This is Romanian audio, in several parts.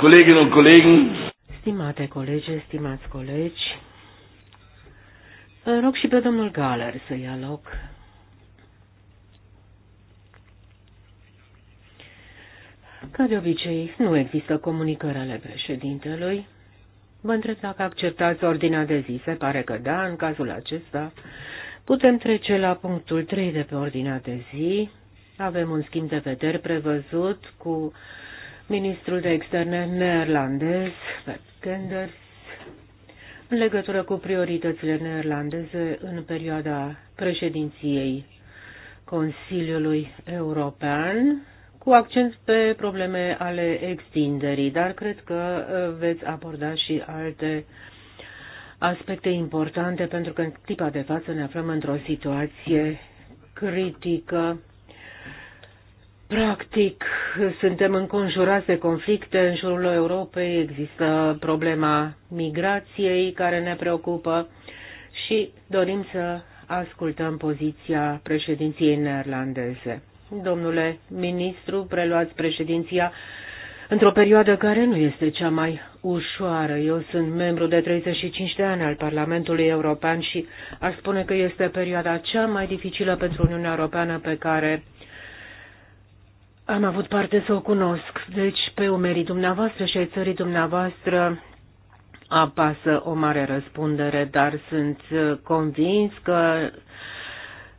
Kolleginnen und Kollegen. Stimate colege, stimați colegi, rog și pe domnul Galer să ia loc. Ca de obicei, nu există comunicări ale președintelui. Vă întreb dacă acceptați ordinea de zi. Se pare că da, în cazul acesta. Putem trece la punctul 3 de pe ordinea de zi. Avem un schimb de vederi prevăzut cu uh, ministrul de externe neerlandez, Bert Kenders, în legătură cu prioritățile neerlandeze în perioada președinției Consiliului European, cu accent pe probleme ale extinderii, dar cred că uh, veți aborda și alte aspecte importante, pentru că în clipa de față ne aflăm într-o situație critică Practic, suntem înconjurați de conflicte în jurul Europei, există problema migrației care ne preocupă și dorim să ascultăm poziția președinției neerlandeze. Domnule ministru, preluați președinția într-o perioadă care nu este cea mai ușoară. Eu sunt membru de 35 de ani al Parlamentului European și aș spune că este perioada cea mai dificilă pentru Uniunea Europeană pe care am avut parte să o cunosc. Deci, pe umerii dumneavoastră și ai țării dumneavoastră apasă o mare răspundere, dar sunt uh, convins că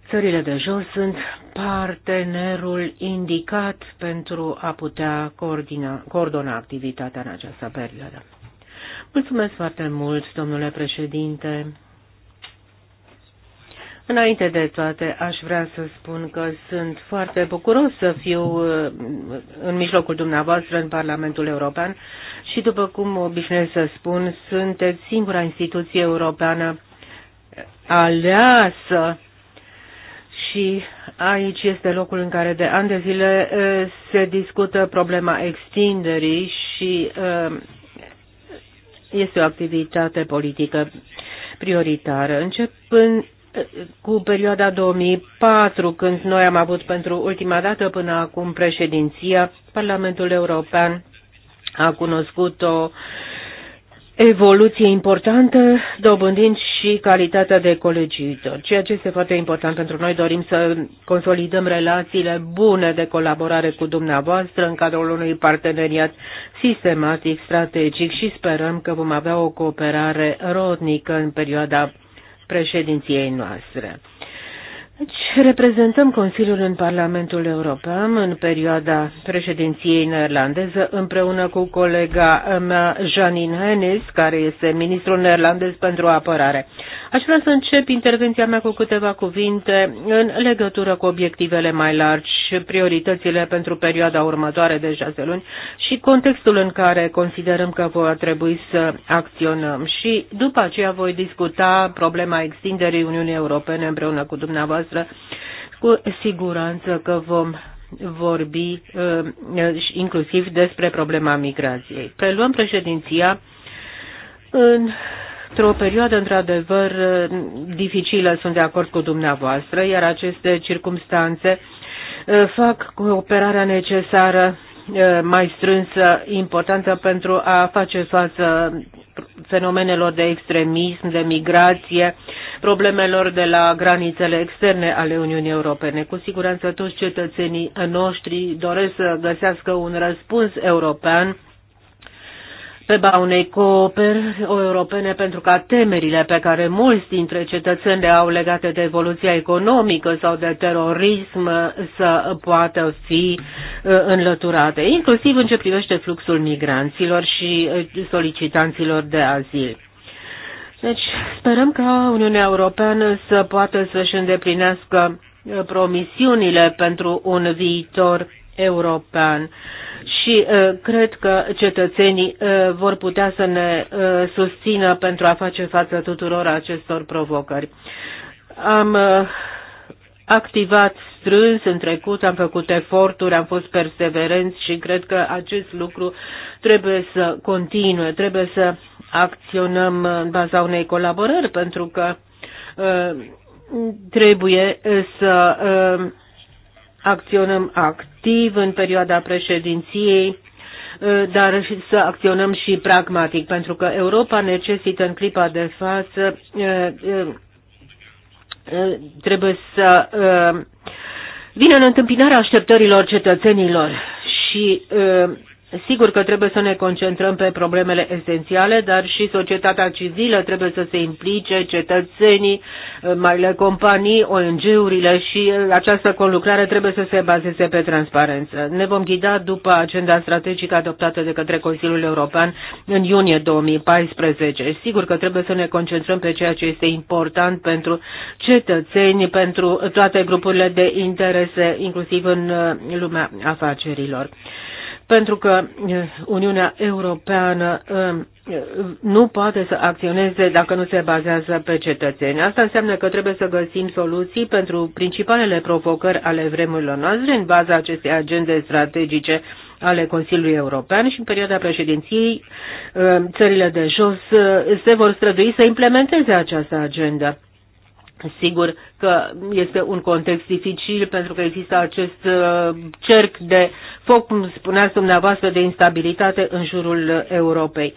țările de jos sunt partenerul indicat pentru a putea coordina, coordona activitatea în această perioadă. Mulțumesc foarte mult, domnule președinte. Înainte de toate, aș vrea să spun că sunt foarte bucuros să fiu uh, în mijlocul dumneavoastră în Parlamentul European și, după cum obișnuiesc să spun, sunteți singura instituție europeană aleasă și aici este locul în care de ani de zile uh, se discută problema extinderii și uh, este o activitate politică prioritară. Începând cu perioada 2004, când noi am avut pentru ultima dată până acum președinția, Parlamentul European a cunoscut o evoluție importantă, dobândind și calitatea de colegiuitor, ceea ce este foarte important pentru noi. Dorim să consolidăm relațiile bune de colaborare cu dumneavoastră în cadrul unui parteneriat sistematic, strategic și sperăm că vom avea o cooperare rodnică în perioada președinției noastre. Deci, reprezentăm Consiliul în Parlamentul European în perioada președinției neerlandeză împreună cu colega mea Janine Hennis, care este ministrul neerlandez pentru apărare. Aș vrea să încep intervenția mea cu câteva cuvinte în legătură cu obiectivele mai largi, prioritățile pentru perioada următoare de șase luni și contextul în care considerăm că va trebui să acționăm. Și după aceea voi discuta problema extinderii Uniunii Europene împreună cu dumneavoastră dumneavoastră. Cu siguranță că vom vorbi uh, inclusiv despre problema migrației. Preluăm președinția în într-o perioadă într-adevăr uh, dificilă, sunt de acord cu dumneavoastră, iar aceste circumstanțe uh, fac cooperarea necesară mai strânsă, importantă pentru a face față fenomenelor de extremism, de migrație, problemelor de la granițele externe ale Uniunii Europene. Cu siguranță toți cetățenii noștri doresc să găsească un răspuns european pe unei cooperi europene pentru ca temerile pe care mulți dintre cetățeni le au legate de evoluția economică sau de terorism să poată fi uh, înlăturate, inclusiv în ce privește fluxul migranților și uh, solicitanților de azil. Deci sperăm ca Uniunea Europeană să poată să-și îndeplinească uh, promisiunile pentru un viitor european și uh, cred că cetățenii uh, vor putea să ne uh, susțină pentru a face față tuturor acestor provocări. Am activat strâns în trecut, am făcut eforturi, am fost perseverenți și cred că acest lucru trebuie să continue, trebuie să acționăm în baza unei colaborări pentru că trebuie să acționăm activ în perioada președinției, eh, dar să acționăm și pragmatic, pentru că Europa necesită în clipa de față, eh, eh, trebuie să vină în întâmpinarea așteptărilor cetățenilor și Sigur că trebuie să ne concentrăm pe problemele esențiale, dar și societatea civilă trebuie să se implice, cetățenii, eh, marile companii, ONG-urile și eh, această conlucrare trebuie să se bazeze pe transparență. Ne vom ghida după agenda strategică adoptată de către Consiliul European în iunie 2014. Sigur că trebuie să ne concentrăm pe ceea ce este important pentru cetățeni, pentru toate grupurile de interese, inclusiv în eh, lumea afacerilor pentru că Uniunea Europeană nu poate să acționeze dacă nu se bazează pe cetățeni. Asta înseamnă că trebuie să găsim soluții pentru principalele provocări ale vremurilor noastre în baza acestei agende strategice ale Consiliului European și în perioada președinției țările de jos se vor strădui să implementeze această agendă. Sigur că este un context dificil pentru că există acest cerc de foc, cum spuneați dumneavoastră, de instabilitate în jurul Europei.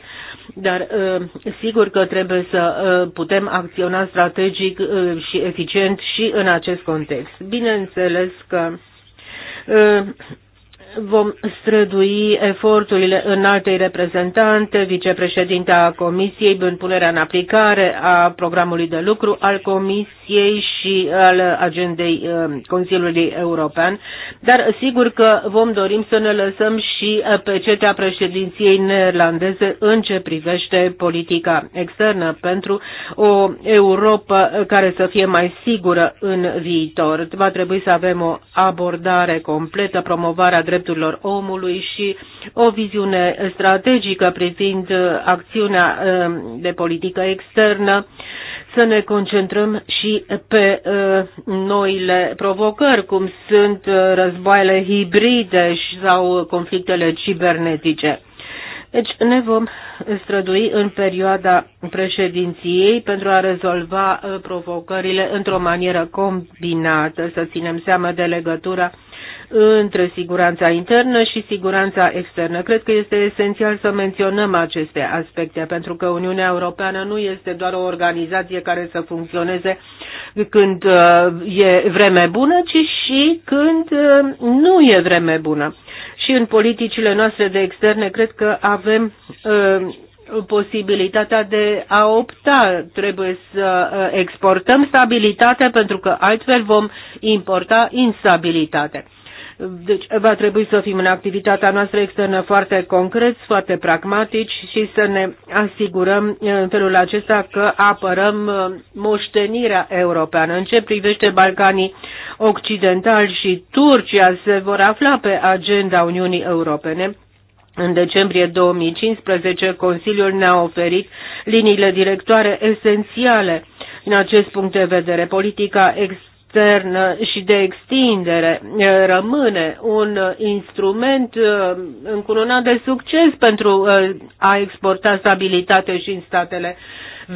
Dar uh, sigur că trebuie să uh, putem acționa strategic uh, și eficient și în acest context. Bineînțeles că vom strădui eforturile altei reprezentante, vicepreședintea Comisiei, în punerea în aplicare a programului de lucru al Comisiei și al agendei uh, Consiliului European, dar sigur că vom dorim să ne lăsăm și uh, pe cetea președinției neerlandeze în ce privește politica externă pentru o Europa care să fie mai sigură în viitor. Va trebui să avem o abordare completă, promovarea drept drepturilor omului și o viziune strategică privind uh, acțiunea uh, de politică externă, să ne concentrăm și pe uh, noile provocări, cum sunt războaiele hibride sau conflictele cibernetice. Deci ne vom strădui în perioada președinției pentru a rezolva provocările într-o manieră combinată, să ținem seama de legătura între siguranța internă și siguranța externă. Cred că este esențial să menționăm aceste aspecte, pentru că Uniunea Europeană nu este doar o organizație care să funcționeze când uh, e vreme bună, ci și când uh, nu e vreme bună. Și în politicile noastre de externe cred că avem uh, posibilitatea de a opta. Trebuie să exportăm stabilitate pentru că altfel vom importa instabilitate. Deci va trebui să fim în activitatea noastră externă foarte concret, foarte pragmatici și să ne asigurăm uh, în felul acesta că apărăm uh, moștenirea europeană. În ce privește Balcanii Occidentali și Turcia se vor afla pe agenda Uniunii Europene. În decembrie 2015, Consiliul ne-a oferit liniile directoare esențiale în acest punct de vedere. Politica externă externă și de extindere rămâne un instrument încununat de succes pentru a exporta stabilitate și în statele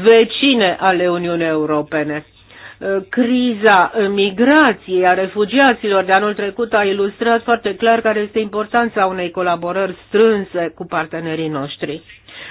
vecine ale Uniunii Europene. Criza migrației a refugiaților de anul trecut a ilustrat foarte clar care este importanța unei colaborări strânse cu partenerii noștri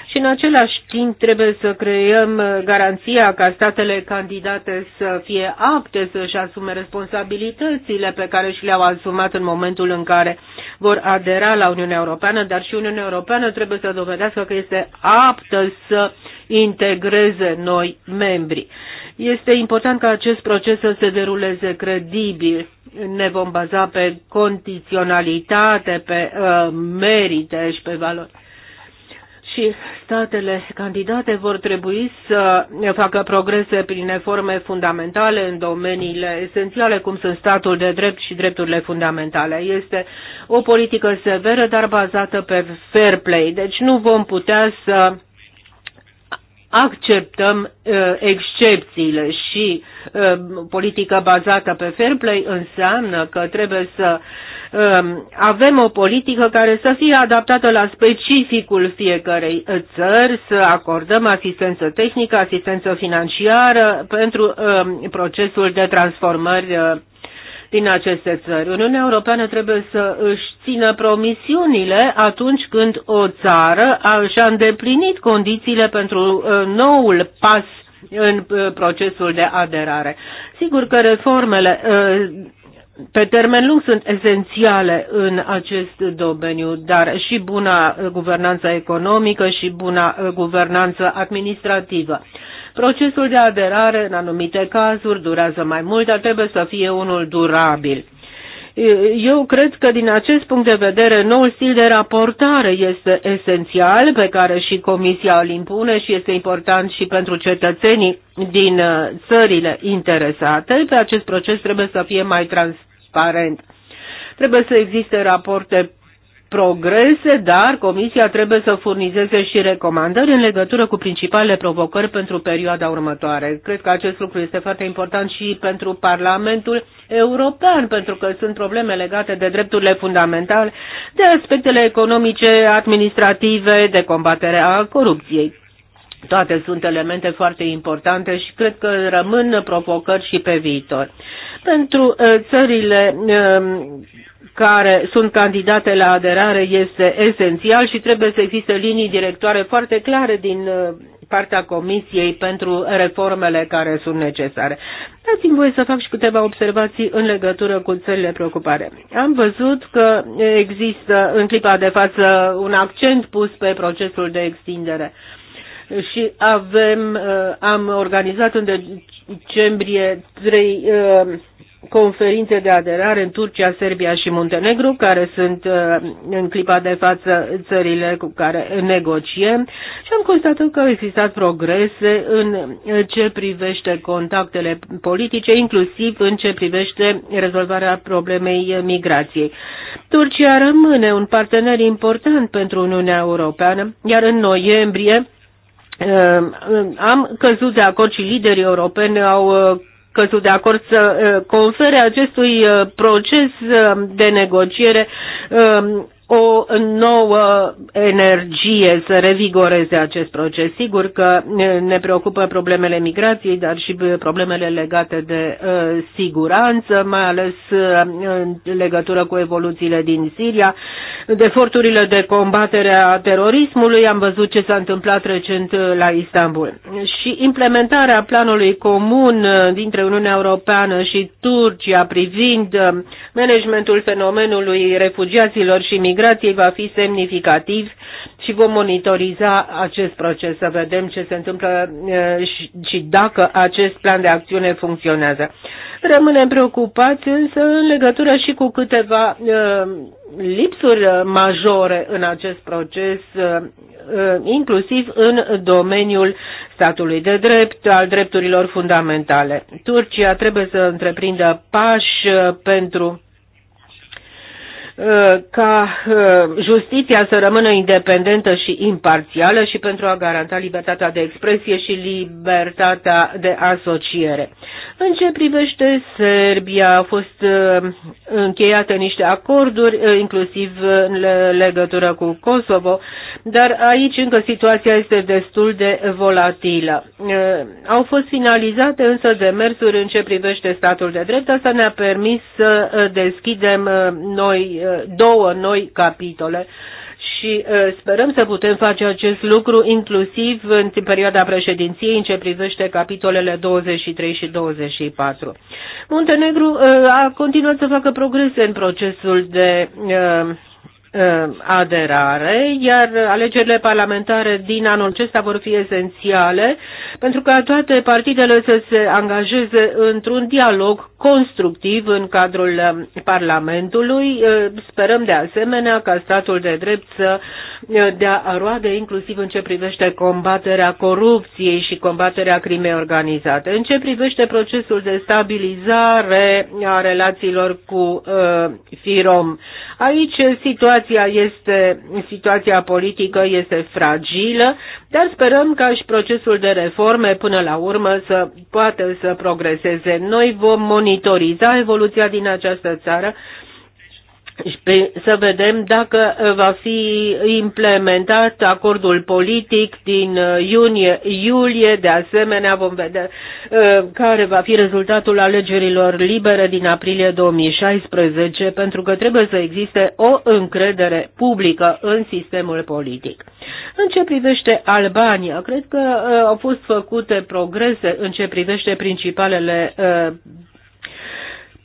și în același timp trebuie să creăm garanția ca statele candidate să fie apte să-și asume responsabilitățile pe care și le-au asumat în momentul în care vor adera la Uniunea Europeană, dar și Uniunea Europeană trebuie să dovedească că este aptă să integreze noi membri. Este important ca acest proces să se deruleze credibil. Ne vom baza pe condiționalitate, pe uh, merite și pe valori și statele candidate vor trebui să facă progrese prin reforme fundamentale în domeniile esențiale, cum sunt statul de drept și drepturile fundamentale. Este o politică severă, dar bazată pe fair play. Deci nu vom putea să acceptăm uh, excepțiile și uh, politica bazată pe fair play înseamnă că trebuie să uh, Um, avem o politică care să fie adaptată la specificul fiecarei uh, țări, să acordăm asistență tehnică, asistență financiară pentru um, procesul de transformări uh, din aceste țări. Uniunea Europeană trebuie să își țină promisiunile atunci când o țară și-a îndeplinit condițiile pentru uh, noul pas în procesul de aderare. Sigur că reformele pe termen lung sunt esențiale în acest domeniu, dar și buna uh, guvernanță economică și buna uh, guvernanță administrativă. Procesul de aderare, în anumite cazuri, durează mai mult, dar trebuie să fie unul durabil. Uh, eu cred că din acest punct de vedere noul stil de raportare este esențial pe care și Comisia îl impune și este important și pentru cetățenii din țările interesate. Pe acest proces trebuie să fie mai trans transparent. Trebuie să existe rapoarte progrese, dar Comisia trebuie să furnizeze și recomandări în legătură cu principalele provocări pentru perioada următoare. Cred că acest lucru este foarte important și pentru Parlamentul European, pentru că sunt probleme legate de drepturile fundamentale, de aspectele economice, administrative, de combatere a corupției. Toate sunt elemente foarte importante și cred că rămân provocări și pe viitor. Pentru uh, țările um, care sunt candidate la aderare este esențial și trebuie să existe linii directoare foarte clare din uh, partea Comisiei pentru reformele care sunt necesare. Dați-mi voie să fac și câteva observații în legătură cu țările preocupare. Am văzut că există în clipa de față un accent pus pe procesul de extindere. Uh, și avem, uh, am organizat în decembrie trei uh, conferințe de aderare în Turcia, Serbia și Muntenegru, care sunt uh, în clipa de față țările cu care negociem și am constatat că au existat progrese în ce privește contactele politice, inclusiv în ce privește rezolvarea problemei migrației. Turcia rămâne un partener important pentru Uniunea Europeană, iar în noiembrie Ehm, ehm, am căzut de acord și liderii europeni au ehm, căzut de acord să confere acestui proces de negociere o nouă energie să revigoreze acest proces. Sigur că ne preocupă problemele migrației, dar și problemele legate de uh, siguranță, mai ales uh, în legătură cu evoluțiile din Siria, de eforturile de combatere a terorismului. Am văzut ce s-a întâmplat recent uh, la Istanbul. Și implementarea planului comun uh, dintre Uniunea Europeană și Turcia privind uh, managementul fenomenului refugiaților și migrației migrației va fi semnificativ și vom monitoriza acest proces să vedem ce se întâmplă și dacă acest plan de acțiune funcționează. Rămânem preocupați însă în legătură și cu câteva lipsuri majore în acest proces, inclusiv în domeniul statului de drept, al drepturilor fundamentale. Turcia trebuie să întreprindă pași pentru Uh, ca uh, justiția să rămână independentă și imparțială și pentru a garanta libertatea de expresie și libertatea de asociere. În ce privește Serbia, au fost uh, încheiate niște acorduri, inclusiv în legătură cu Kosovo, dar aici încă situația este destul de volatilă. Au fost finalizate însă demersuri în ce privește statul de drept, asta ne-a permis să deschidem noi Uh, două noi capitole și uh, sperăm să putem face acest lucru inclusiv în perioada președinției în ce privește capitolele 23 și 24. Muntenegru uh, a continuat să facă progrese în procesul de uh, Uh, aderare, iar alegerile parlamentare din anul acesta vor fi esențiale pentru ca toate partidele să se angajeze într-un dialog constructiv în cadrul um, Parlamentului. Uh, sperăm de asemenea ca statul de drept să uh, dea roade inclusiv în ce privește combaterea corupției și combaterea crimei organizate. În ce privește procesul de stabilizare a relațiilor cu uh, FIROM, Aici situația este, situația politică este fragilă, dar sperăm ca și procesul de reforme până la urmă să poată să progreseze. Noi vom monitoriza evoluția din această țară și să vedem dacă uh, va fi implementat acordul politic din uh, iunie, iulie. De asemenea, vom vedea uh, care va fi rezultatul alegerilor libere din aprilie 2016, pentru că trebuie să existe o încredere publică în sistemul politic. În ce privește Albania, cred că au fost făcute progrese în ce privește principalele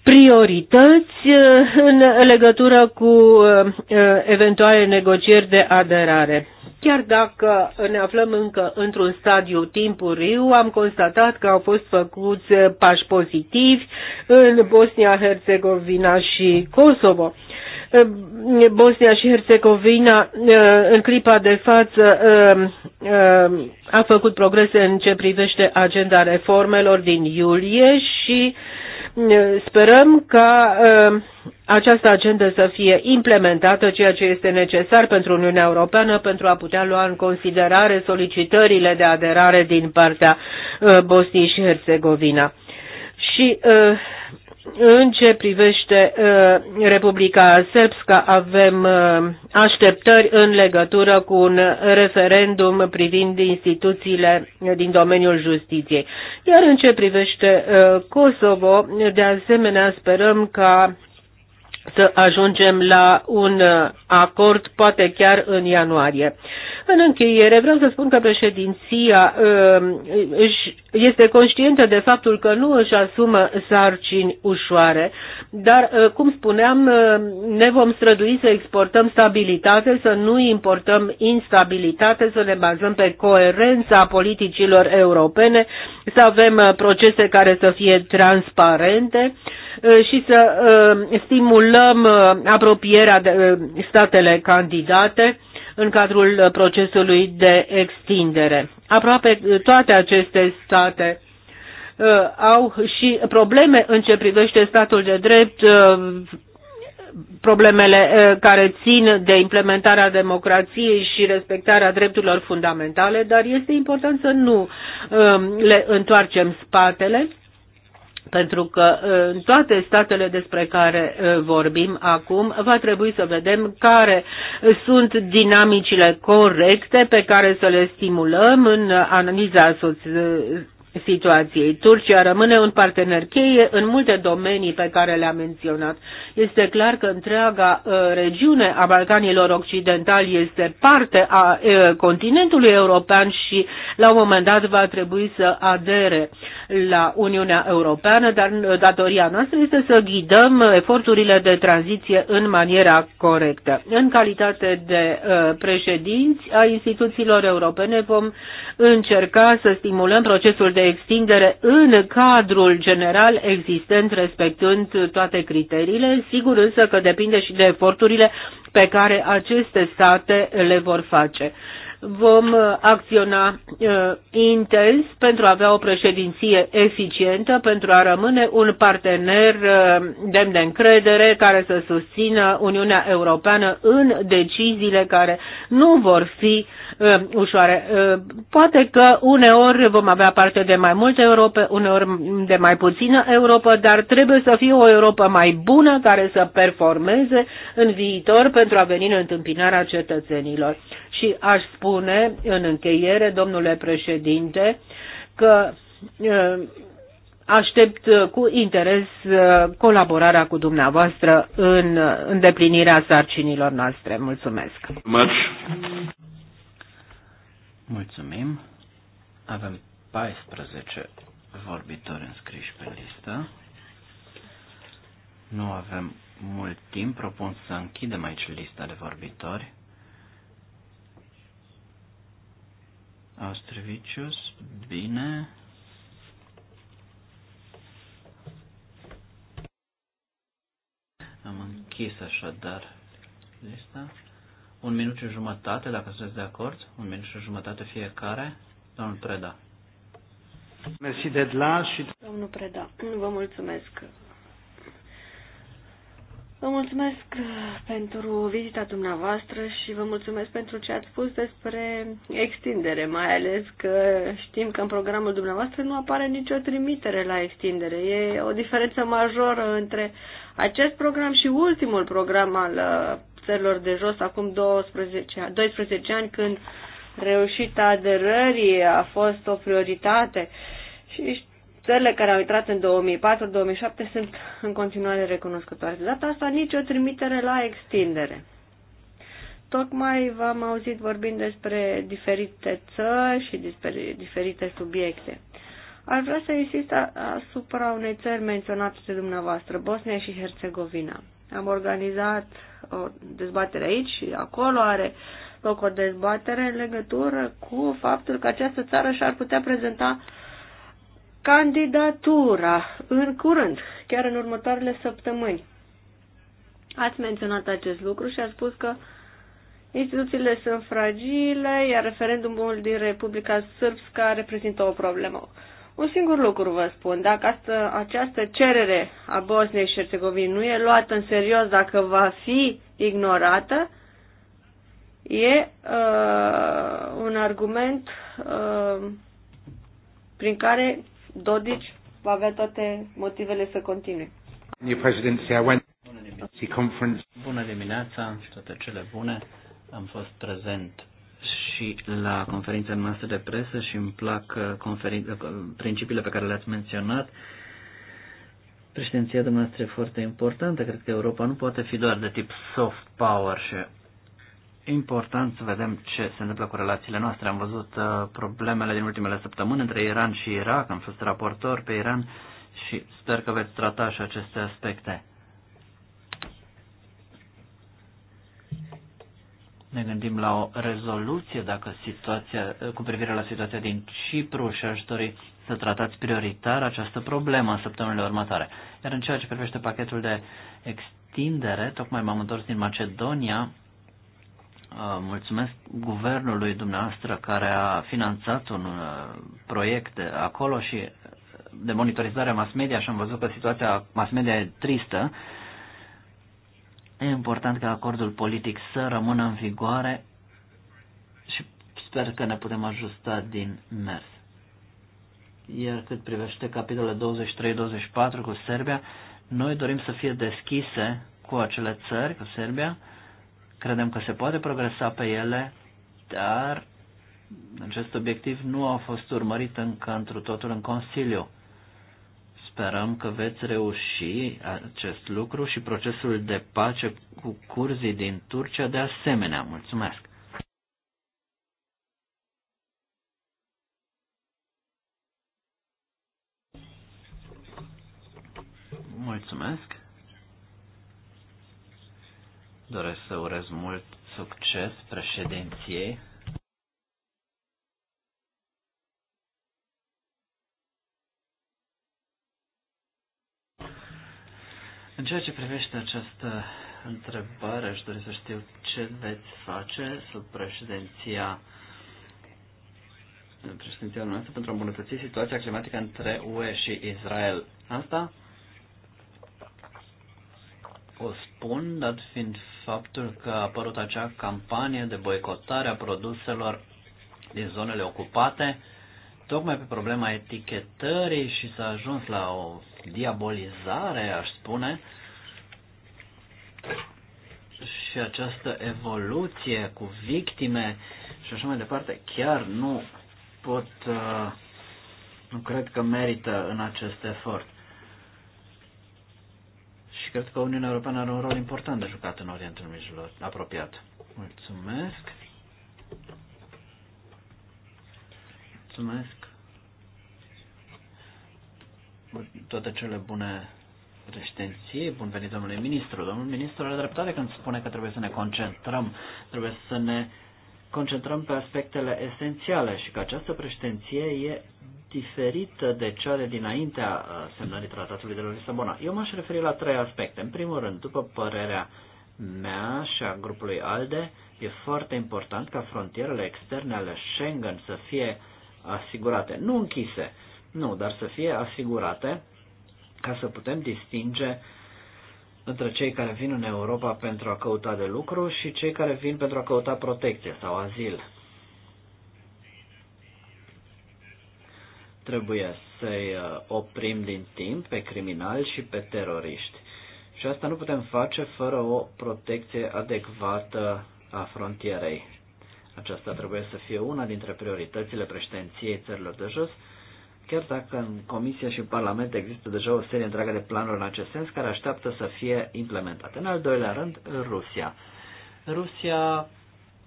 priorități uh, în legătură cu uh, uh, eventuale negocieri de aderare. Chiar dacă ne aflăm încă într-un stadiu timpuriu, am constatat că au fost făcuți pași pozitivi în Bosnia-Herzegovina și Kosovo. Bosnia și Herzegovina, în clipa de față a făcut progrese în ce privește agenda reformelor din iulie și uh, Sperăm ca uh, această agendă să fie implementată, ceea ce este necesar pentru Uniunea Europeană pentru a putea lua în considerare solicitările de aderare din partea uh, Bosniei și Herțegovina. Și uh, în ce privește uh, Republica Serbska, avem uh, așteptări în legătură cu un referendum privind instituțiile din domeniul justiției. Iar în ce privește uh, Kosovo, de asemenea, sperăm ca să ajungem la un uh, acord, poate chiar în ianuarie. În încheiere, vreau să spun că președinția um, este conștientă de faptul că nu își asumă sarcini ușoare, dar, uh, cum spuneam, uh, ne vom strădui să exportăm stabilitate, să nu importăm instabilitate, să ne bazăm pe coerența politicilor europene, să avem procese care să fie transparente, Uh, și să uh, stimulăm uh, apropierea de statele candidate în cadrul procesului de extindere. Aproape toate aceste state au și probleme în ce privește statul de drept, problemele care țin de implementarea democrației și respectarea drepturilor fundamentale, dar este important să nu um, le întoarcem spatele pentru că în toate statele despre care vorbim acum va trebui să vedem care sunt dinamicile corecte pe care să le stimulăm în analiza situației. Turcia rămâne un partener cheie în multe domenii pe care le-am menționat este clar că întreaga uh, regiune a Balcanilor Occidentali este parte a uh, continentului european și la un moment dat va trebui să adere la Uniunea Europeană, dar uh, datoria noastră este să ghidăm eforturile de tranziție în maniera corectă. În calitate de președinți a instituțiilor europene vom încerca să stimulăm procesul de extindere în cadrul general existent, respectând toate criteriile sunt sigur însă că depinde și de eforturile pe care aceste state le vor face. Vom uh, acționa uh, intens pentru a avea o președinție eficientă, pentru a rămâne un partener uh, demn de încredere care să susțină Uniunea Europeană în deciziile care nu vor fi uh, Uh, ușoare. Uh, poate că uneori vom avea parte de mai multă Europa, uneori de mai puțină Europa, dar trebuie să fie o Europa mai bună care să performeze în viitor pentru a veni în întâmpinarea cetățenilor. Și aș spune în încheiere, domnule președinte, că uh, aștept cu interes colaborarea cu dumneavoastră în îndeplinirea sarcinilor noastre. Mulțumesc! Mulțumesc. Mulțumim. Avem 14 vorbitori înscriși pe listă. Nu avem mult timp. Propun să închidem aici lista de vorbitori. Austrivicius, bine. Am închis așadar lista. Un minut și jumătate, dacă sunteți de acord, un minut și jumătate fiecare. Domnul Preda. Mersi de la și... Domnul Preda, vă mulțumesc. Vă mulțumesc pentru vizita dumneavoastră și vă mulțumesc pentru ce ați spus despre extindere, mai ales că știm că în programul dumneavoastră nu apare nicio trimitere la extindere. E o diferență majoră între acest program și ultimul program al țărilor de jos acum 12, 12 ani când reușita aderării a fost o prioritate și țările care au intrat în 2004-2007 sunt în continuare recunoscătoare. De data asta o trimitere la extindere. Tocmai v-am auzit vorbind despre diferite țări și despre diferite subiecte. Ar vrea să insist asupra unei țări menționate de dumneavoastră, Bosnia și Herțegovina. Am organizat o dezbatere aici și acolo are loc o dezbatere în legătură cu faptul că această țară și-ar putea prezenta candidatura în curând, chiar în următoarele săptămâni. Ați menționat acest lucru și a spus că instituțiile sunt fragile, iar referendumul din Republica Sârbska reprezintă o problemă. Un singur lucru vă spun, dacă asta, această cerere a Bosniei și Herțegovinei nu e luată în serios, dacă va fi ignorată, e uh, un argument uh, prin care Dodici va avea toate motivele să continue. Bună dimineața și toate cele bune. Am fost prezent și la conferința noastră de presă și îmi plac uh, uh, principiile pe care le-ați menționat. Președinția dumneavoastră e foarte importantă. Cred că Europa nu poate fi doar de tip soft power și important să vedem ce se întâmplă cu relațiile noastre. Am văzut uh, problemele din ultimele săptămâni între Iran și Irak, am fost raportor pe Iran și sper că veți trata și aceste aspecte. ne gândim la o rezoluție dacă situația, cu privire la situația din Cipru și aș dori să tratați prioritar această problemă în săptămânile următoare. Iar în ceea ce privește pachetul de extindere, tocmai m-am întors din Macedonia, uh, mulțumesc guvernului dumneavoastră care a finanțat un uh, proiect acolo și de monitorizare a mass media și am văzut că situația mass media e tristă E important ca acordul politic să rămână în vigoare și sper că ne putem ajusta din mers. Iar cât privește capitolele 23-24 cu Serbia, noi dorim să fie deschise cu acele țări, cu Serbia. Credem că se poate progresa pe ele, dar acest obiectiv nu a fost urmărit încă întru totul în Consiliu. Sperăm că veți reuși acest lucru și procesul de pace cu curzii din Turcia de asemenea. Mulțumesc! Mulțumesc! Doresc să urez mult succes președinției. În ceea ce privește această întrebare, aș dori să știu ce veți face sub președinția președinția noastră pentru a îmbunătăți situația climatică între UE și Israel. Asta o spun, dat fiind faptul că a apărut acea campanie de boicotare a produselor din zonele ocupate, tocmai pe problema etichetării și s-a ajuns la o diabolizare, aș spune, și această evoluție cu victime și așa mai departe, chiar nu pot, uh, nu cred că merită în acest efort. Și cred că Uniunea Europeană are un rol important de jucat în Orientul Mijlociu, apropiat. Mulțumesc. Mulțumesc toate cele bune președinției. Bun venit, domnule ministru. Domnul ministru are dreptate când spune că trebuie să ne concentrăm, trebuie să ne concentrăm pe aspectele esențiale și că această președinție e diferită de cea de dinaintea uh, semnării tratatului de la Lisabona. Eu m-aș referi la trei aspecte. În primul rând, după părerea mea și a grupului ALDE, e foarte important ca frontierele externe ale Schengen să fie asigurate, nu închise, nu, dar să fie asigurate ca să putem distinge între cei care vin în Europa pentru a căuta de lucru și cei care vin pentru a căuta protecție sau azil. Trebuie să-i uh, oprim din timp pe criminali și pe teroriști. Și asta nu putem face fără o protecție adecvată a frontierei. Aceasta trebuie să fie una dintre prioritățile președinției țărilor de jos chiar dacă în Comisie și în Parlament există deja o serie întreagă de planuri în acest sens care așteaptă să fie implementate. În al doilea rând, Rusia. Rusia a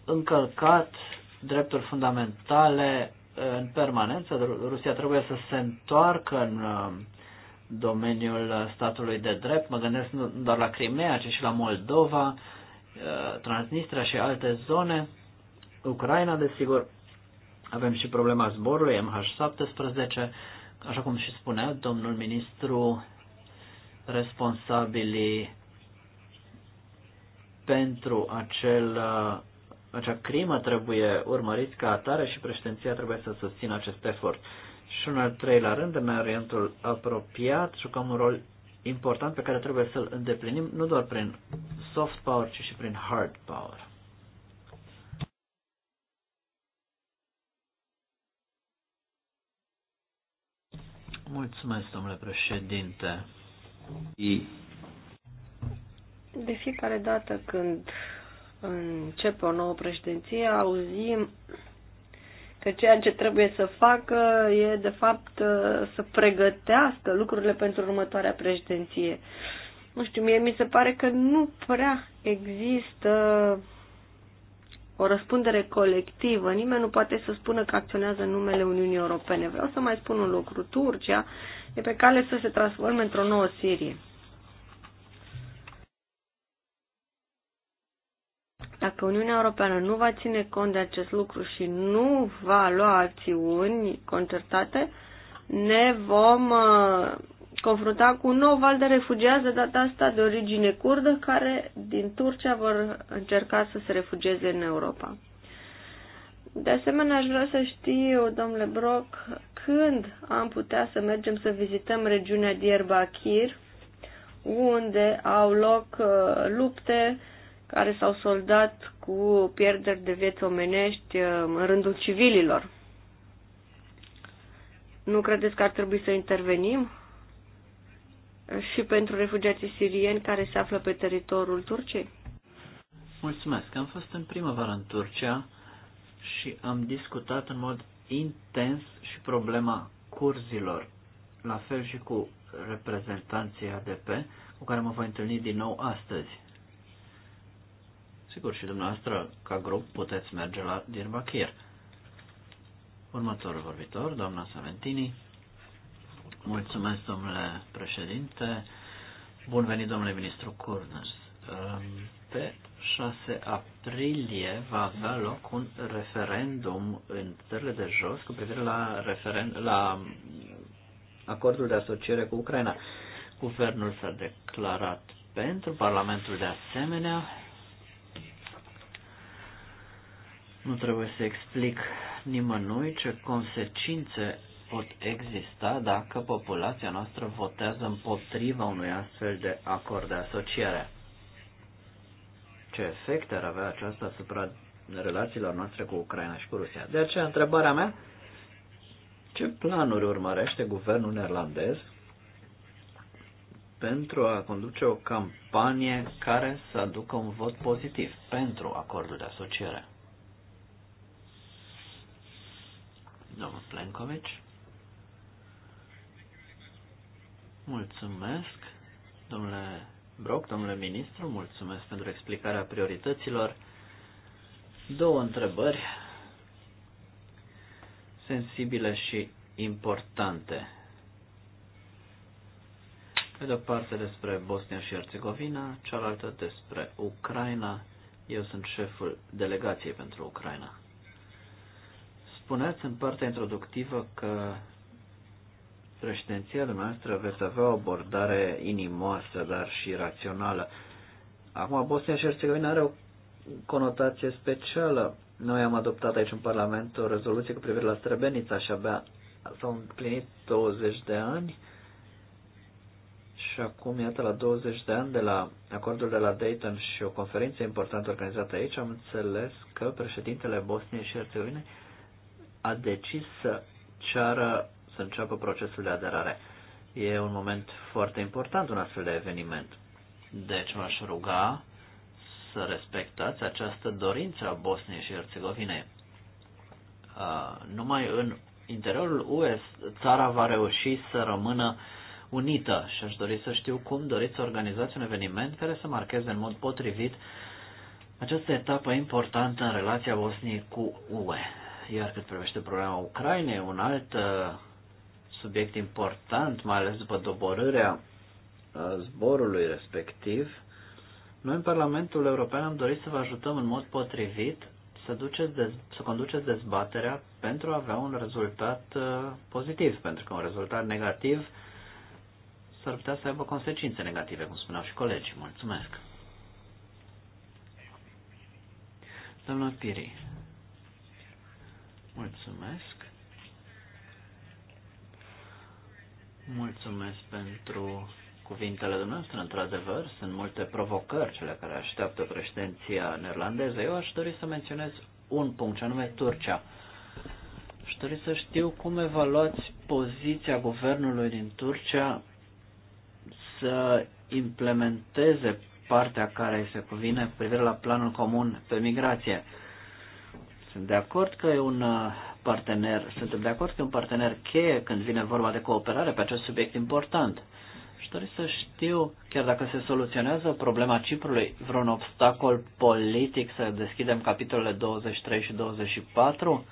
încălcat drepturi fundamentale în permanență. Rusia trebuie să se întoarcă în uh, domeniul statului de drept. Mă gândesc nu doar la Crimea, ci și la Moldova, uh, Transnistria și alte zone. Ucraina, desigur, avem și problema zborului MH17, așa cum și spunea domnul ministru, responsabilii pentru acel, acea crimă trebuie urmăriți ca atare și președinția trebuie să susțină acest efort. Și în al treilea rând, în Orientul apropiat, jucăm un rol important pe care trebuie să-l îndeplinim nu doar prin soft power, ci și prin hard power. Mulțumesc, domnule președinte. De fiecare dată când începe o nouă președinție, auzim că ceea ce trebuie să facă e, de fapt, să pregătească lucrurile pentru următoarea președinție. Nu știu, mie mi se pare că nu prea există o răspundere colectivă. Nimeni nu poate să spună că acționează în numele Uniunii Europene. Vreau să mai spun un lucru. Turcia e pe cale să se transforme într-o nouă Sirie. Dacă Uniunea Europeană nu va ține cont de acest lucru și nu va lua acțiuni concertate, ne vom uh, confrunta cu un nou val de refugiați, de data asta de origine curdă, care din Turcia vor încerca să se refugieze în Europa. De asemenea, aș vrea să știu, domnule Brock, când am putea să mergem să vizităm regiunea Diyarbakir, unde au loc uh, lupte care s-au soldat cu pierderi de vieți omenești uh, în rândul civililor. Nu credeți că ar trebui să intervenim și pentru refugiații sirieni care se află pe teritoriul Turciei? Mulțumesc. Am fost în primăvară în Turcia și am discutat în mod intens și problema curzilor, la fel și cu reprezentanții ADP, cu care mă voi întâlni din nou astăzi. Sigur, și dumneavoastră, ca grup, puteți merge la Dirbachir. Următorul vorbitor, doamna Saventini. Mulțumesc, domnule președinte. Bun venit, domnule ministru Curners. Ehm, pe 6 aprilie va avea loc un referendum în țările de jos cu privire la, referen- la acordul de asociere cu Ucraina. Guvernul s-a declarat pentru, Parlamentul de asemenea. Nu trebuie să explic nimănui ce consecințe pot exista dacă populația noastră votează împotriva unui astfel de acord de asociere. Ce efect ar avea aceasta asupra relațiilor noastre cu Ucraina și cu Rusia? De aceea, întrebarea mea, ce planuri urmărește guvernul neerlandez pentru a conduce o campanie care să aducă un vot pozitiv pentru acordul de asociere? Domnul Plenkovici. Mulțumesc, domnule Broc, domnule ministru, mulțumesc pentru explicarea priorităților. Două întrebări sensibile și importante. Pe de-o parte despre Bosnia și Herțegovina, cealaltă despre Ucraina. Eu sunt șeful delegației pentru Ucraina. Spuneați în partea introductivă că președinția dumneavoastră veți avea o abordare inimoasă, dar și rațională. Acum, Bosnia și Herțegovina are o conotație specială. Noi am adoptat aici în Parlament o rezoluție cu privire la Străbenița și abia s-au împlinit 20 de ani și acum, iată, la 20 de ani de la acordul de la Dayton și o conferință importantă organizată aici, am înțeles că președintele Bosniei și Herțegovine a decis să ceară să înceapă procesul de aderare. E un moment foarte important, un astfel de eveniment. Deci m aș ruga să respectați această dorință a Bosniei și Herțegovinei. Numai în interiorul UE țara va reuși să rămână unită și aș dori să știu cum doriți să organizați un eveniment care să marcheze în mod potrivit această etapă importantă în relația Bosniei cu UE. Iar cât privește problema Ucrainei, un alt uh, subiect important, mai ales după doborârea zborului respectiv, noi în Parlamentul European am dorit să vă ajutăm în mod potrivit să, duceți dez, să conduceți dezbaterea pentru a avea un rezultat pozitiv, pentru că un rezultat negativ s-ar putea să aibă consecințe negative, cum spuneau și colegii. Mulțumesc! Domnul Piri, mulțumesc! Mulțumesc pentru cuvintele dumneavoastră. Într-adevăr, sunt multe provocări cele care așteaptă președinția neerlandeză. Eu aș dori să menționez un punct, ce anume Turcia. Aș dori să știu cum evaluați poziția guvernului din Turcia să implementeze partea care se cuvine privire la planul comun pe migrație. Sunt de acord că e un partener, suntem de acord că un partener cheie când vine vorba de cooperare pe acest subiect important. Și doresc să știu, chiar dacă se soluționează problema Ciprului, vreun obstacol politic să deschidem capitolele 23 și 24?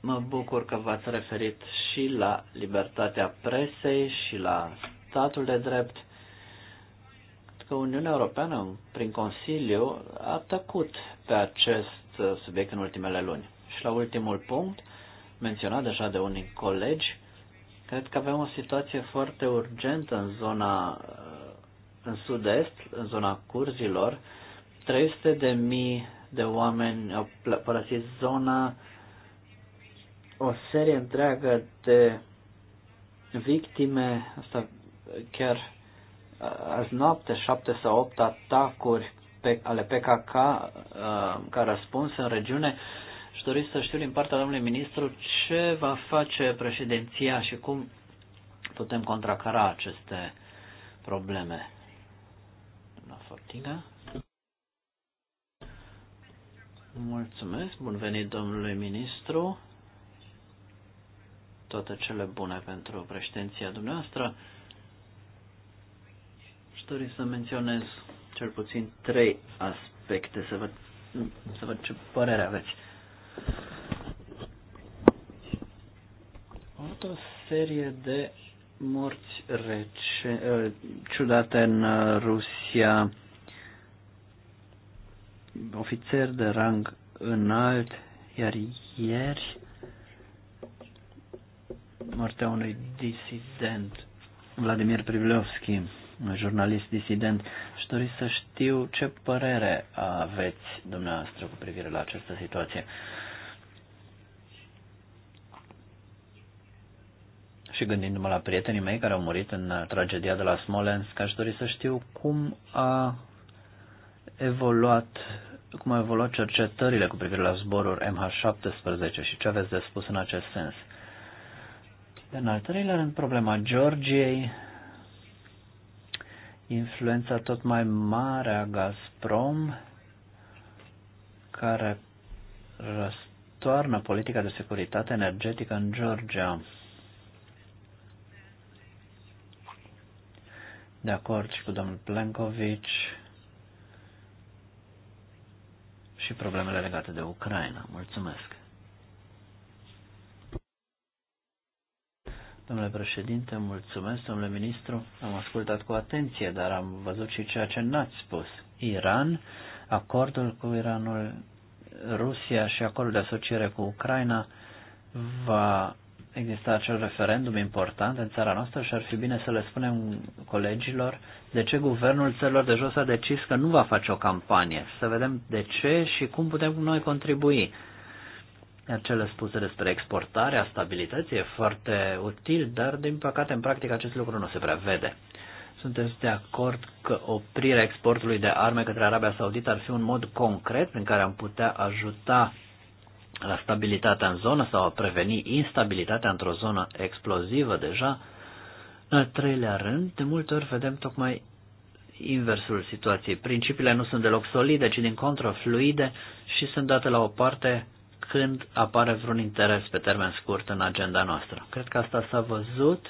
Mă bucur că v-ați referit și la libertatea presei și la statul de drept. Că Uniunea Europeană, prin Consiliu, a tăcut pe acest Uh, subiect în ultimele luni. Și la ultimul punct, menționat deja de unii colegi, cred că avem o situație foarte urgentă în zona uh, în sud-est, în zona curzilor. 300 de mii de oameni au părăsit zona, o serie întreagă de victime, asta chiar uh, azi noapte, șapte sau opt atacuri ale PKK uh, ca răspuns în regiune și doriți să știu din partea domnului ministru ce va face președinția și cum putem contracara aceste probleme. Doamna Mulțumesc, bun venit domnului ministru. Toate cele bune pentru președinția dumneavoastră. Și dori să menționez cel puțin trei aspecte să văd, să văd ce părere aveți. O altă serie de morți rece, eh, ciudate în eh, Rusia, ofițer de rang înalt, iar ieri moartea unui disident, Vladimir Privlovski, un jurnalist disident, și dori să știu ce părere aveți dumneavoastră cu privire la această situație. Și gândindu-mă la prietenii mei care au murit în tragedia de la Smolensk, aș dori să știu cum a evoluat cum au evoluat cercetările cu privire la zboruri MH17 și ce aveți de spus în acest sens. În al treilea rând, problema Georgiei, influența tot mai mare a Gazprom, care răstoarnă politica de securitate energetică în Georgia. De acord și cu domnul Plenković și problemele legate de Ucraina. Mulțumesc! Domnule președinte, mulțumesc, domnule ministru. Am ascultat cu atenție, dar am văzut și ceea ce n-ați spus. Iran, acordul cu Iranul, Rusia și acordul de asociere cu Ucraina va exista acel referendum important în țara noastră și ar fi bine să le spunem colegilor de ce guvernul țărilor de jos a decis că nu va face o campanie. Să vedem de ce și cum putem noi contribui. Iar cele spuse despre exportarea stabilității e foarte util, dar din păcate în practică acest lucru nu se prea vede. Sunteți de acord că oprirea exportului de arme către Arabia Saudită ar fi un mod concret prin care am putea ajuta la stabilitatea în zonă sau a preveni instabilitatea într-o zonă explozivă deja? În al treilea rând, de multe ori vedem tocmai inversul situației. Principiile nu sunt deloc solide, ci din contră fluide și sunt date la o parte când apare vreun interes pe termen scurt în agenda noastră. Cred că asta s-a văzut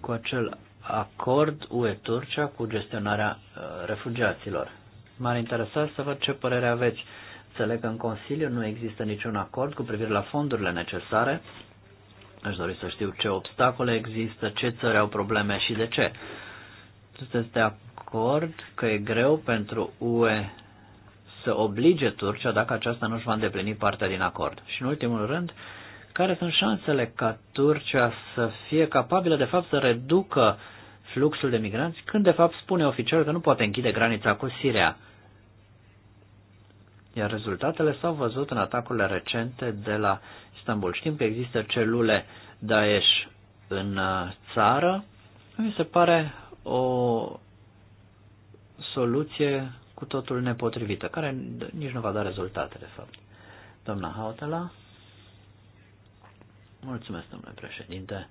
cu acel acord UE-Turcia cu gestionarea uh, refugiaților. M-ar interesa să văd ce părere aveți. Înțeleg că în Consiliu nu există niciun acord cu privire la fondurile necesare. Aș dori să știu ce obstacole există, ce țări au probleme și de ce. Sunteți de acord că e greu pentru UE să oblige Turcia dacă aceasta nu își va îndeplini partea din acord. Și în ultimul rând, care sunt șansele ca Turcia să fie capabilă de fapt să reducă fluxul de migranți când de fapt spune oficial că nu poate închide granița cu Siria? Iar rezultatele s-au văzut în atacurile recente de la Istanbul. Știm că există celule Daesh în uh, țară. Mi se pare o soluție cu totul nepotrivită, care nici nu va da rezultate, de fapt. Doamna Hautala, mulțumesc, domnule președinte.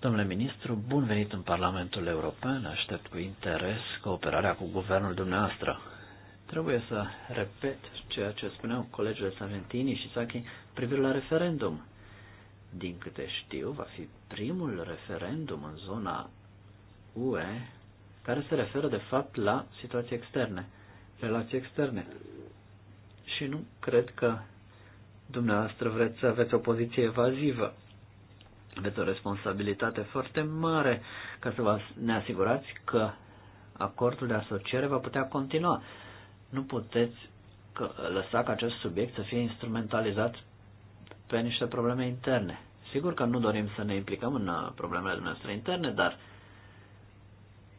Domnule ministru, bun venit în Parlamentul European, aștept cu interes cooperarea cu guvernul dumneavoastră. Trebuie să repet ceea ce spuneau colegele Saventini și Sachi privind la referendum. Din câte știu, va fi primul referendum în zona UE care se referă de fapt la situații externe, relații externe. Și nu cred că dumneavoastră vreți să aveți o poziție evazivă. Aveți o responsabilitate foarte mare ca să vă ne asigurați că acordul de asociere va putea continua. Nu puteți că, lăsa ca acest subiect să fie instrumentalizat pe niște probleme interne. Sigur că nu dorim să ne implicăm în uh, problemele noastre interne, dar uh,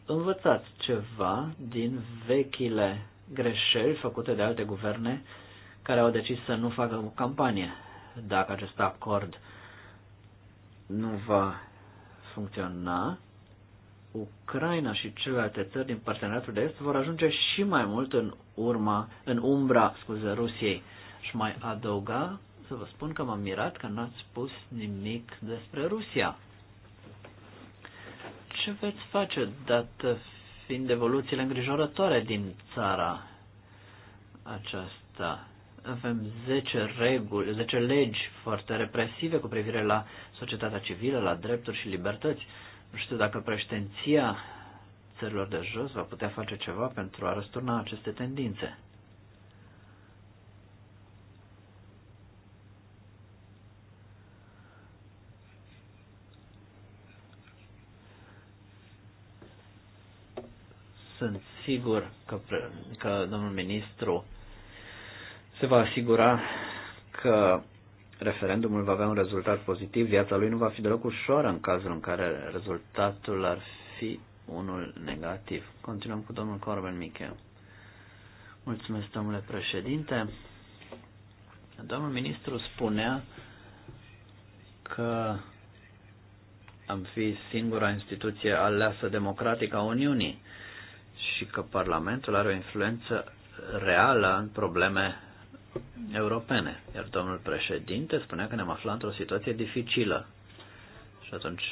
învățat ceva din vechile greșeli făcute de alte guverne care au decis să nu facă o campanie. Dacă acest acord nu va funcționa, Ucraina și celelalte țări din parteneriatul de est vor ajunge și mai mult în urma, în umbra, scuze, Rusiei. Și mai adăuga să vă spun că m-am mirat că n-ați spus nimic despre Rusia ce veți face, dat fiind evoluțiile îngrijorătoare din țara aceasta? Avem 10 reguli, 10 legi foarte represive cu privire la societatea civilă, la drepturi și libertăți. Nu știu dacă președinția țărilor de jos va putea face ceva pentru a răsturna aceste tendințe. sigur că, că domnul ministru se va asigura că referendumul va avea un rezultat pozitiv, viața lui nu va fi deloc ușoară în cazul în care rezultatul ar fi unul negativ. Continuăm cu domnul Corben Miche. Mulțumesc, domnule președinte. Domnul ministru spunea că am fi singura instituție aleasă democratică a Uniunii și că Parlamentul are o influență reală în probleme europene. Iar domnul președinte spunea că ne-am aflat într-o situație dificilă. Și atunci,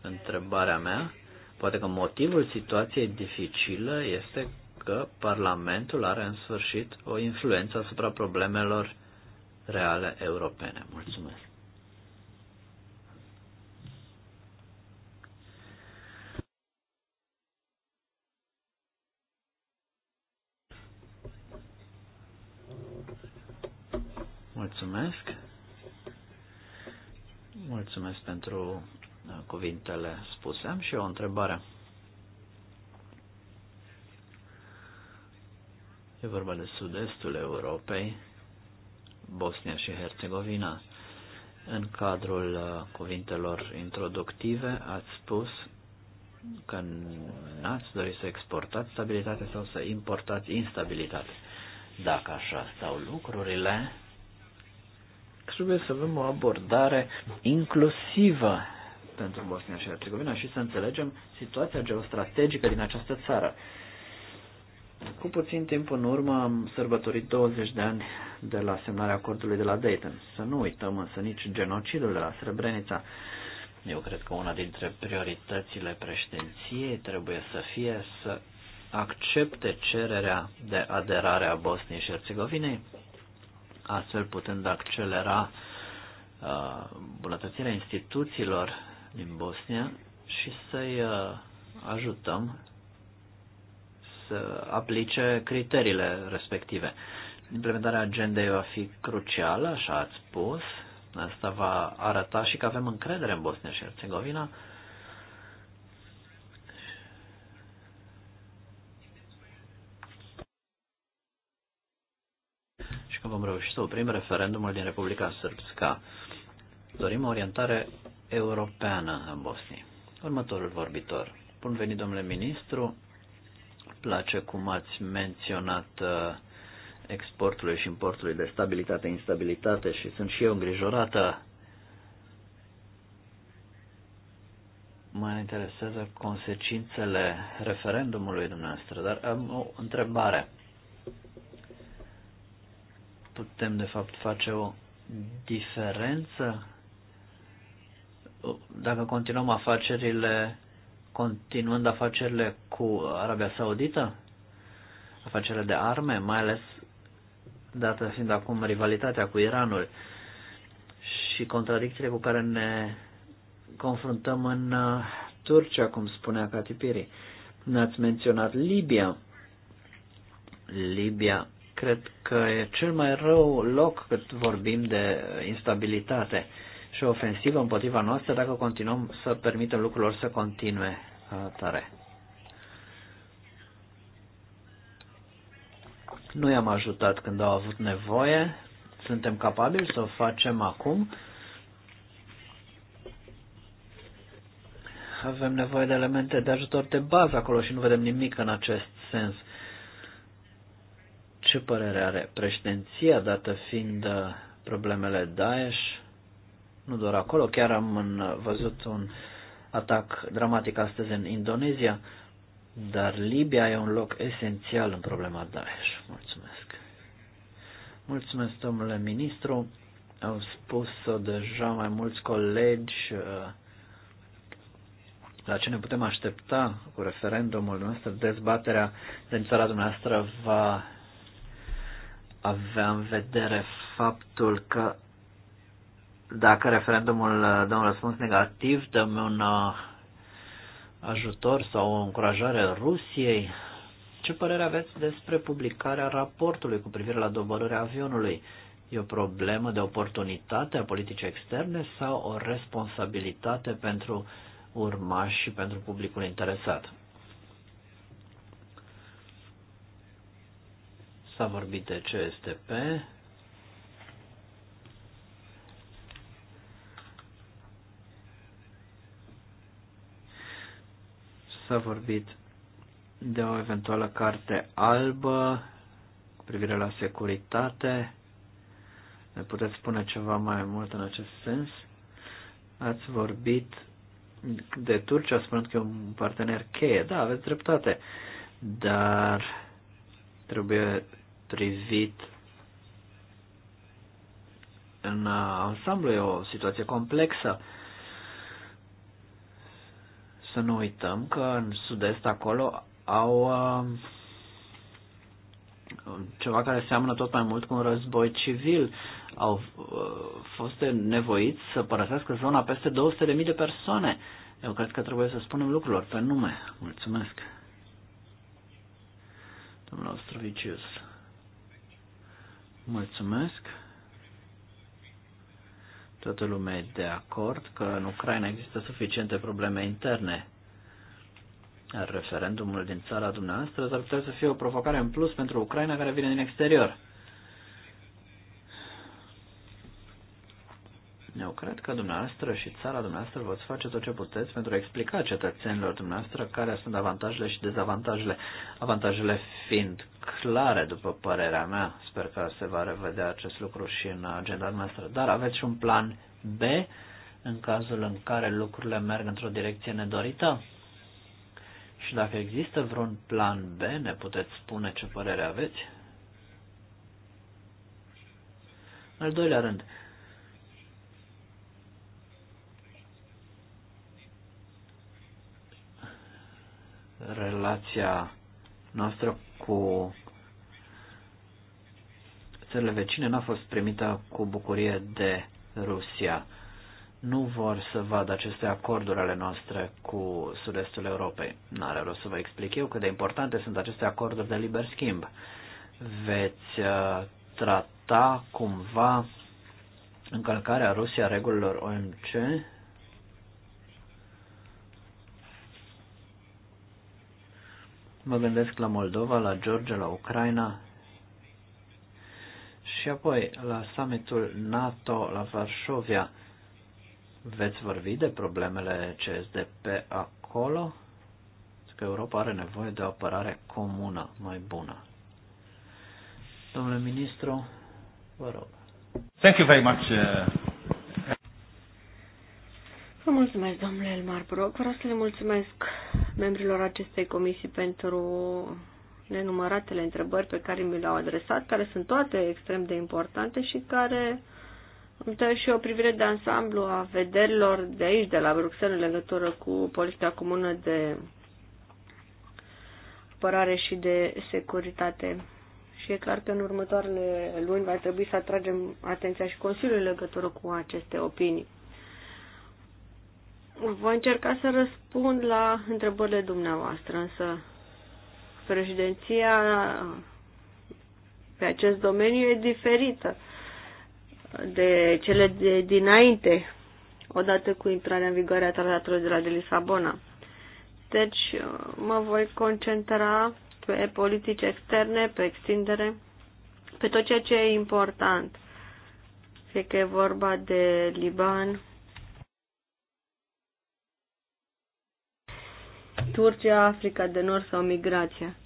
întrebarea mea, poate că motivul situației dificilă este că Parlamentul are în sfârșit o influență asupra problemelor reale europene. Mulțumesc! Mulțumesc. Mulțumesc pentru uh, cuvintele spuse. Am și eu o întrebare. E vorba de sud-estul Europei, Bosnia și Herțegovina. În cadrul uh, cuvintelor introductive ați spus că n-ați dori să exportați stabilitate sau să importați instabilitate. Dacă așa stau lucrurile, Trebuie să avem o abordare inclusivă pentru Bosnia și Herțegovina și să înțelegem situația geostrategică din această țară. Cu puțin timp în urmă am sărbătorit 20 de ani de la semnarea acordului de la Dayton. Să nu uităm însă nici genocidul de la Srebrenica. Eu cred că una dintre prioritățile președinției trebuie să fie să accepte cererea de aderare a Bosniei și Herțegovinei astfel putând accelera uh, bunătățirea instituțiilor din Bosnia și să-i uh, ajutăm să aplice criteriile respective. Implementarea agendei va fi crucială, așa ați spus. Asta va arăta și că avem încredere în Bosnia și Herțegovina că vom reuși să oprim referendumul din Republica Sârbska. Dorim o orientare europeană în Bosnia. Următorul vorbitor. Bun venit, domnule ministru. Place cum ați menționat uh, exportului și importului de stabilitate, instabilitate și sunt și eu îngrijorată. Mă interesează consecințele referendumului dumneavoastră, dar am o întrebare putem de fapt face o diferență dacă continuăm afacerile, continuând afacerile cu Arabia Saudită, afacerile de arme, mai ales dată fiind acum rivalitatea cu Iranul și contradicțiile cu care ne confruntăm în uh, Turcia, cum spunea Catipiri. Ne-ați menționat Libia. Libia cred că e cel mai rău loc cât vorbim de instabilitate și ofensivă împotriva noastră dacă continuăm să permitem lucrurilor să continue uh, tare. Nu i-am ajutat când au avut nevoie, suntem capabili să o facem acum. Avem nevoie de elemente de ajutor de bază acolo și nu vedem nimic în acest sens ce părere are președinția, dată fiind uh, problemele Daesh, nu doar acolo, chiar am uh, văzut un atac dramatic astăzi în Indonezia, dar Libia e un loc esențial în problema Daesh. Mulțumesc. Mulțumesc, domnule ministru. Au spus-o deja mai mulți colegi uh, la ce ne putem aștepta cu referendumul nostru. Dezbaterea din țara dumneavoastră va avea în vedere faptul că dacă referendumul uh, dă un răspuns negativ, dăm un uh, ajutor sau o încurajare Rusiei. Ce părere aveți despre publicarea raportului cu privire la dobărârea avionului? E o problemă de oportunitate a politicii externe sau o responsabilitate pentru urmași și pentru publicul interesat? S-a vorbit de CSTP. S-a vorbit de o eventuală carte albă cu privire la securitate. Ne puteți spune ceva mai mult în acest sens? Ați vorbit de Turcia, spunând că e un partener cheie. Da, aveți dreptate, dar trebuie privit în ansamblu e o situație complexă. Să nu uităm că în sud-est acolo au um, ceva care seamănă tot mai mult cu un război civil. Au uh, fost nevoiți să părăsească zona peste 200.000 de persoane. Eu cred că trebuie să spunem lucrurilor pe nume. Mulțumesc. Domnul Ostrovicius. Mulțumesc. Toată lumea e de acord că în Ucraina există suficiente probleme interne. referendumul din țara dumneavoastră ar putea să fie o provocare în plus pentru Ucraina care vine din exterior. Eu cred că dumneavoastră și țara dumneavoastră vă face tot ce puteți pentru a explica cetățenilor dumneavoastră care sunt avantajele și dezavantajele, avantajele fiind clare, după părerea mea. Sper că se va revedea acest lucru și în agenda noastră. Dar aveți și un plan B în cazul în care lucrurile merg într-o direcție nedorită? Și dacă există vreun plan B, ne puteți spune ce părere aveți? În al doilea rând, relația noastră cu țările vecine n-a fost primită cu bucurie de Rusia. Nu vor să vadă aceste acorduri ale noastre cu sud-estul Europei. N-are rost să vă explic eu cât de importante sunt aceste acorduri de liber schimb. Veți uh, trata cumva încălcarea Rusia regulilor OMC Mă gândesc la Moldova, la Georgia, la Ucraina și apoi la summitul NATO la Varșovia. Veți vorbi de problemele CSDP acolo? Că Europa are nevoie de o apărare comună mai bună. Domnule ministru, vă rog. Thank you very much. Uh, vă mulțumesc, domnule Elmar Broc. Vreau să le mulțumesc membrilor acestei comisii pentru nenumăratele întrebări pe care mi le-au adresat, care sunt toate extrem de importante și care îmi dă și o privire de ansamblu a vederilor de aici, de la Bruxelles, în legătură cu politica comună de apărare și de securitate. Și e clar că în următoarele luni va trebui să atragem atenția și Consiliului în legătură cu aceste opinii. Voi încerca să răspund la întrebările dumneavoastră, însă președinția pe acest domeniu e diferită de cele de dinainte, odată cu intrarea în vigoare a tratatului de la de Lisabona. Deci mă voi concentra pe politici externe, pe extindere, pe tot ceea ce e important. Fie că e vorba de Liban, Turcia, Africa de Nord sau migrația.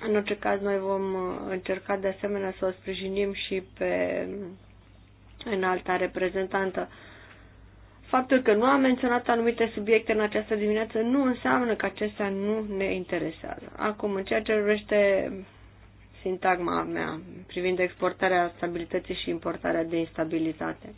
În orice caz, noi vom uh, încerca de asemenea să o sprijinim și pe înalta reprezentantă. Faptul că nu am menționat anumite subiecte în această dimineață nu înseamnă că acestea nu ne interesează. Acum, în ceea ce vrește sintagma mea privind exportarea stabilității și importarea de instabilitate.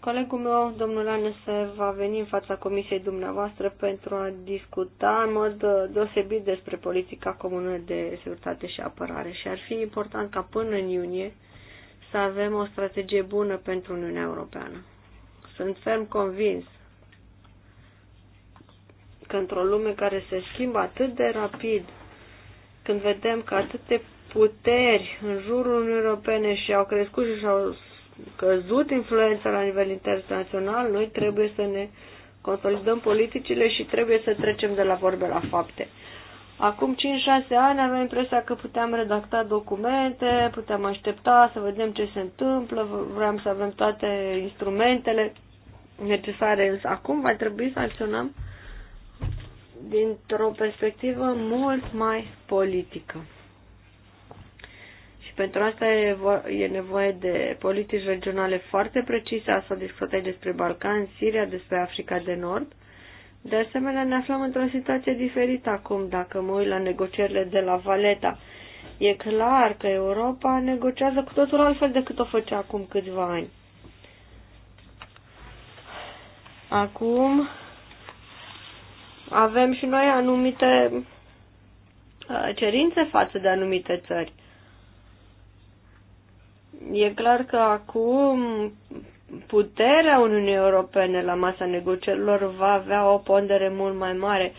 Colegul meu, domnul Anese, va veni în fața comisiei dumneavoastră pentru a discuta în mod uh, deosebit despre politica comună de securitate și apărare și ar fi important ca până în iunie să avem o strategie bună pentru Uniunea Europeană. Sunt ferm convins că într-o lume care se schimbă atât de rapid când vedem că atâte puteri în jurul Uniunii Europene și au crescut și au căzut influența la nivel internațional, noi trebuie să ne consolidăm politicile și trebuie să trecem de la vorbe la fapte. Acum 5-6 ani avem impresia că puteam redacta documente, puteam aștepta să vedem ce se întâmplă, vreau să avem toate instrumentele necesare, însă acum va trebui să acționăm dintr-o perspectivă mult mai politică. Și pentru asta e, e nevoie de politici regionale foarte precise, asta discutai despre Balcan, Siria, despre Africa de Nord. De asemenea, ne aflăm într-o situație diferită acum, dacă mă uit la negocierile de la Valeta. E clar că Europa negociază cu totul altfel decât o făcea acum câțiva ani. Acum, avem și noi anumite uh, cerințe față de anumite țări. E clar că acum puterea Uniunii Europene la masa negocierilor va avea o pondere mult mai mare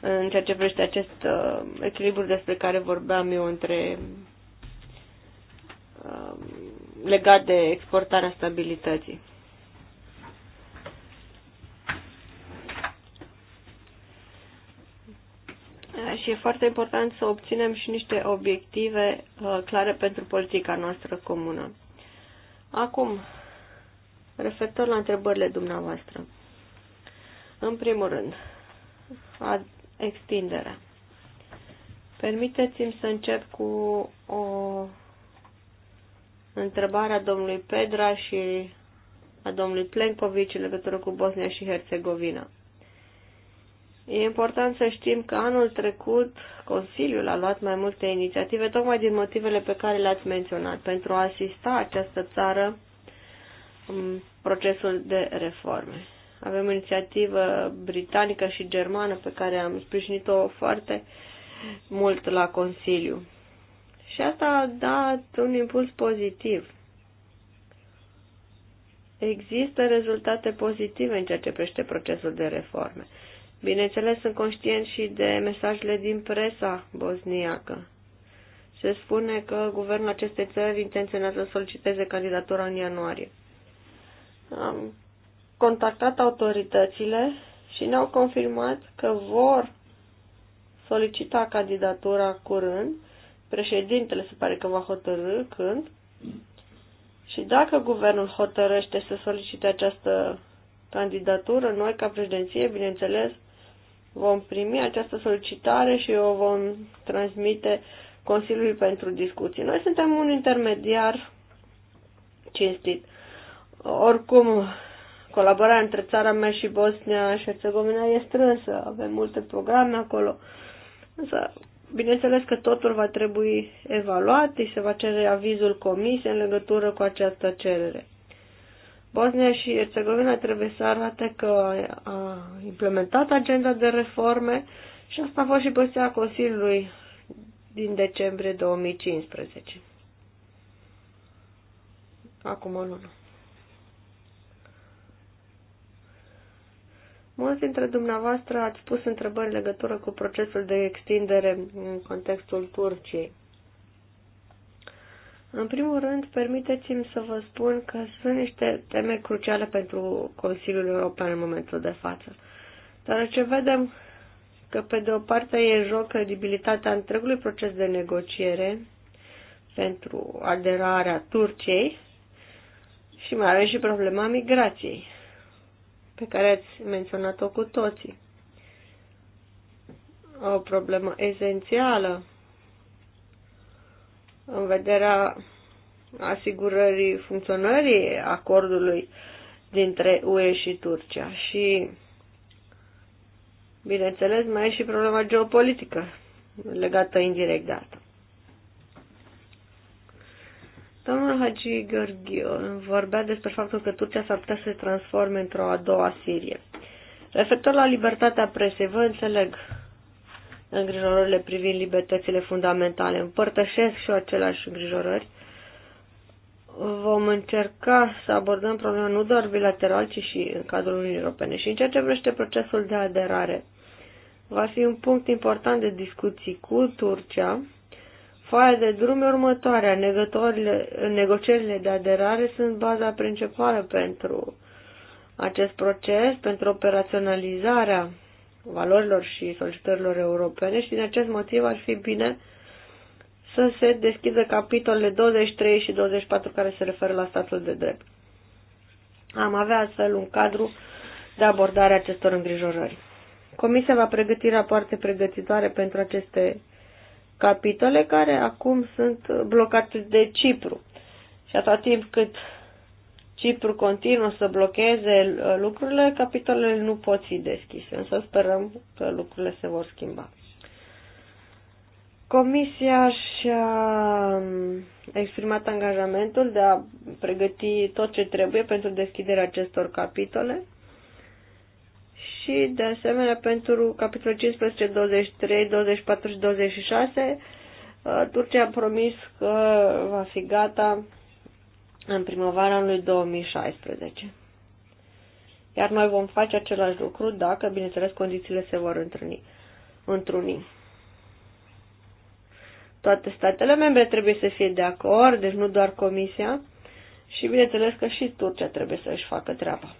în ceea ce privește acest uh, echilibru despre care vorbeam eu între uh, legat de exportarea stabilității. Și e foarte important să obținem și niște obiective uh, clare pentru politica noastră comună. Acum, referitor la întrebările dumneavoastră. În primul rând, extinderea. Permiteți-mi să încep cu o întrebare a domnului Pedra și a domnului Plenkovici în legătură cu Bosnia și Herțegovina. E important să știm că anul trecut Consiliul a luat mai multe inițiative, tocmai din motivele pe care le-ați menționat, pentru a asista această țară în procesul de reforme. Avem o inițiativă britanică și germană pe care am sprijinit-o foarte mult la Consiliu. Și asta a dat un impuls pozitiv. Există rezultate pozitive în ceea ce prește procesul de reforme. Bineînțeles, sunt conștient și de mesajele din presa bosniacă. Se spune că guvernul acestei țări intenționează să soliciteze candidatura în ianuarie. Am contactat autoritățile și ne-au confirmat că vor solicita candidatura curând. Președintele se pare că va hotărâ când. Și dacă guvernul hotărăște să solicite această candidatură, noi ca președinție, bineînțeles, Vom primi această solicitare și o vom transmite Consiliului pentru discuții. Noi suntem un intermediar cinstit. Oricum, colaborarea între țara mea și Bosnia și Herțegovina e strânsă, avem multe programe acolo, însă bineînțeles că totul va trebui evaluat și se va cere avizul comisiei în legătură cu această cerere. Bosnia și Herțegovina trebuie să arate că a implementat agenda de reforme și asta a fost și poziția Consiliului din decembrie 2015. Acum o lună. Mulți dintre dumneavoastră ați pus întrebări în legătură cu procesul de extindere în contextul Turciei. În primul rând, permiteți-mi să vă spun că sunt niște teme cruciale pentru Consiliul European în momentul de față. Dar ce vedem că, pe de o parte, e în joc credibilitatea întregului proces de negociere pentru aderarea Turciei și mai avem și problema migrației, pe care ați menționat-o cu toții. O problemă esențială în vederea asigurării funcționării acordului dintre UE și Turcia. Și, bineînțeles, mai e și problema geopolitică legată indirect de asta. Domnul Hagi Gheorghiu vorbea despre faptul că Turcia s-ar putea să se transforme într-o a doua Sirie. Referitor la libertatea presei, vă înțeleg îngrijorările privind libertățile fundamentale. Împărtășesc și eu aceleași îngrijorări. Vom încerca să abordăm problema nu doar bilateral, ci și în cadrul Uniunii Europene. Și în ceea ce vrește procesul de aderare, va fi un punct important de discuții cu Turcia. Foaia de drum e următoarea. Negocierile de aderare sunt baza principală pentru acest proces, pentru operaționalizarea valorilor și solicitărilor europene și din acest motiv ar fi bine să se deschidă capitolele 23 și 24 care se referă la statul de drept. Am avea astfel un cadru de abordare a acestor îngrijorări. Comisia va pregăti rapoarte pregătitoare pentru aceste capitole care acum sunt blocate de Cipru. Și atâta timp cât Cipru continuă să blocheze uh, lucrurile, capitolele nu pot fi deschise, însă sperăm că lucrurile se vor schimba. Comisia și-a um, exprimat angajamentul de a pregăti tot ce trebuie pentru deschiderea acestor capitole și, de asemenea, pentru capitolul 15, 23, 24 și 26, uh, Turcia a promis că va fi gata în primăvara anului 2016. Iar noi vom face același lucru dacă, bineînțeles, condițiile se vor întruni. întruni. Toate statele membre trebuie să fie de acord, deci nu doar Comisia, și bineînțeles că și Turcia trebuie să își facă treaba.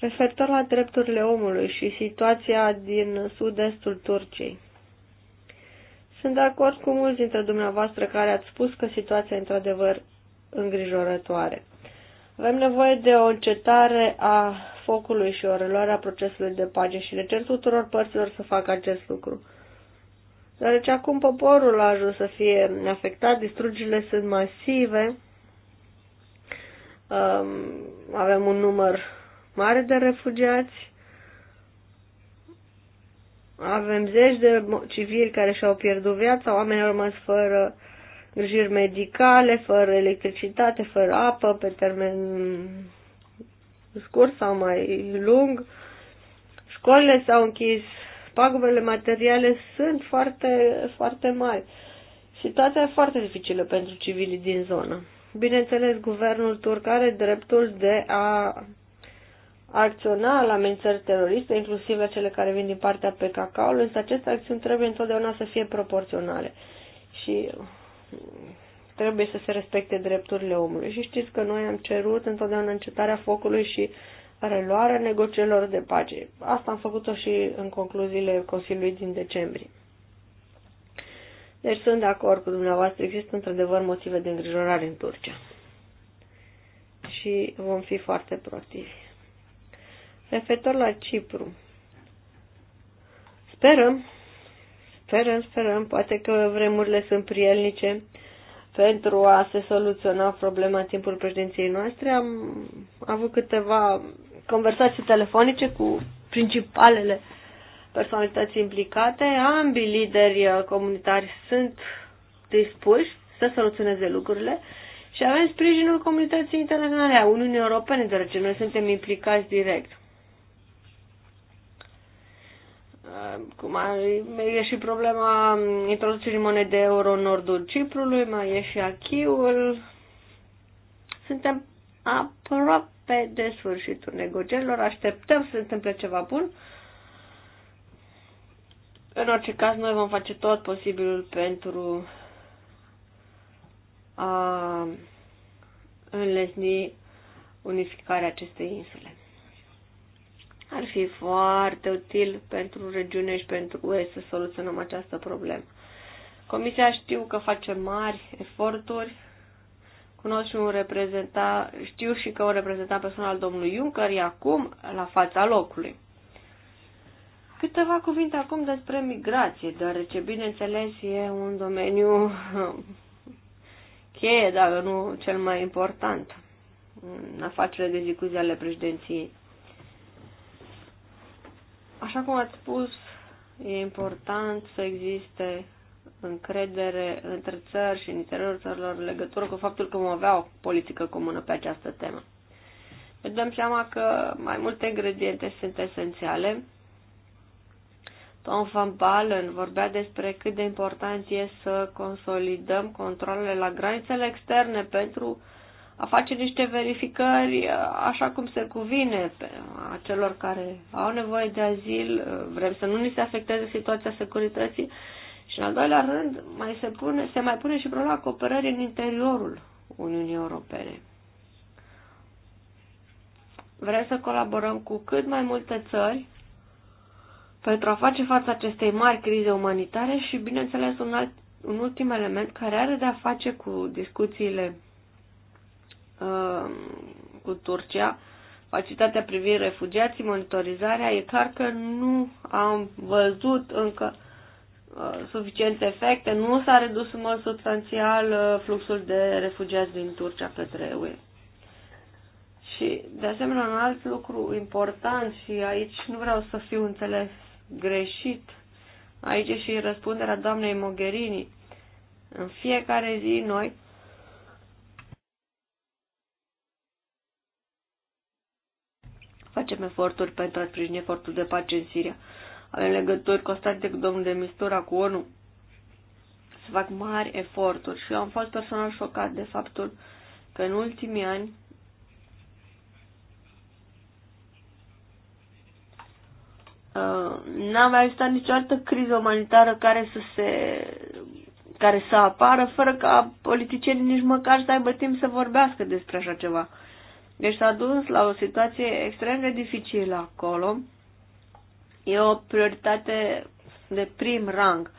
Referitor la drepturile omului și situația din sud-estul Turciei. Sunt de acord cu mulți dintre dumneavoastră care ați spus că situația e într-adevăr îngrijorătoare. Avem nevoie de o încetare a focului și o reluare a procesului de pace și le cer tuturor părților să facă acest lucru. Deoarece acum poporul a ajuns să fie afectat, distrugerile sunt masive, um, avem un număr mare de refugiați avem zeci de civili care și-au pierdut viața, oamenii au rămas fără grijiri medicale, fără electricitate, fără apă, pe termen scurt sau mai lung. Școlile s-au închis, pagubele materiale sunt foarte, foarte mari. Situația e foarte dificilă pentru civilii din zonă. Bineînțeles, guvernul turc are dreptul de a acționa la amenințări teroriste, inclusiv la cele care vin din partea pkk cacao, însă aceste acțiuni trebuie întotdeauna să fie proporționale și trebuie să se respecte drepturile omului. Și știți că noi am cerut întotdeauna încetarea focului și reluarea negocierilor de pace. Asta am făcut-o și în concluziile Consiliului din decembrie. Deci sunt de acord cu dumneavoastră, există într-adevăr motive de îngrijorare în Turcia. Și vom fi foarte proactivi referitor la Cipru. Sperăm, sperăm, sperăm, poate că vremurile sunt prielnice pentru a se soluționa problema în timpul președinției noastre. Am avut câteva conversații telefonice cu principalele personalități implicate. Ambii lideri comunitari sunt dispuși să soluționeze lucrurile și avem sprijinul comunității internaționale a Uniunii Europene, deoarece noi suntem implicați direct. Uh, cum mai e și problema introducerii monedei euro în nordul Ciprului, mai e și achiul. Suntem aproape de sfârșitul negocierilor, așteptăm să se întâmple ceva bun. În orice caz, noi vom face tot posibilul pentru a înlesni unificarea acestei insule. Ar fi foarte util pentru regiune și pentru UE să soluționăm această problemă. Comisia știu că face mari eforturi. Cunosc și un reprezentat, știu și că un reprezentant personal al domnului Juncker e acum la fața locului. Câteva cuvinte acum despre migrație, deoarece, bineînțeles, e un domeniu cheie, dacă nu cel mai important, în afacerile de zi cu zi ale președinției. Așa cum ați spus, e important să existe încredere între țări și în interiorul țărilor în legătură cu faptul că vom avea o politică comună pe această temă. Ne dăm seama că mai multe ingrediente sunt esențiale. Tom Van Balen vorbea despre cât de important e să consolidăm controlele la granițele externe pentru uh, a face niște verificări uh, așa cum se cuvine a celor care au nevoie de azil, uh, vrem să nu ni se afecteze situația securității și în al doilea rând mai se, pune, se mai pune și problema cooperării în interiorul Uniunii Europene. Vrem să colaborăm cu cât mai multe țări pentru a face față acestei mari crize umanitare și, bineînțeles, un, alt, un ultim element care are de-a face cu discuțiile Uh, cu Turcia, facilitatea privind refugiații, monitorizarea, e clar că nu am văzut încă uh, suficiente efecte, nu s-a redus în mod substanțial uh, fluxul de refugiați din Turcia către UE. Și, de asemenea, un alt lucru important și aici nu vreau să fiu înțeles greșit, aici e și răspunderea doamnei Mogherini. În fiecare zi noi facem eforturi pentru a sprijini efortul de pace în Siria. Avem legături constante cu domnul de Mistura, cu ONU. Se fac mari eforturi și eu am fost personal șocat de faptul că în ultimii ani uh, n-a mai existat nicio altă criză umanitară care să se care să apară fără ca politicienii nici măcar să aibă timp să vorbească despre așa ceva. Deci s-a dus la o situație extrem de dificilă acolo. E o prioritate de prim rang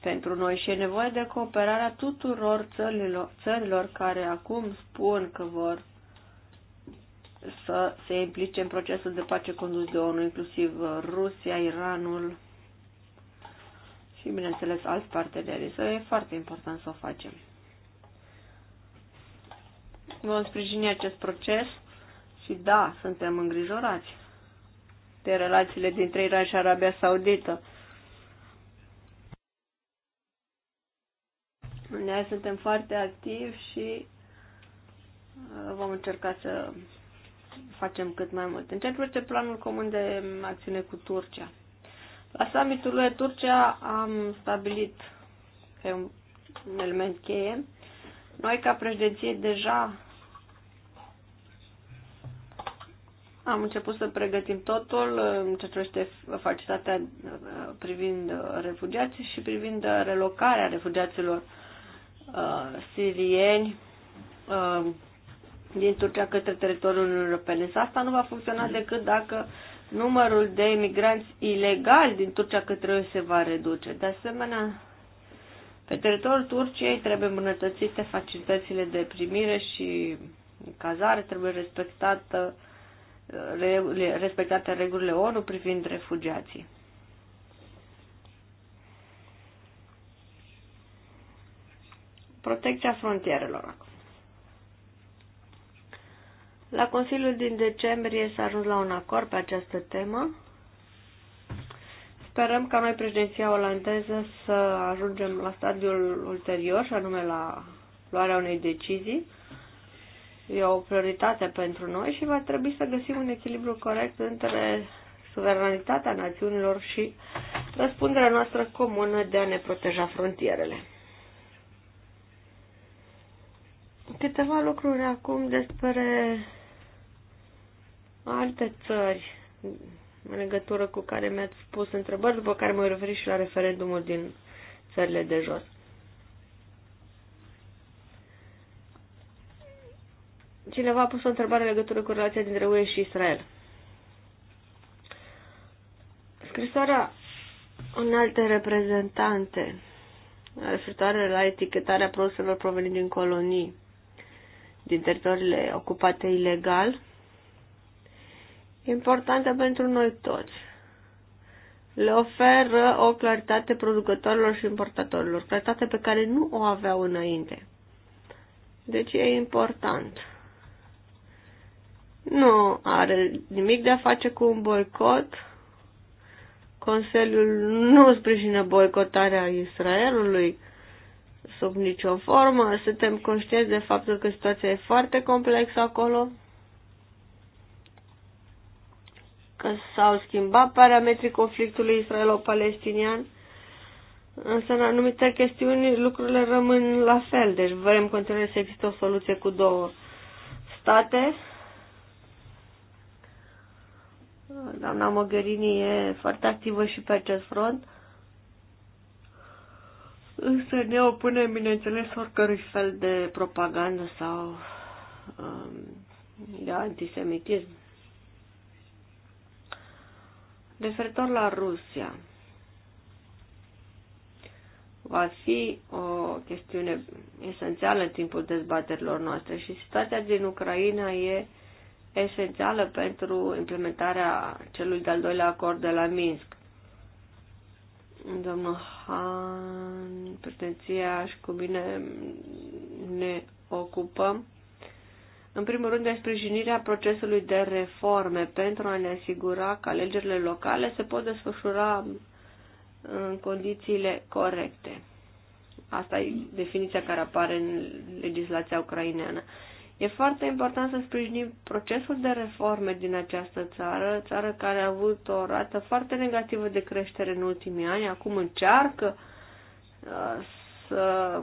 pentru noi și e nevoie de cooperarea tuturor țărilor, țărilor care acum spun că vor să se implice în procesul de pace condus de ONU, inclusiv Rusia, Iranul și, bineînțeles, alți parteneri. Să e foarte important să o facem. Vom sprijini acest proces și da, suntem îngrijorați de relațiile dintre Iran și Arabia Saudită. Noi suntem foarte activi și uh, vom încerca să facem cât mai mult. În ce privește planul comun de acțiune cu Turcia? La summitul lui Turcia am stabilit că e un element cheie. Noi, ca președinție, deja Am început să pregătim totul uh, în ce privește facilitatea uh, privind uh, refugiații și privind relocarea refugiaților uh, sirieni uh, din Turcia către teritoriul Uniunii Europene. Asta nu va funcționa decât dacă numărul de imigranți ilegali din Turcia către UE se va reduce. De asemenea, pe teritoriul Turciei trebuie îmbunătățite facilitățile de primire și cazare, trebuie respectată uh, respectate regulile ONU privind refugiații. Protecția frontierelor. La Consiliul din decembrie s-a ajuns la un acord pe această temă. Sperăm ca noi, președinția olandeză, să ajungem la stadiul ulterior, și anume la luarea unei decizii e o prioritate pentru noi și va trebui să găsim un echilibru corect între suveranitatea națiunilor și răspunderea noastră comună de a ne proteja frontierele. Câteva lucruri acum despre alte țări în legătură cu care mi-ați spus întrebări, după care mă referi și la referendumul din țările de jos. Cineva a pus o întrebare legătură cu relația dintre UE și Israel. Scrisoarea în alte reprezentante referitoare la etichetarea produselor provenind din colonii din teritoriile ocupate ilegal, importantă pentru noi toți. Le oferă o claritate producătorilor și importatorilor, claritate pe care nu o aveau înainte. Deci e important nu are nimic de a face cu un boicot. Consiliul nu sprijină boicotarea Israelului sub nicio formă. Suntem conștienți de faptul că situația e foarte complexă acolo, că s-au schimbat parametrii conflictului israelo-palestinian, însă în anumite chestiuni lucrurile rămân la fel, deci vrem continuare să există o soluție cu două state, Doamna Mogherini e foarte activă și pe acest front. Însă ne opunem, bineînțeles, oricărui fel de propagandă sau um, de antisemitism. Referitor la Rusia, va fi o chestiune esențială în timpul dezbaterilor noastre și situația din Ucraina e uh, esențială pentru implementarea celui de-al doilea acord de la Minsk. Domnul Han, pretenția și cu bine ne ocupăm. În primul rând, de sprijinirea procesului de reforme pentru a ne asigura că alegerile locale se pot desfășura în condițiile corecte. Asta e definiția care apare în legislația ucraineană. E foarte important să sprijinim procesul de reforme din această țară, țară care a avut o rată foarte negativă de creștere în ultimii ani, acum încearcă uh, să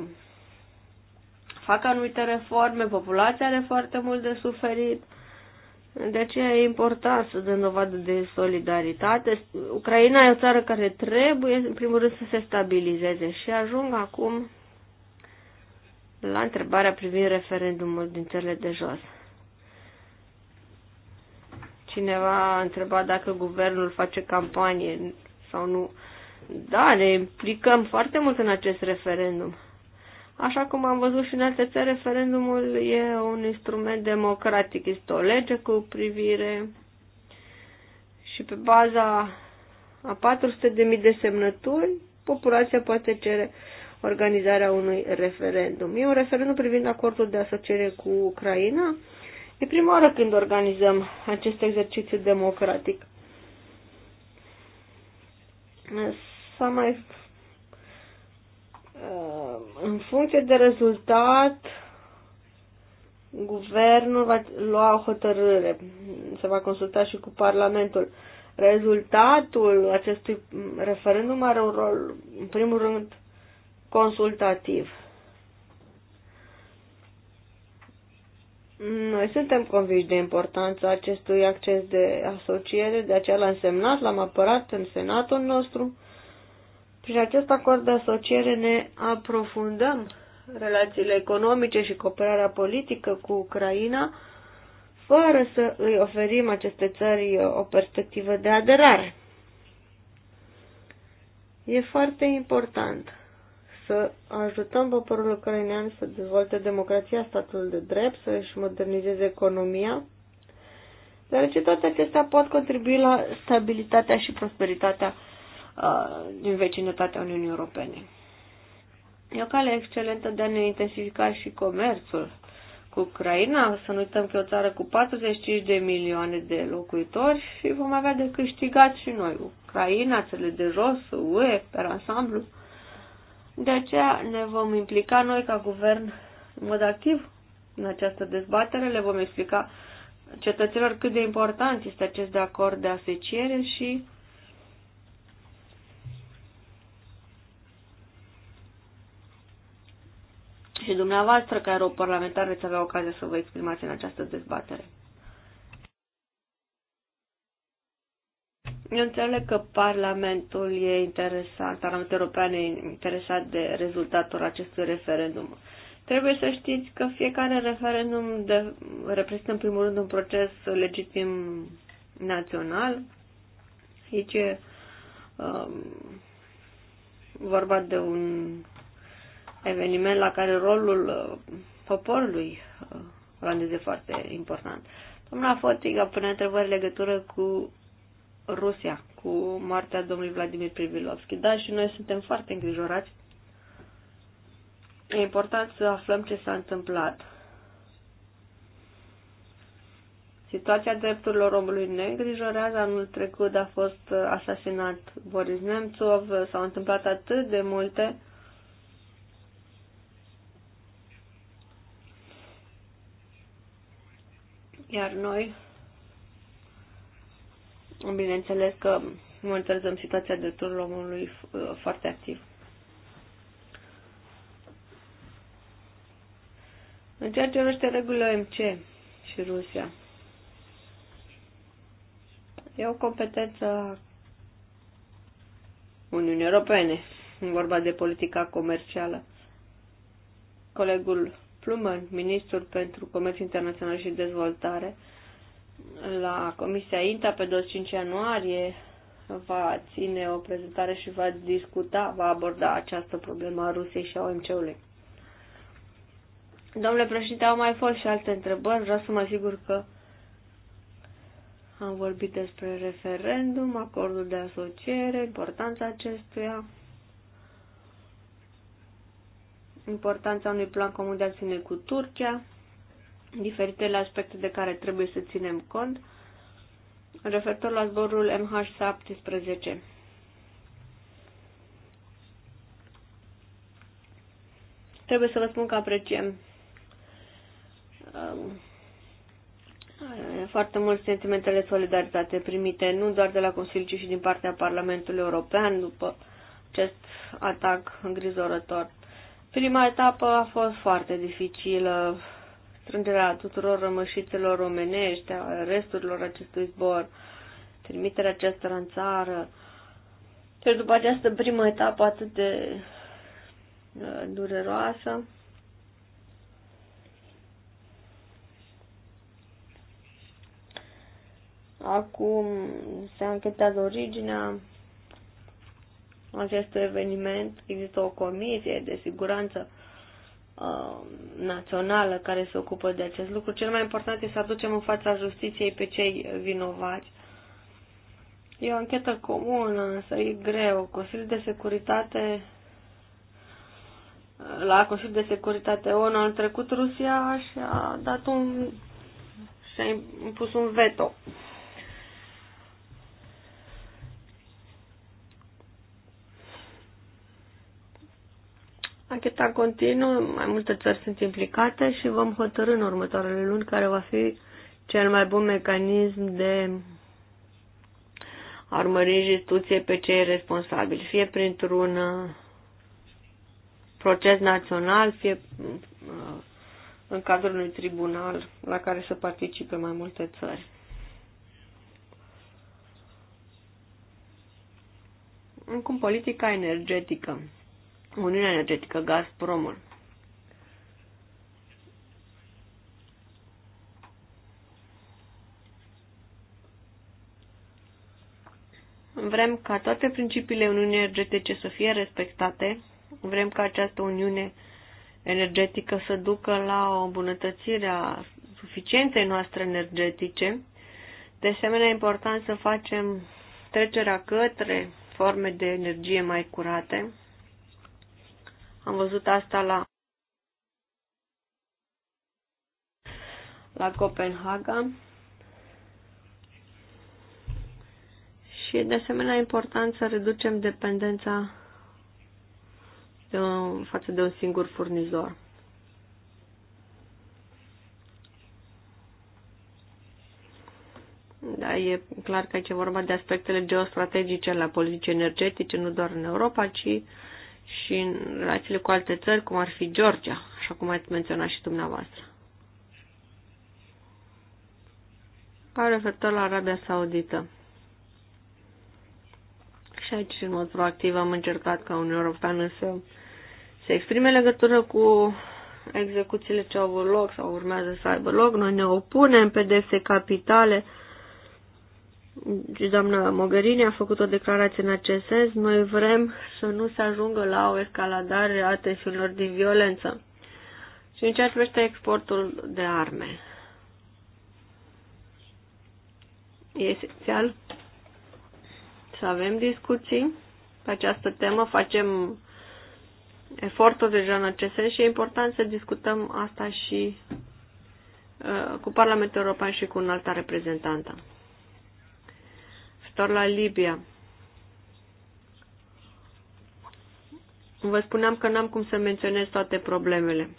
facă anumite reforme, populația are foarte mult de suferit. De aceea e important să dăm dovadă de solidaritate. Ucraina e o țară care trebuie, în primul rând, să se stabilizeze și ajung acum la întrebarea privind referendumul din țările de jos. Cineva a întrebat dacă guvernul face campanie sau nu. Da, ne implicăm foarte mult în acest referendum. Așa cum am văzut și în alte țări, referendumul e un instrument democratic, este o lege cu privire și pe baza a 400.000 de semnături, populația poate cere organizarea unui referendum. E un referendum privind acordul de asociere cu Ucraina. E prima oară când organizăm acest exercițiu democratic. S-a mai uh, în funcție de rezultat, guvernul va lua o hotărâre, se va consulta și cu Parlamentul. Rezultatul acestui referendum are un rol, în primul rând, consultativ. Noi suntem conviși de importanța acestui acces de asociere, de aceea l-am semnat, l-am apărat în Senatul nostru. Prin acest acord de asociere ne aprofundăm relațiile economice și cooperarea politică cu Ucraina, fără să îi oferim aceste țări o perspectivă de aderare. E foarte important să ajutăm poporul ucrainean să dezvolte democrația, statul de drept, să își modernizeze economia, deoarece toate acestea pot contribui la stabilitatea și prosperitatea uh, din vecinătatea Uniunii Europene. E o cale excelentă de a ne intensifica și comerțul cu Ucraina, să nu uităm că e o țară cu 45 de milioane de locuitori și vom avea de câștigat și noi, Ucraina, țările de jos, UE, pe ansamblu. De aceea ne vom implica noi ca guvern în mod activ în această dezbatere, le vom explica cetățenilor cât de important este acest de acord de asociere și și dumneavoastră, ca europarlamentar, veți avea ocazia să vă exprimați în această dezbatere. Eu înțeleg că Parlamentul e interesat, Parlamentul European e interesat de rezultatul acestui referendum. Trebuie să știți că fiecare referendum de, reprezintă în primul rând un proces legitim național. Aici e um, vorba de un eveniment la care rolul uh, poporului uh, randeze foarte important. Doamna a pune întrebări legătură cu Rusia cu moartea domnului Vladimir Privilovski. Da, și noi suntem foarte îngrijorați. E important să aflăm ce s-a întâmplat. Situația drepturilor omului ne îngrijorează. Anul trecut a fost asasinat Boris Nemțov, s-au întâmplat atât de multe. Iar noi bineînțeles că monitorizăm situația drepturilor omului uh, foarte activ. În ceea ce vrește regulile OMC și Rusia, e o competență a Uniunii Europene, în vorba de politica comercială. Colegul Plumăn, ministrul pentru comerț internațional și dezvoltare, la Comisia INTA pe 25 ianuarie va ține o prezentare și va discuta, va aborda această problemă a Rusiei și a OMC-ului. Domnule președinte, au mai fost și alte întrebări. Vreau să mă asigur că am vorbit despre referendum, acordul de asociere, importanța acestuia, importanța unui plan comun de acțiune cu Turcia diferitele aspecte de care trebuie să ținem cont referitor la zborul MH17. Trebuie să vă spun că apreciem um, foarte mult sentimentele solidaritate primite nu doar de la Consiliu, ci și din partea Parlamentului European după acest atac îngrizorător. Prima etapă a fost foarte dificilă, strângerea tuturor rămășițelor omenești, a resturilor acestui zbor, trimiterea acestora în țară. Și deci, după această primă etapă atât de uh, dureroasă, Acum se anchetează originea acestui eveniment. Există o comisie de siguranță Um, națională care se ocupă de acest lucru. Cel mai important este să aducem în fața justiției pe cei vinovați. E o anchetă comună, însă e greu. Consiliul de Securitate la Consiliul de Securitate ONU a trecut Rusia și-a dat un și-a impus un veto Acheta continuă, mai multe țări sunt implicate și vom hotărâ în următoarele luni care va fi cel mai bun mecanism de a urmări justiție pe cei responsabili, fie printr-un uh, proces național, fie uh, în cadrul unui tribunal la care să participe mai multe țări. Încum politica energetică. Uniunea Energetică, Gazpromul. Vrem ca toate principiile Uniunii Energetice să fie respectate. Vrem ca această Uniune energetică să ducă la o îmbunătățire a suficienței noastre energetice. De asemenea, e important să facem trecerea către forme de energie mai curate, am văzut asta la la Copenhaga. Și de asemenea important să reducem dependența de un, față de un singur furnizor. Da, e clar că aici e vorba de aspectele geostrategice la politici energetice, nu doar în Europa, ci și în relațiile cu alte țări, cum ar fi Georgia, așa cum ați menționat și dumneavoastră. Ca referitor la Arabia Saudită. Și aici, în mod proactiv, am încercat ca Uniunea Europeană să se exprime legătură cu execuțiile ce au avut loc sau urmează să aibă loc. Noi ne opunem pedepse capitale, uh, și doamna Mogherini a făcut o declarație în acest sens. Noi vrem să nu se ajungă la o escaladare a tensiunilor din violență. Și în ceea ce privește exportul de arme. E esențial să avem discuții pe această temă, facem efortul deja în acest sens și e important să discutăm asta și uh, cu Parlamentul European și cu un alta reprezentantă. Stor la Libia. Vă spuneam că n-am cum să menționez toate problemele.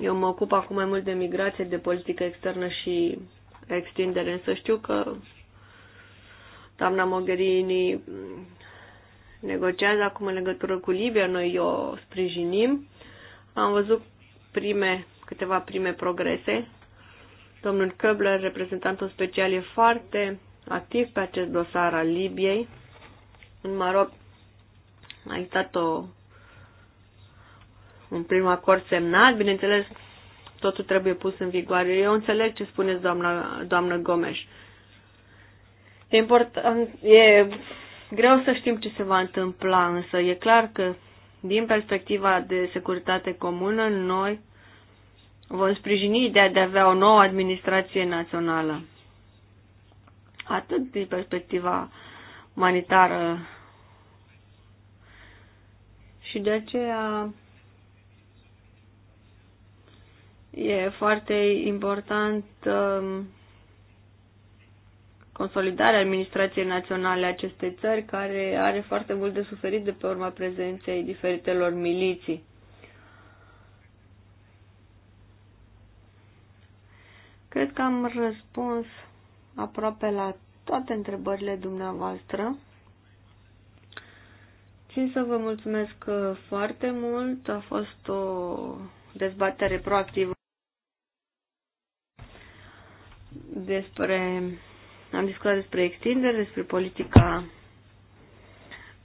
Eu mă ocup acum mai mult de migrație, de politică externă și extindere, însă știu că doamna Mogherini negociază acum în legătură cu Libia, noi o sprijinim. Am văzut prime, câteva prime progrese. Domnul Köbler, reprezentantul special, e foarte activ pe acest dosar al Libiei. În Maroc a existat o, un prim acord semnat, bineînțeles, totul trebuie pus în vigoare. Eu înțeleg ce spuneți, doamna, doamnă Gomes. E, important, e greu să știm ce se va întâmpla, însă e clar că din perspectiva de securitate comună, noi vom sprijini ideea de a avea o nouă administrație națională atât din perspectiva umanitară și de aceea e foarte important um, consolidarea administrației naționale a acestei țări, care are foarte mult de suferit de pe urma prezenței diferitelor miliții. Cred că am răspuns aproape la toate întrebările dumneavoastră. Țin să vă mulțumesc uh, foarte mult. A fost o dezbatere proactivă despre am discutat despre extindere, despre politica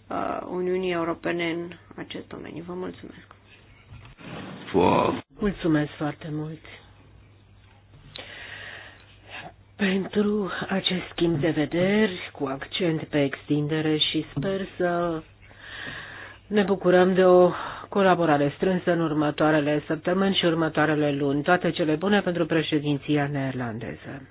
uh, Uniunii Europene în acest domeniu. Vă mulțumesc. Wow. Mulțumesc foarte mult pentru acest schimb de vederi cu accent pe extindere și sper să ne bucurăm de o colaborare strânsă în următoarele săptămâni și următoarele luni. Toate cele bune pentru președinția neerlandeză.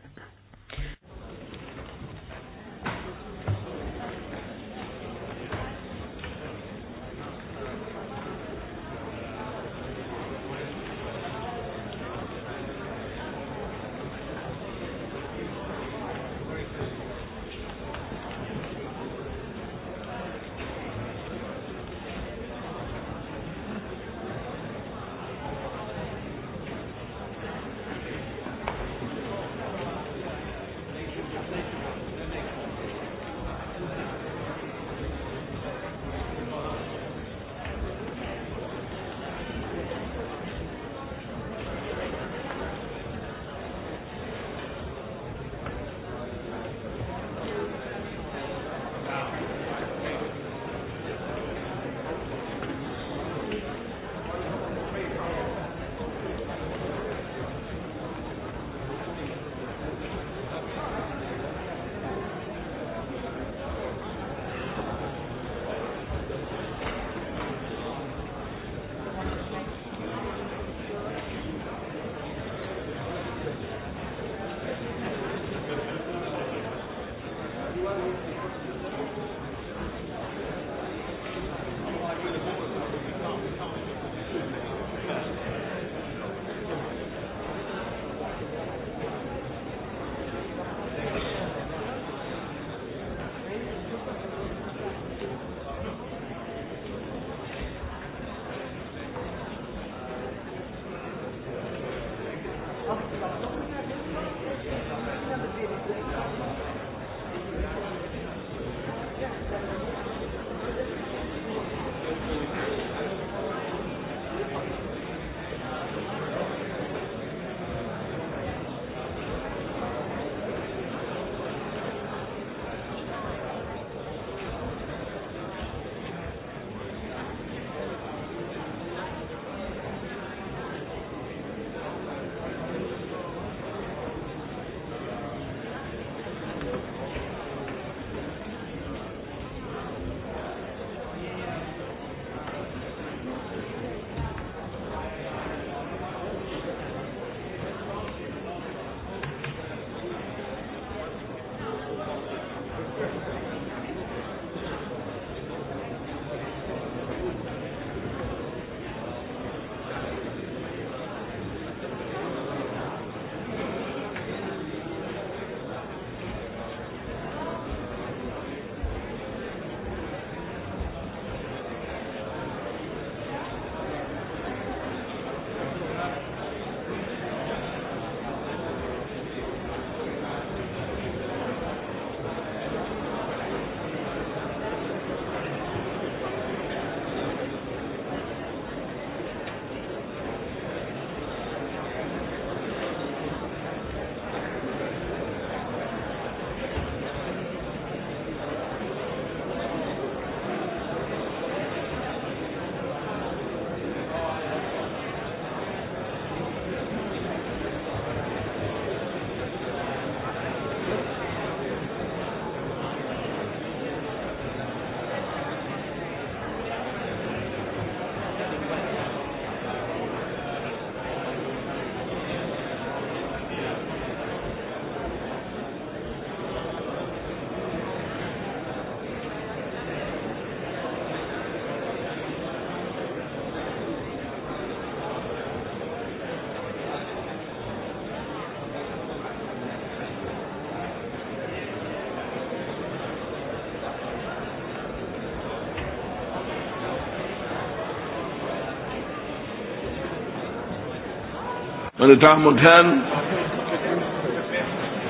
Meine Damen und Herren,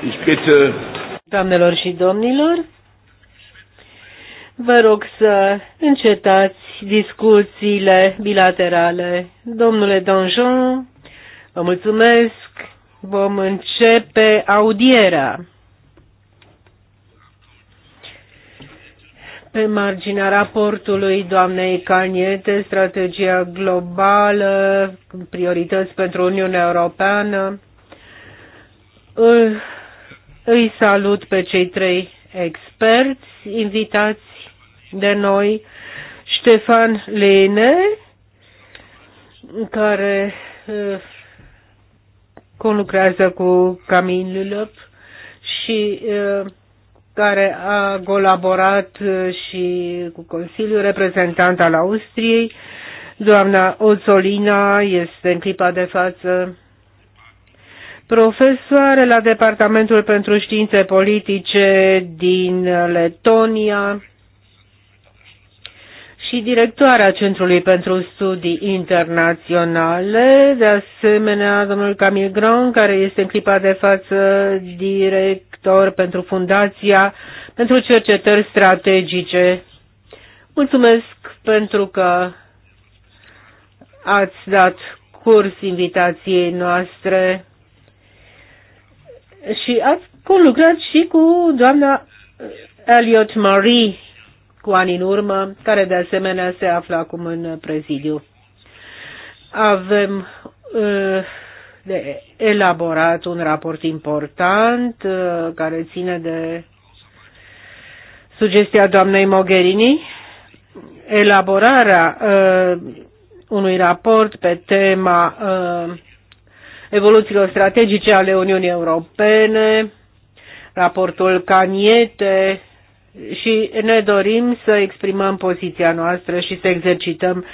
ich bitte. Doamnelor și domnilor, vă rog să încetați discuțiile bilaterale. Domnule Donjon, vă mulțumesc. Vom începe audierea. pe marginea raportului doamnei Caniete, strategia globală, priorități pentru Uniunea Europeană. Îi salut pe cei trei experți invitați de noi, Ștefan Lene, care ă, conlucrează cu Camille Lulop și uh, care a colaborat uh, și cu Consiliul Reprezentant al Austriei. Doamna Ozolina, este în clipa de față profesoară la Departamentul pentru Științe Politice din Letonia și directoarea Centrului pentru Studii Internaționale, de asemenea domnul Camil Gran, care este în clipa de față direct director, pentru Fundația pentru Cercetări Strategice. Mulțumesc pentru că ați dat curs invitației noastre și ați colaborat și cu doamna Elliot Marie cu ani în urmă, care de asemenea se află acum în prezidiu. Avem uh, de elaborat un raport important uh, care ține de sugestia doamnei Mogherini, elaborarea uh, unui raport pe tema uh, evoluțiilor strategice ale Uniunii Europene, raportul Caniete și ne dorim să exprimăm poziția noastră și să exercităm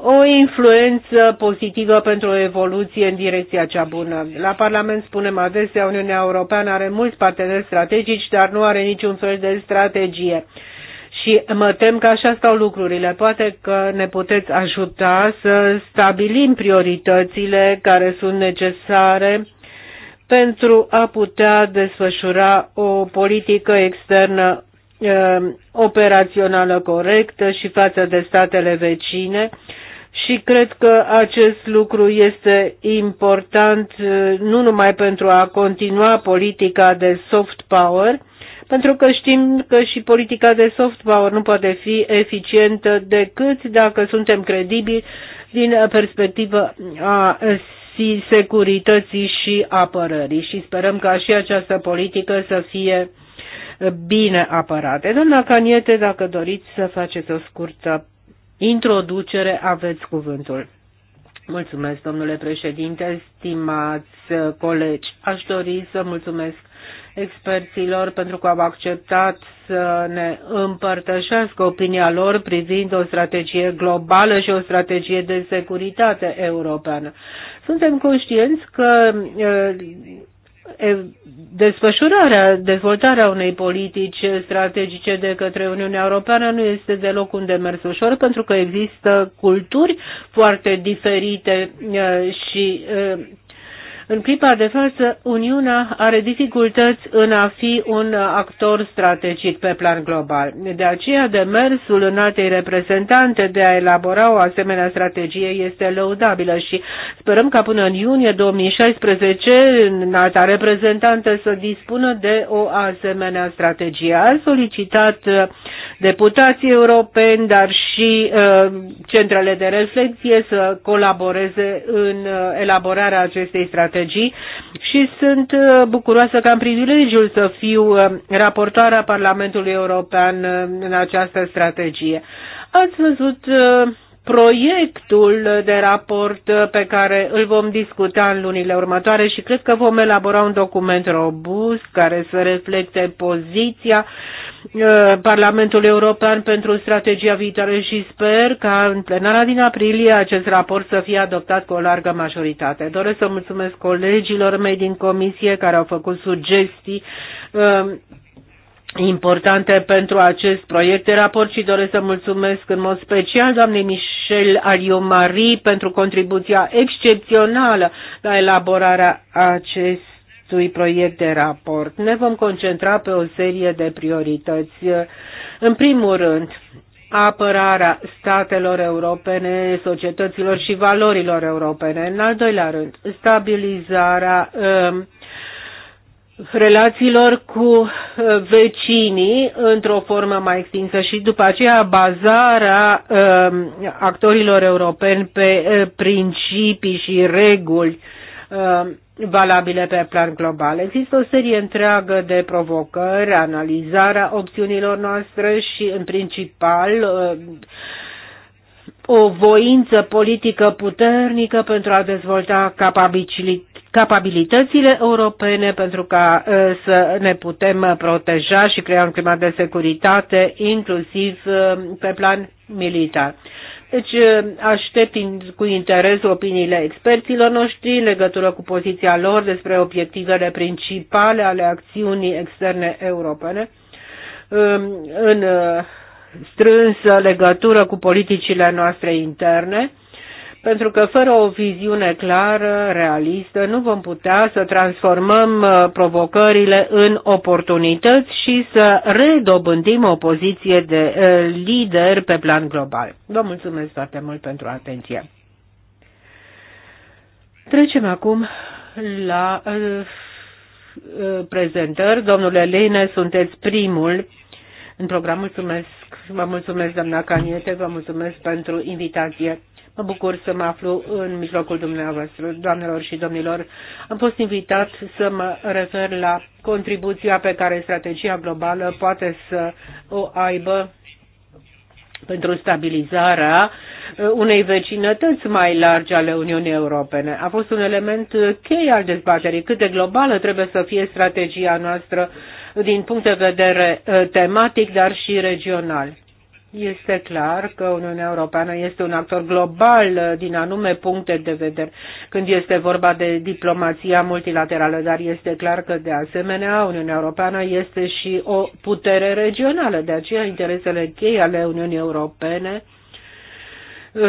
o influență pozitivă pentru o evoluție în direcția cea bună. La Parlament spunem adesea, Uniunea Europeană are mulți parteneri strategici, dar nu are niciun fel de strategie. Și mă tem că așa stau lucrurile. Poate că ne puteți ajuta să stabilim prioritățile care sunt necesare pentru a putea desfășura o politică externă um, operațională corectă și față de statele vecine și cred că acest lucru este important uh, nu numai pentru a continua politica de soft power, pentru că știm că și politica de soft power nu poate fi eficientă decât dacă suntem credibili din perspectivă a securității și apărării și sperăm ca și această politică să fie bine apărate. Doamna Caniete, dacă doriți să faceți o scurtă introducere aveți cuvântul. Mulțumesc, domnule președinte, stimați uh, colegi. Aș dori să mulțumesc experților pentru că au acceptat să ne împărtășească opinia lor privind o strategie globală și o strategie de securitate europeană. Suntem conștienți că uh, desfășurarea, dezvoltarea unei politici strategice de către Uniunea Europeană nu este deloc un demers ușor, pentru că există culturi foarte diferite și în clipa de față, Uniunea are dificultăți în a fi un actor strategic pe plan global. De aceea, demersul înaltei reprezentante de a elabora o asemenea strategie este lăudabilă și sperăm ca până în iunie 2016 înalta reprezentantă să dispună de o asemenea strategie. A solicitat uh, deputații europeni, dar și uh, centrele de reflexie să colaboreze în uh, elaborarea acestei strategii strategii și sunt uh, bucuroasă că am privilegiul să fiu uh, raportoarea Parlamentului European uh, în această strategie. Ați văzut proiectul de raport pe care îl vom discuta în lunile următoare și cred că vom elabora un document robust care să reflecte poziția Uh, Parlamentul European pentru strategia viitoare și sper ca în plenara din aprilie acest raport să fie adoptat cu o largă majoritate. Doresc să mulțumesc colegilor mei din comisie care au făcut sugestii uh, importante pentru acest proiect de raport și doresc să mulțumesc în mod special doamnei Michel Aliomari pentru contribuția excepțională la elaborarea acestui acestui proiect de raport. Ne vom concentra pe o serie de priorități. În primul rând, apărarea statelor europene, societăților și valorilor europene. În al doilea rând, stabilizarea um, relațiilor cu uh, vecinii într-o formă mai extinsă și după aceea bazarea um, actorilor europeni pe uh, principii și reguli um, valabile pe plan global. Există o serie întreagă de provocări, analizarea opțiunilor noastre și, în principal, uh, o voință politică puternică pentru a dezvolta capabilitățile europene pentru ca uh, să ne putem proteja și crea un climat de securitate, inclusiv uh, pe plan militar. Deci ă, aștept cu interes opiniile experților noștri în legătură cu poziția lor despre obiectivele principale ale acțiunii externe europene ă, în ă, strânsă legătură cu politicile noastre interne pentru că fără o viziune clară, realistă, nu vom putea să transformăm uh, provocările în oportunități și să redobândim o poziție de uh, lider pe plan global. Vă mulțumesc foarte mult pentru atenție. Trecem acum la uh, prezentări. Domnule Lene, sunteți primul în program. Mulțumesc, vă mulțumesc, doamna Caniete, vă mulțumesc pentru invitație. Mă bucur să mă aflu în mijlocul dumneavoastră, doamnelor și domnilor. Am fost invitat să mă refer la contribuția pe care strategia globală poate să o aibă pentru stabilizarea unei vecinătăți mai largi ale Uniunii Europene. A fost un element cheie al dezbaterii. Cât de globală trebuie să fie strategia noastră din punct de vedere eh, tematic, dar și regional. Este clar că Uniunea Europeană este un actor global uh, din anume puncte de vedere când este vorba de diplomația multilaterală, dar este clar că de asemenea Uniunea Europeană este și o putere regională, de aceea interesele cheie ale Uniunii Europene uh,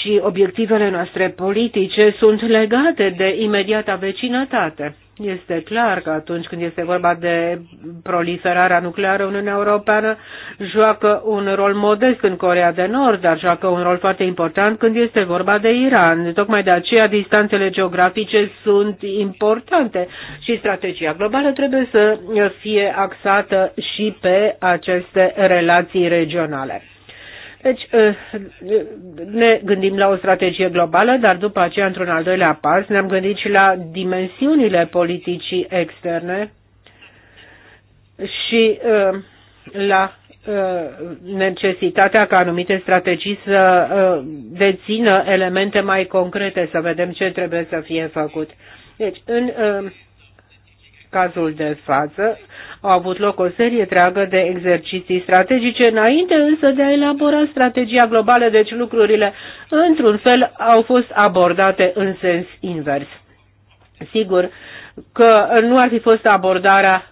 și obiectivele noastre politice sunt legate de imediata vecinătate. Este clar că atunci când este vorba de proliferarea nucleară, Uniunea Europeană joacă un rol modest în Corea de Nord, dar joacă un rol foarte important când este vorba de Iran. Tocmai de aceea distanțele geografice sunt importante și strategia globală trebuie să fie axată și pe aceste relații regionale. Deci ă, ne gândim la o strategie globală, dar după aceea, într-un al doilea pas, ne-am gândit și la dimensiunile politicii externe și ă, la ă, necesitatea ca anumite strategii să dețină elemente mai concrete, să vedem ce trebuie să fie făcut. Deci, în cazul de față au avut loc o serie treagă de exerciții strategice, înainte însă de a elabora strategia globală, deci lucrurile într-un fel au fost abordate în sens invers. Sigur că nu ar fi fost abordarea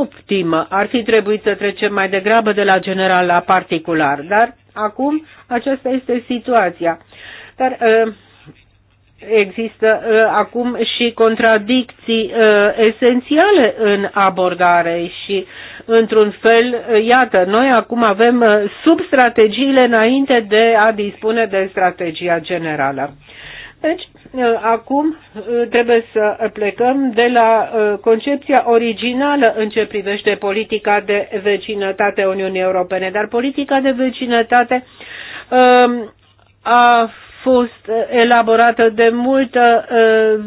optimă, ar fi trebuit să trecem mai degrabă de la general la particular, dar acum aceasta este situația. Dar uh, există uh, acum și contradicții uh, esențiale în abordare și într-un fel, uh, iată, noi acum avem substrategiile înainte de a dispune de strategia generală. Deci, acum trebuie să plecăm de la concepția originală în ce privește politica de vecinătate Uniunii Europene, dar politica de vecinătate um, a fost uh, elaborată de multă uh,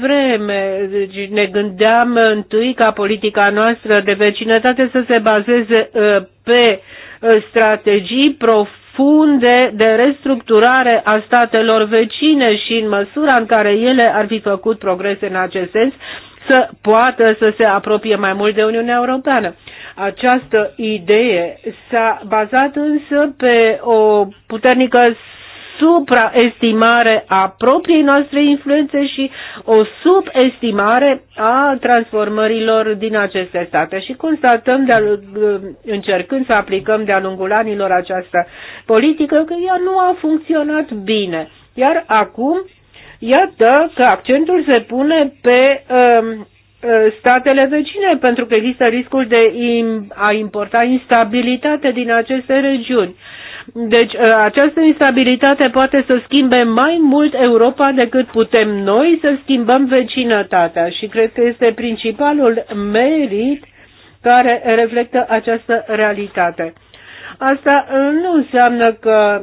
vreme. Deci ne gândeam întâi ca politica noastră de vecinătate să se bazeze uh, pe strategii profunde de restructurare a statelor vecine și în măsura în care ele ar fi făcut progrese în acest sens, să poată să se apropie mai mult de Uniunea Europeană. Această idee s-a bazat însă pe o puternică supraestimare a propriei noastre influențe și o subestimare a transformărilor din aceste state. Și constatăm, de încercând să aplicăm de-a lungul anilor această politică, că ea nu a funcționat bine. Iar acum, iată că accentul se pune pe um, uh, statele vecine, pentru că există riscul de a importa instabilitate din aceste regiuni. Deci uh, această instabilitate poate să schimbe mai mult Europa decât putem noi să schimbăm vecinătatea și cred că este principalul merit care reflectă această realitate. Asta nu înseamnă că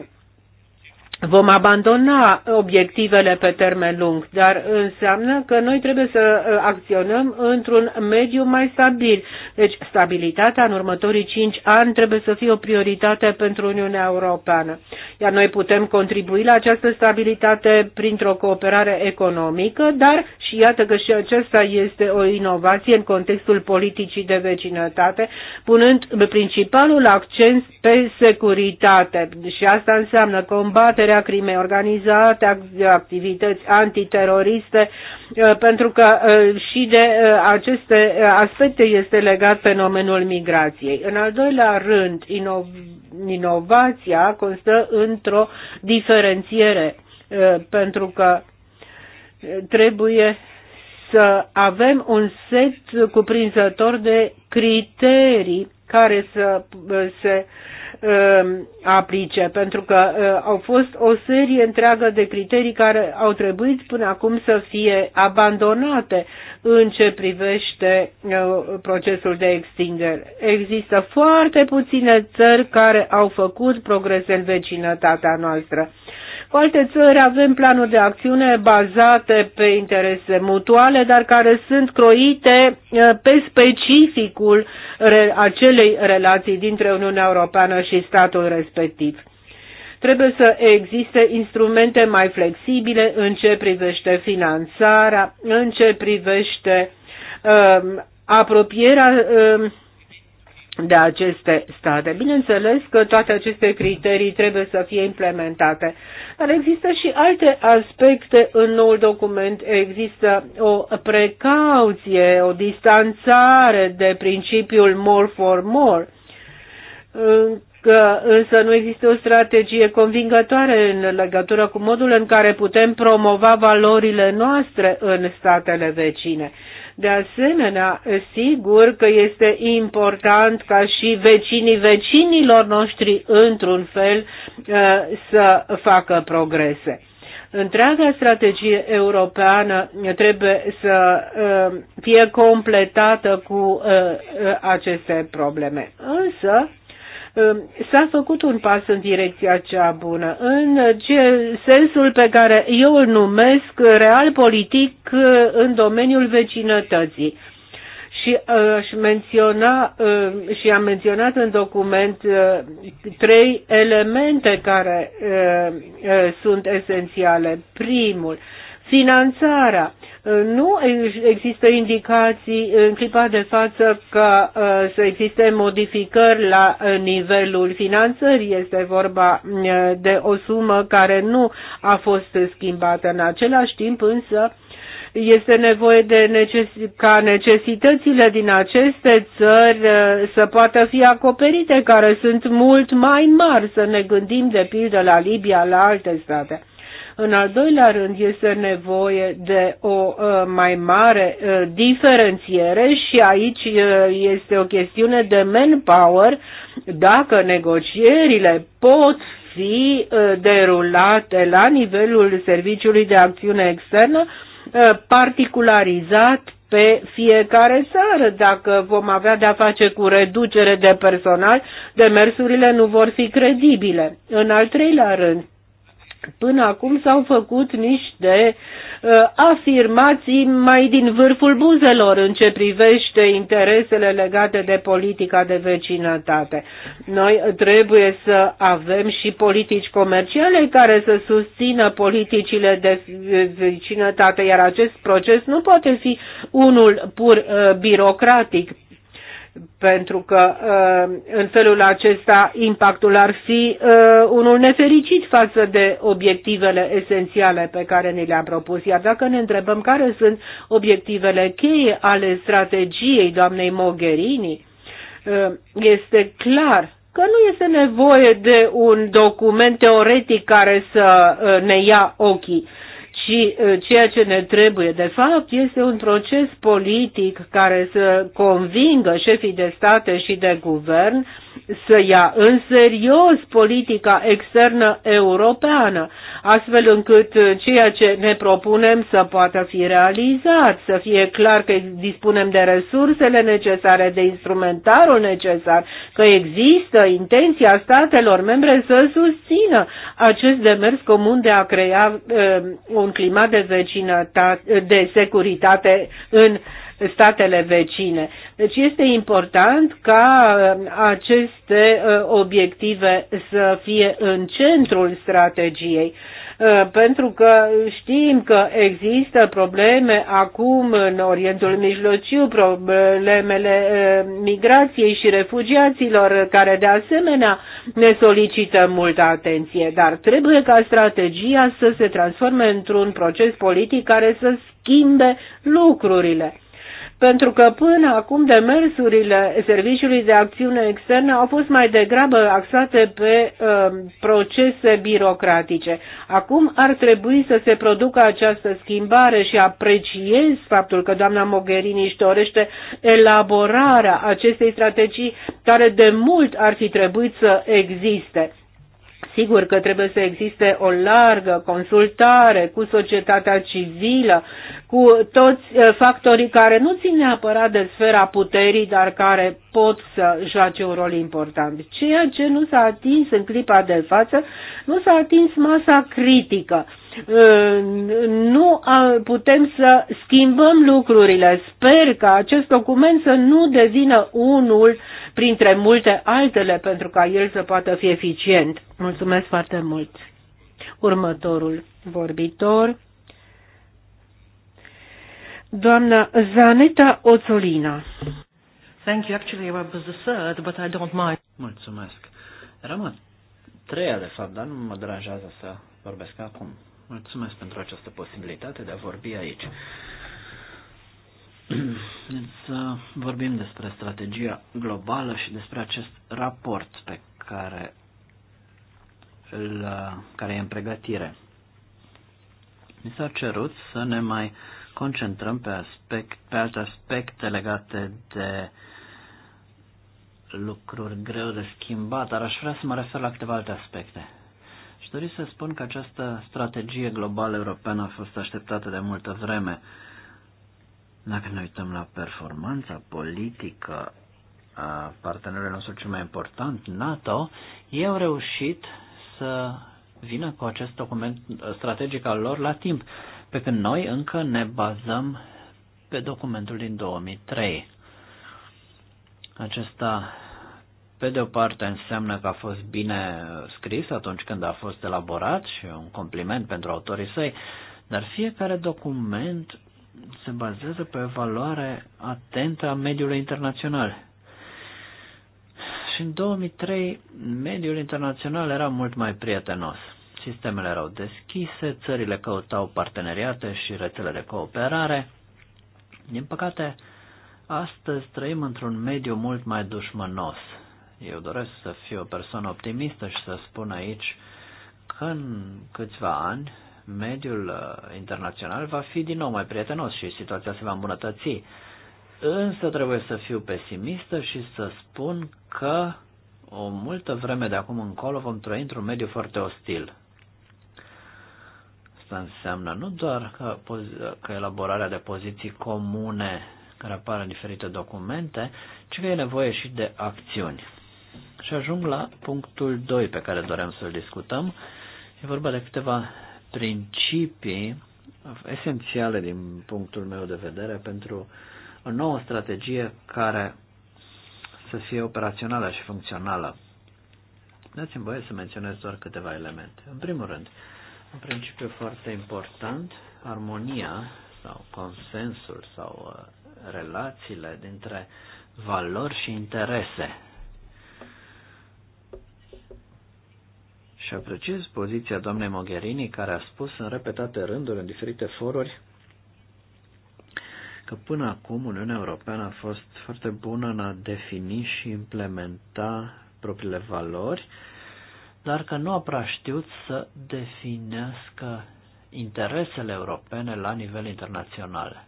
vom abandona obiectivele pe termen lung, dar înseamnă că noi trebuie să uh, acționăm într-un mediu mai stabil. Deci stabilitatea în următorii cinci ani trebuie să fie o prioritate pentru Uniunea Europeană. Iar noi putem contribui la această stabilitate printr-o cooperare economică, dar și iată că și aceasta este o inovație în contextul politicii de vecinătate, punând principalul accent pe securitate. Și asta înseamnă combatere combaterea crimei organizate, activități antiteroriste, uh, pentru că uh, și de uh, aceste aspecte este legat fenomenul migrației. În al doilea rând, inovația constă într-o diferențiere, pentru că trebuie să avem un set cuprinzător de criterii care să se uh, Um, aplice, pentru că uh, au fost o serie întreagă de criterii care au trebuit până acum să fie abandonate în ce privește uh, procesul de extindere. Există foarte puține țări care au făcut progrese în vecinătatea noastră. Cu alte țări avem planuri de acțiune bazate pe interese mutuale, dar care sunt croite eh, pe specificul acelei relații dintre Uniunea Europeană și statul respectiv trebuie să existe instrumente mai flexibile în ce privește finanțarea, în ce privește uh, apropierea uh, de aceste state. Bineînțeles că toate aceste criterii trebuie să fie implementate. Dar există și alte aspecte în noul document. Există o precauție, o distanțare de principiul more for more că însă nu există o strategie convingătoare în legătură cu modul în care putem promova valorile noastre în statele vecine. De asemenea, sigur că este important ca și vecinii vecinilor noștri, într-un fel, uh, să facă progrese. Întreaga strategie europeană trebuie să uh, fie completată cu uh, aceste probleme. Însă, Um, s-a făcut un pas în direcția cea bună, în sensul pe care eu îl numesc real politic uh, în domeniul vecinătății. Și uh, aș menționa, uh, și am menționat în document trei elemente care sunt esențiale. Primul, finanțarea nu există indicații în clipa de față că uh, să existe modificări la uh, nivelul finanțării. Este vorba uh, de o sumă care nu a fost schimbată. În același timp însă este nevoie de neces- ca necesitățile din aceste țări să poată fi acoperite, care sunt mult mai mari, să ne gândim de pildă la Libia, la alte state. În al doilea rând, este nevoie de o uh, mai mare uh, diferențiere și aici uh, este o chestiune de manpower dacă negocierile pot fi derulate la nivelul Serviciului de Acțiune Externă, particularizat pe fiecare țară. Dacă vom avea de-a face cu reducere de personal, demersurile nu vor fi credibile. În al treilea rând, Până acum s-au făcut niște uh, afirmații mai din vârful buzelor în ce privește interesele legate de politica de vecinătate. Noi trebuie să avem și politici comerciale care să susțină politicile de vecinătate, iar acest proces nu poate fi unul pur uh, birocratic pentru că uh, în felul acesta impactul ar fi uh, unul nefericit față de obiectivele esențiale pe care ni le-am propus. Iar dacă ne întrebăm care sunt obiectivele cheie ale strategiei doamnei Mogherini, uh, este clar că nu este nevoie de un document teoretic care să ne ia ochii ci ceea ce ne trebuie de fapt este un proces politic care să convingă șefii de state și de guvern uh, să ia în serios politica externă europeană, astfel încât ceea ce ne propunem să poată fi realizat, să fie clar că dispunem de resursele necesare, de instrumentarul necesar, că există intenția statelor membre să susțină acest demers comun de a crea uh, un climat de vecinătate, de securitate în statele vecine. Deci este important ca um, aceste uh, obiective să fie în centrul strategiei, uh, pentru că știm că există probleme acum în Orientul Mijlociu, problemele uh, migrației și refugiaților, care de asemenea ne solicită multă atenție, dar trebuie ca strategia să se transforme într-un proces politic care să schimbe lucrurile pentru că până acum demersurile Serviciului de Acțiune Externă au fost mai degrabă axate pe uh, procese birocratice. Acum ar trebui să se producă această schimbare și apreciez faptul că doamna Mogherini își dorește elaborarea acestei strategii care de mult ar fi trebuit să existe. Sigur că trebuie să existe o largă consultare cu societatea civilă, cu toți eh, factorii care nu țin neapărat de sfera puterii, dar care pot să joace un rol important. Ceea ce nu s-a atins în clipa de față, nu s-a atins masa critică nu putem să schimbăm lucrurile. Sper că acest document să nu devină unul printre multe altele pentru ca el să poată fi eficient. Mulțumesc foarte mult. Următorul vorbitor. Doamna Zaneta Oțolina. Thank you. Actually, I was the third, but I don't mind. Mulțumesc. Eram a treia, de fapt, dar nu mă deranjează să vorbesc acum. Mulțumesc pentru această posibilitate de a vorbi aici. Să vorbim despre strategia globală și despre acest raport pe care, îl, care e în pregătire. Mi s-a cerut să ne mai concentrăm pe, aspect, pe alte aspecte legate de lucruri greu de schimbat, dar aș vrea să mă refer la câteva alte aspecte dori să spun că această strategie globală europeană a fost așteptată de multă vreme. Dacă ne uităm la performanța politică a partenerului nostru cel mai important, NATO, ei au reușit să vină cu acest document strategic al lor la timp, pe când noi încă ne bazăm pe documentul din 2003. Acesta pe de o parte înseamnă că a fost bine scris atunci când a fost elaborat și un compliment pentru autorii săi, dar fiecare document se bazează pe o evaluare atentă a mediului internațional. Și în 2003 mediul internațional era mult mai prietenos. Sistemele erau deschise, țările căutau parteneriate și rețele de cooperare. Din păcate, astăzi trăim într-un mediu mult mai dușmănos eu doresc să fiu o persoană optimistă și să spun aici că în câțiva ani mediul uh, internațional va fi din nou mai prietenos și situația se va îmbunătăți. Însă trebuie să fiu pesimistă și să spun că o multă vreme de acum încolo vom trăi într-un mediu foarte ostil. Asta înseamnă nu doar că, că elaborarea de poziții comune care apar în diferite documente, ci că e nevoie și de acțiuni. Și ajung la punctul 2 pe care doream să-l discutăm. E vorba de câteva principii esențiale din punctul meu de vedere pentru o nouă strategie care să fie operațională și funcțională. Dați-mi voie să menționez doar câteva elemente. În primul rând, un principiu foarte important, armonia sau consensul sau uh, relațiile dintre valori și interese Și apreciez poziția doamnei Mogherini, care a spus în repetate rânduri, în diferite foruri, că până acum Uniunea Europeană a fost foarte bună în a defini și implementa propriile valori, dar că nu a prea știut să definească interesele europene la nivel internațional.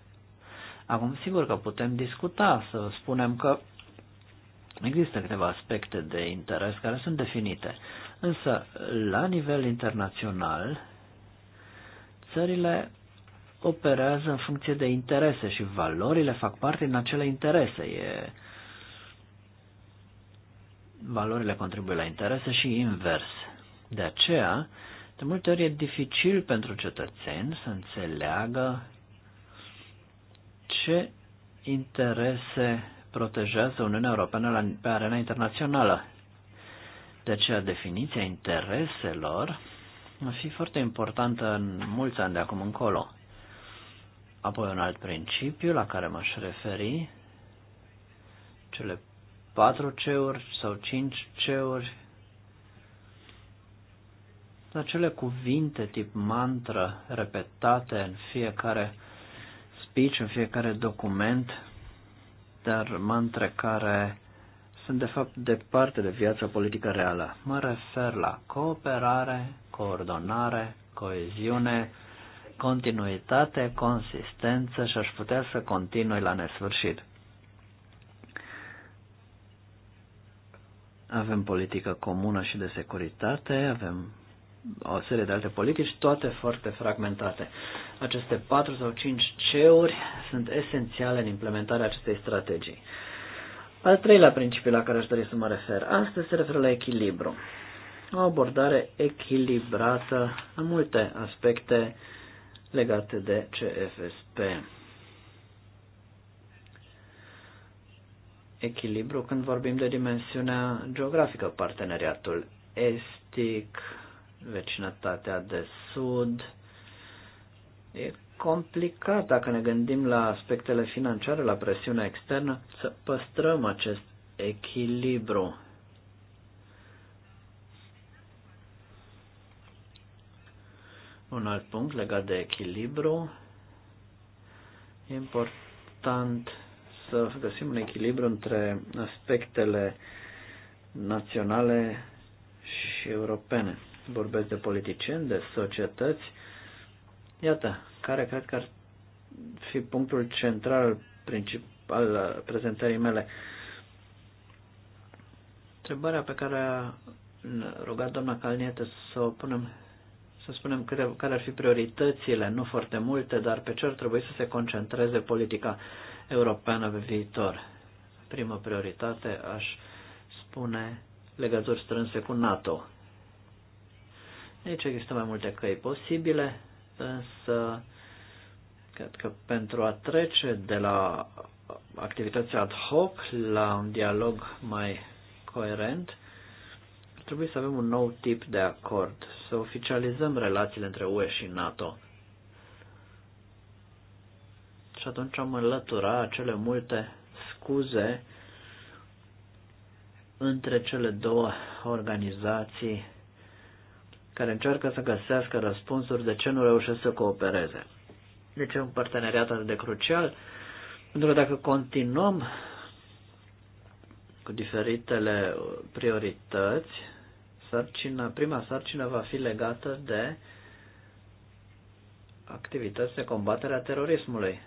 Acum, sigur că putem discuta, să spunem că există câteva aspecte de interes care sunt definite, Însă, la nivel internațional, țările operează în funcție de interese și valorile fac parte din acele interese. E... Valorile contribuie la interese și invers. De aceea, de multe ori e dificil pentru cetățeni să înțeleagă ce interese protejează Uniunea Europeană pe arena internațională. De deci, aceea definiția intereselor va fi foarte importantă în mulți ani de acum încolo. Apoi un alt principiu la care m-aș referi, cele patru ceuri sau cinci ceuri, acele cuvinte tip mantră repetate în fiecare speech, în fiecare document, dar mantre care sunt de fapt departe de viața politică reală. Mă refer la cooperare, coordonare, coeziune, continuitate, consistență și aș putea să continui la nesfârșit. Avem politică comună și de securitate, avem o serie de alte politici, toate foarte fragmentate. Aceste 4 sau 5 ceuri sunt esențiale în implementarea acestei strategii. Al treilea principiu la care aș dori să mă refer astăzi se referă la echilibru. O abordare echilibrată în multe aspecte legate de CFSP. Echilibru când vorbim de dimensiunea geografică, parteneriatul estic, vecinătatea de sud, e complicat dacă ne gândim la aspectele financiare, la presiunea externă, să păstrăm acest echilibru. Un alt punct legat de echilibru. E important să găsim un echilibru între aspectele naționale și europene. Vorbesc de politicieni, de societăți. Iată, care cred că ar fi punctul central principal al prezentării mele. Întrebarea pe care a rugat doamna Calniete să o punem, să spunem câte, care ar fi prioritățile, nu foarte multe, dar pe ce ar trebui să se concentreze politica europeană pe viitor. Prima prioritate aș spune legături strânse cu NATO. Aici există mai multe căi posibile, însă Cred că pentru a trece de la activități ad hoc la un dialog mai coerent, trebuie să avem un nou tip de acord, să oficializăm relațiile între UE și NATO. Și atunci am înlătura cele multe scuze între cele două organizații care încearcă să găsească răspunsuri de ce nu reușesc să coopereze. De deci ce un parteneriat atât de crucial? Pentru că dacă continuăm cu diferitele priorități, sarcina, prima sarcină va fi legată de activități de combatere a terorismului.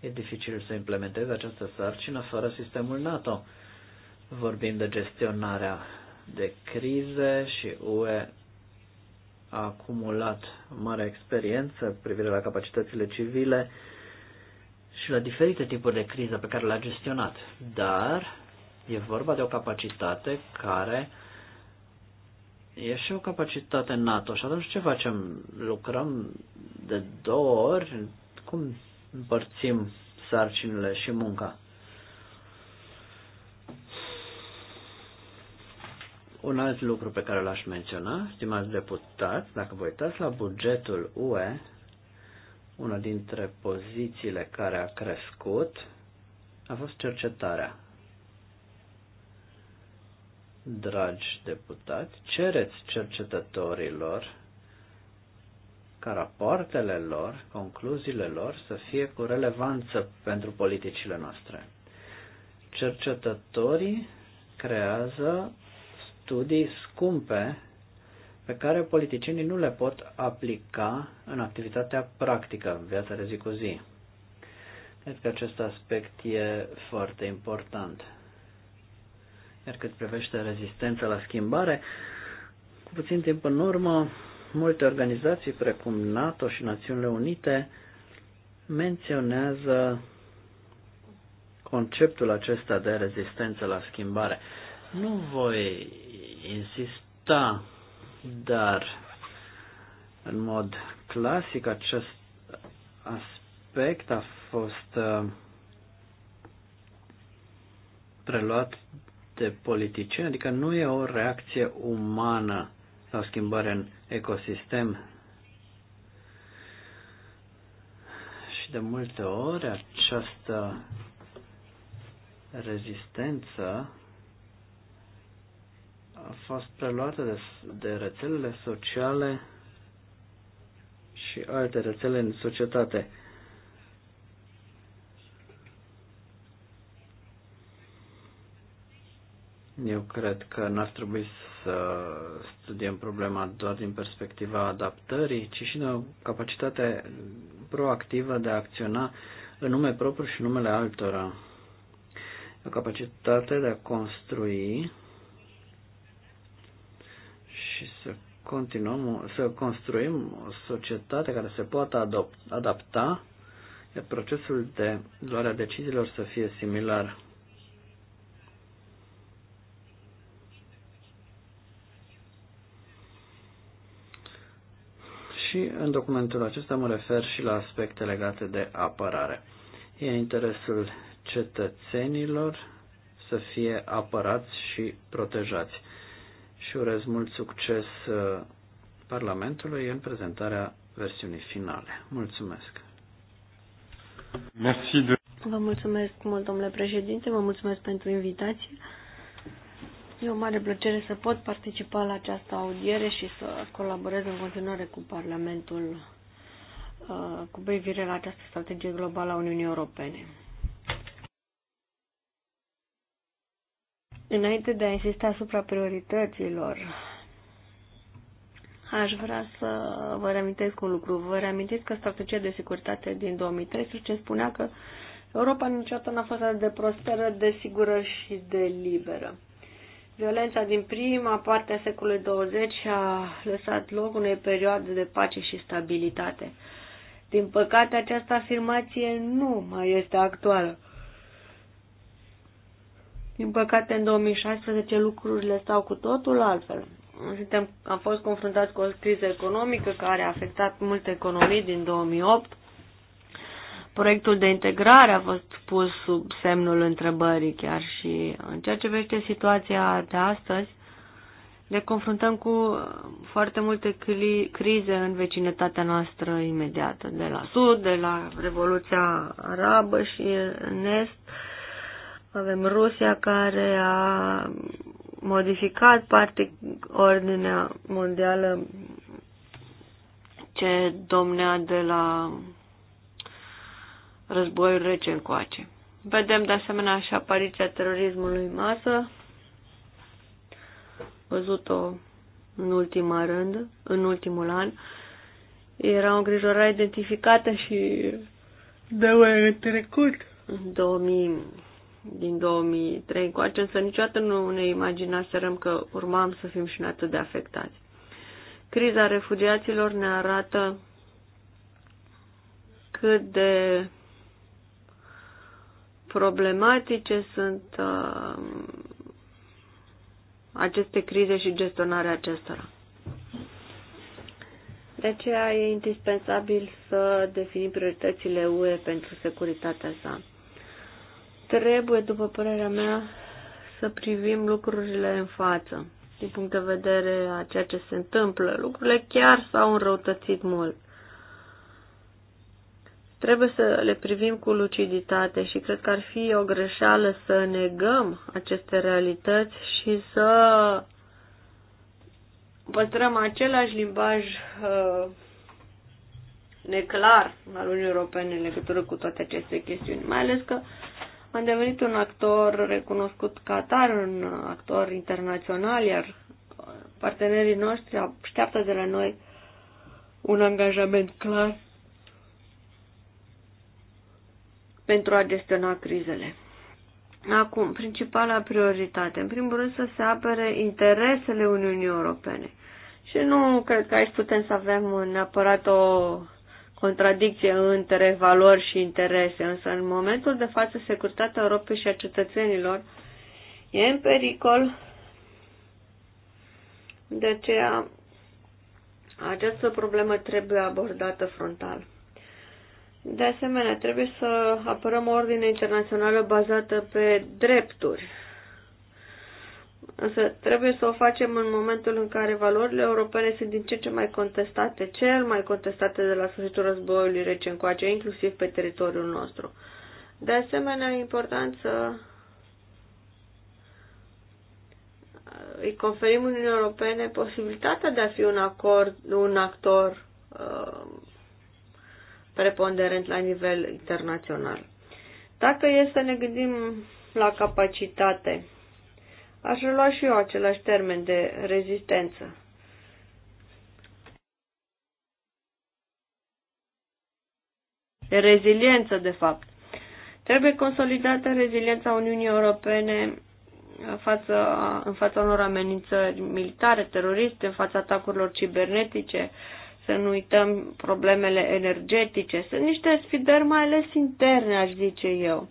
E dificil să implementezi această sarcină fără sistemul NATO. Vorbim de gestionarea de crize și UE a acumulat mare experiență privire la capacitățile civile și la diferite tipuri de criză pe care le-a gestionat. Dar e vorba de o capacitate care e și o capacitate NATO. Și atunci ce facem? Lucrăm de două ori? Cum împărțim sarcinile și munca? Un alt lucru pe care l-aș menționa, stimați deputați, dacă vă uitați la bugetul UE, una dintre pozițiile care a crescut a fost cercetarea. Dragi deputați, cereți cercetătorilor ca rapoartele lor, concluziile lor să fie cu relevanță pentru politicile noastre. Cercetătorii creează studii scumpe pe care politicienii nu le pot aplica în activitatea practică, în viața de zi cu zi. Cred că acest aspect e foarte important. Iar cât privește rezistența la schimbare, cu puțin timp în urmă, multe organizații precum NATO și Națiunile Unite menționează conceptul acesta de rezistență la schimbare. Nu voi insista, dar în mod clasic acest aspect a fost uh, preluat de politicieni, adică nu e o reacție umană la schimbare în ecosistem. Și de multe ori această rezistență a fost preluată de, de rețelele sociale și alte rețele în societate. Eu cred că n-ar trebui să studiem problema doar din perspectiva adaptării, ci și de o capacitate proactivă de a acționa în nume propriu și numele altora. O capacitate de a construi și să continuăm, să construim o societate care se poată adapta, iar procesul de luare deciziilor să fie similar. Și în documentul acesta mă refer și la aspecte legate de apărare. E în interesul cetățenilor să fie apărați și protejați și urez mult succes uh, Parlamentului în prezentarea versiunii finale. Mulțumesc! Merci de... Vă mulțumesc mult, domnule președinte, vă mulțumesc pentru invitație. E o mare plăcere să pot participa la această audiere și să colaborez în continuare cu Parlamentul uh, cu privire la această strategie globală a Uniunii Europene. Înainte de a insista asupra priorităților, aș vrea să vă reamintesc un lucru. Vă reamintesc că strategia de securitate din 2013 spunea că Europa niciodată n-a fost atât de prosperă, de sigură și de liberă. Violența din prima parte a secolului 20 a lăsat loc unei perioade de pace și stabilitate. Din păcate, această afirmație nu mai este actuală. Din păcate, în 2016 lucrurile stau cu totul altfel. Suntem, am fost confruntați cu o criză economică care a afectat multe economii din 2008. Proiectul de integrare a fost pus sub semnul întrebării chiar și în ceea ce vește situația de astăzi, ne confruntăm cu foarte multe crize în vecinătatea noastră imediată, de la sud, de la Revoluția Arabă și în est, avem Rusia care a modificat parte ordinea mondială ce domnea de la războiul rece încoace. Vedem de asemenea și apariția terorismului în masă, văzut-o în ultima rând, în ultimul an. Era o îngrijorare identificată și de în trecut, în 2000 din 2003 încoace, însă niciodată nu ne imaginaserăm că urmam să fim și noi atât de afectați. Criza refugiaților ne arată cât de problematice sunt uh, aceste crize și gestionarea acestora. De aceea e indispensabil să definim prioritățile UE pentru securitatea sa. Trebuie, după părerea mea, să privim lucrurile în față, din punct de vedere a ceea ce se întâmplă. Lucrurile chiar s-au înrăutățit mult. Trebuie să le privim cu luciditate și cred că ar fi o greșeală să negăm aceste realități și să păstrăm același limbaj uh, neclar al Uniunii Europene în legătură cu toate aceste chestiuni. Mai ales că uh, am devenit un actor recunoscut ca tar, un actor internațional, iar partenerii noștri așteaptă de la noi un angajament clar pentru a gestiona crizele. Acum, principala prioritate, în primul rând să se apere interesele Uniunii Europene. Și nu cred că aici putem să avem neapărat o contradicție între valori și interese, însă în momentul de față securitatea Europei și a cetățenilor e în pericol. De aceea această problemă trebuie abordată frontal. De asemenea, trebuie să apărăm o ordine internațională bazată pe drepturi Însă trebuie să o facem în momentul în care valorile europene sunt din ce ce mai contestate, cel mai contestate de la sfârșitul războiului rece încoace, inclusiv pe teritoriul nostru. De asemenea, e important să uh, îi conferim Uniunii Europene posibilitatea de a fi un, acord, un actor uh, preponderent la nivel internațional. Dacă e să ne gândim la capacitate Aș lua și eu același termen de rezistență. De reziliență, de fapt. Trebuie consolidată reziliența Uniunii Europene față, în fața unor amenințări militare, teroriste, în fața atacurilor cibernetice, să nu uităm problemele energetice. Sunt niște sfidări mai ales interne, aș zice eu.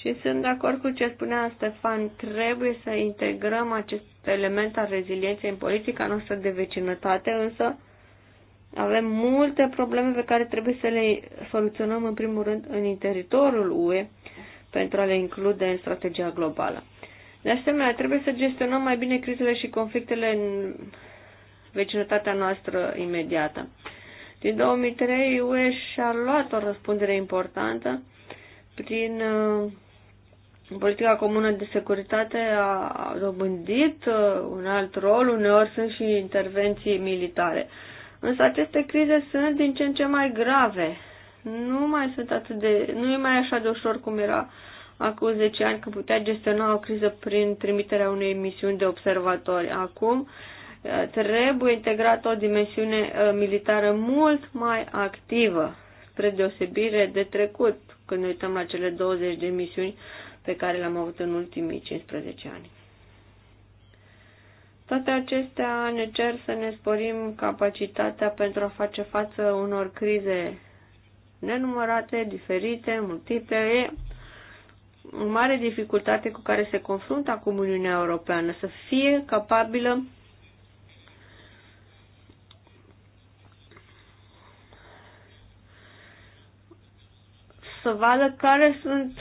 Și sunt de acord cu ce spunea Stefan, trebuie să integrăm acest element al rezilienței în politica noastră de vecinătate, însă avem multe probleme pe care trebuie să le soluționăm în primul rând în teritoriul UE pentru a le include în strategia globală. De asemenea, trebuie să gestionăm mai bine crizele și conflictele în vecinătatea noastră imediată. Din 2003, UE și-a luat o răspundere importantă prin uh, politica comună de securitate a dobândit uh, un alt rol, uneori sunt și intervenții militare. Însă aceste crize sunt din ce în ce mai grave. Nu mai sunt atât de, nu e mai așa de ușor cum era acum 10 ani când putea gestiona o criză prin trimiterea unei misiuni de observatori. Acum uh, trebuie integrată o dimensiune uh, militară mult mai activă, spre deosebire de trecut, când ne uităm la cele 20 de misiuni pe care l am avut în ultimii 15 ani. Toate acestea ne cer să ne sporim capacitatea pentru a face față unor crize nenumărate, diferite, multiple. E o mare dificultate cu care se confruntă acum Uniunea Europeană, să fie capabilă să vadă care sunt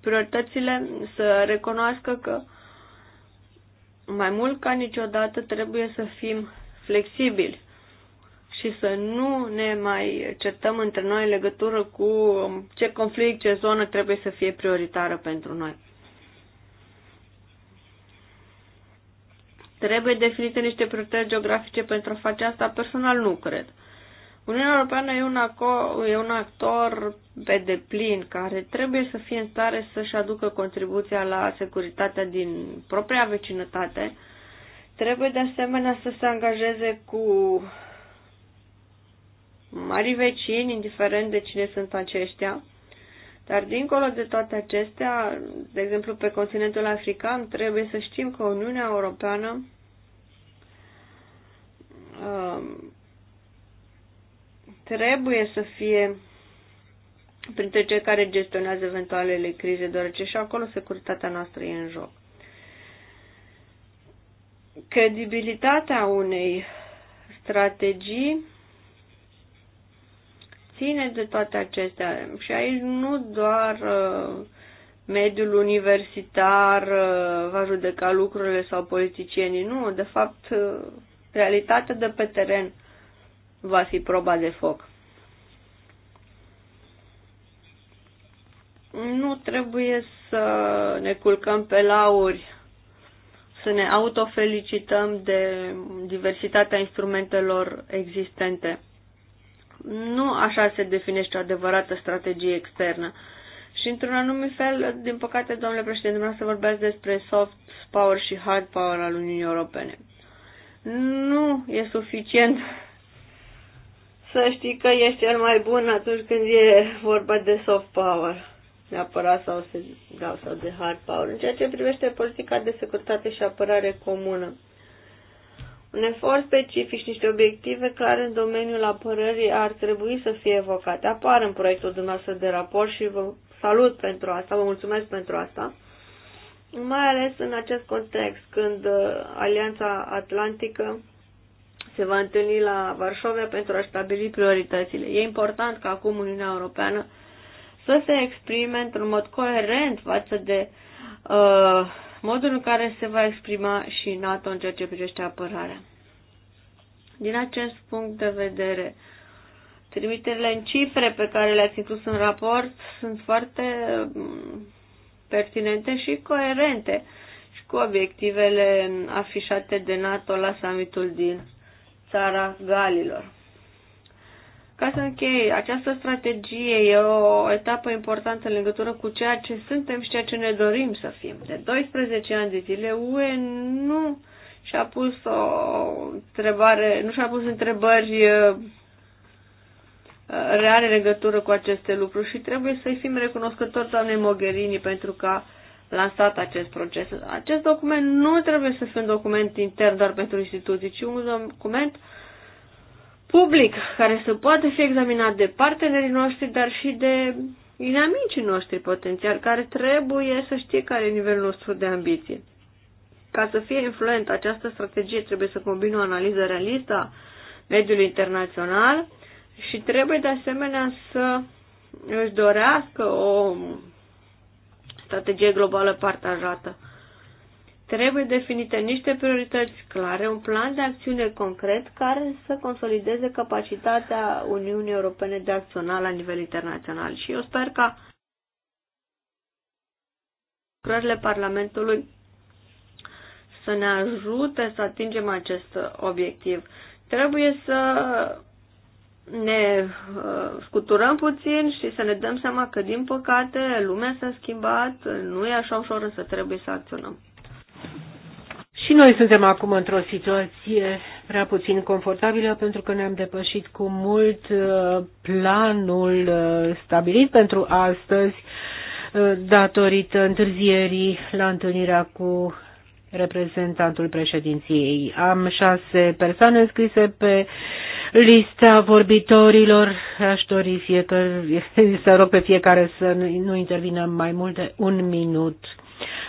prioritățile, să recunoască că mai mult ca niciodată trebuie să fim flexibili și să nu ne mai certăm între noi în legătură cu ce conflict, ce zonă trebuie să fie prioritară pentru noi. Trebuie definite niște priorități geografice pentru a face asta? Personal nu cred. Uniunea Europeană e un, aco- e un actor pe deplin care trebuie să fie în stare să-și aducă contribuția la securitatea din propria vecinătate. Trebuie de asemenea să se angajeze cu mari vecini, indiferent de cine sunt aceștia. Dar dincolo de toate acestea, de exemplu pe continentul african, trebuie să știm că Uniunea Europeană um, trebuie să fie printre cei care gestionează eventualele crize, deoarece și acolo securitatea noastră e în joc. Credibilitatea unei strategii ține de toate acestea. Și aici nu doar uh, mediul universitar uh, va judeca lucrurile sau politicienii, nu, de fapt, uh, realitatea de pe teren va fi proba de foc. Nu trebuie să ne culcăm pe lauri, să ne autofelicităm de diversitatea instrumentelor existente. Nu așa se definește o adevărată strategie externă. Și într-un anumit fel, din păcate, domnule președinte, vreau să vorbesc despre soft power și hard power al Uniunii Europene. Nu e suficient să știi că ești cel mai bun atunci când e vorba de soft power, neapărat sau, se, da, sau de hard power, în ceea ce privește politica de securitate și apărare comună. Un efort specific și niște obiective clare în domeniul apărării ar trebui să fie evocate. Apar în proiectul dumneavoastră de raport și vă salut pentru asta, vă mulțumesc pentru asta. Mai ales în acest context, când uh, Alianța Atlantică se va întâlni la Varșovia pentru a stabili prioritățile. E important ca acum Uniunea Europeană să se exprime într-un mod coerent față de uh, modul în care se va exprima și NATO în ceea ce privește apărarea. Din acest punct de vedere, trimiterile în cifre pe care le-ați inclus în raport sunt foarte mm, pertinente și coerente și cu obiectivele afișate de NATO la summitul din țara Galilor. Ca să închei, această strategie e o etapă importantă în legătură cu ceea ce suntem și ceea ce ne dorim să fim. De 12 ani de zile, UE nu și-a pus o întrebare, nu și-a pus întrebări uh, reale legătură cu aceste lucruri și trebuie să-i fim recunoscători doamnei Mogherini pentru că lansat acest proces. Acest document nu trebuie să fie un document intern doar pentru instituții, ci un document public care să poată fi examinat de partenerii noștri, dar și de inamicii noștri potențial, care trebuie să știe care e nivelul nostru de ambiție. Ca să fie influent această strategie, trebuie să combine o analiză realistă a mediului internațional și trebuie de asemenea să își dorească o strategie globală partajată. Trebuie definite niște priorități clare, un plan de acțiune concret care să consolideze capacitatea Uniunii Europene de a acționa la nivel internațional. Și eu sper ca lucrările Parlamentului să ne ajute să atingem acest obiectiv. Trebuie să ne uh, scuturăm puțin și să ne dăm seama că, din păcate, lumea s-a schimbat, nu e așa ușor, să trebuie să acționăm. Și noi suntem acum într-o situație prea puțin confortabilă pentru că ne-am depășit cu mult uh, planul uh, stabilit pentru astăzi uh, datorită întârzierii la întâlnirea cu reprezentantul președinției. Am șase persoane scrise pe uh, lista vorbitorilor. Aș dori fiecare, să rog pe fiecare să nu intervină mai mult de un minut,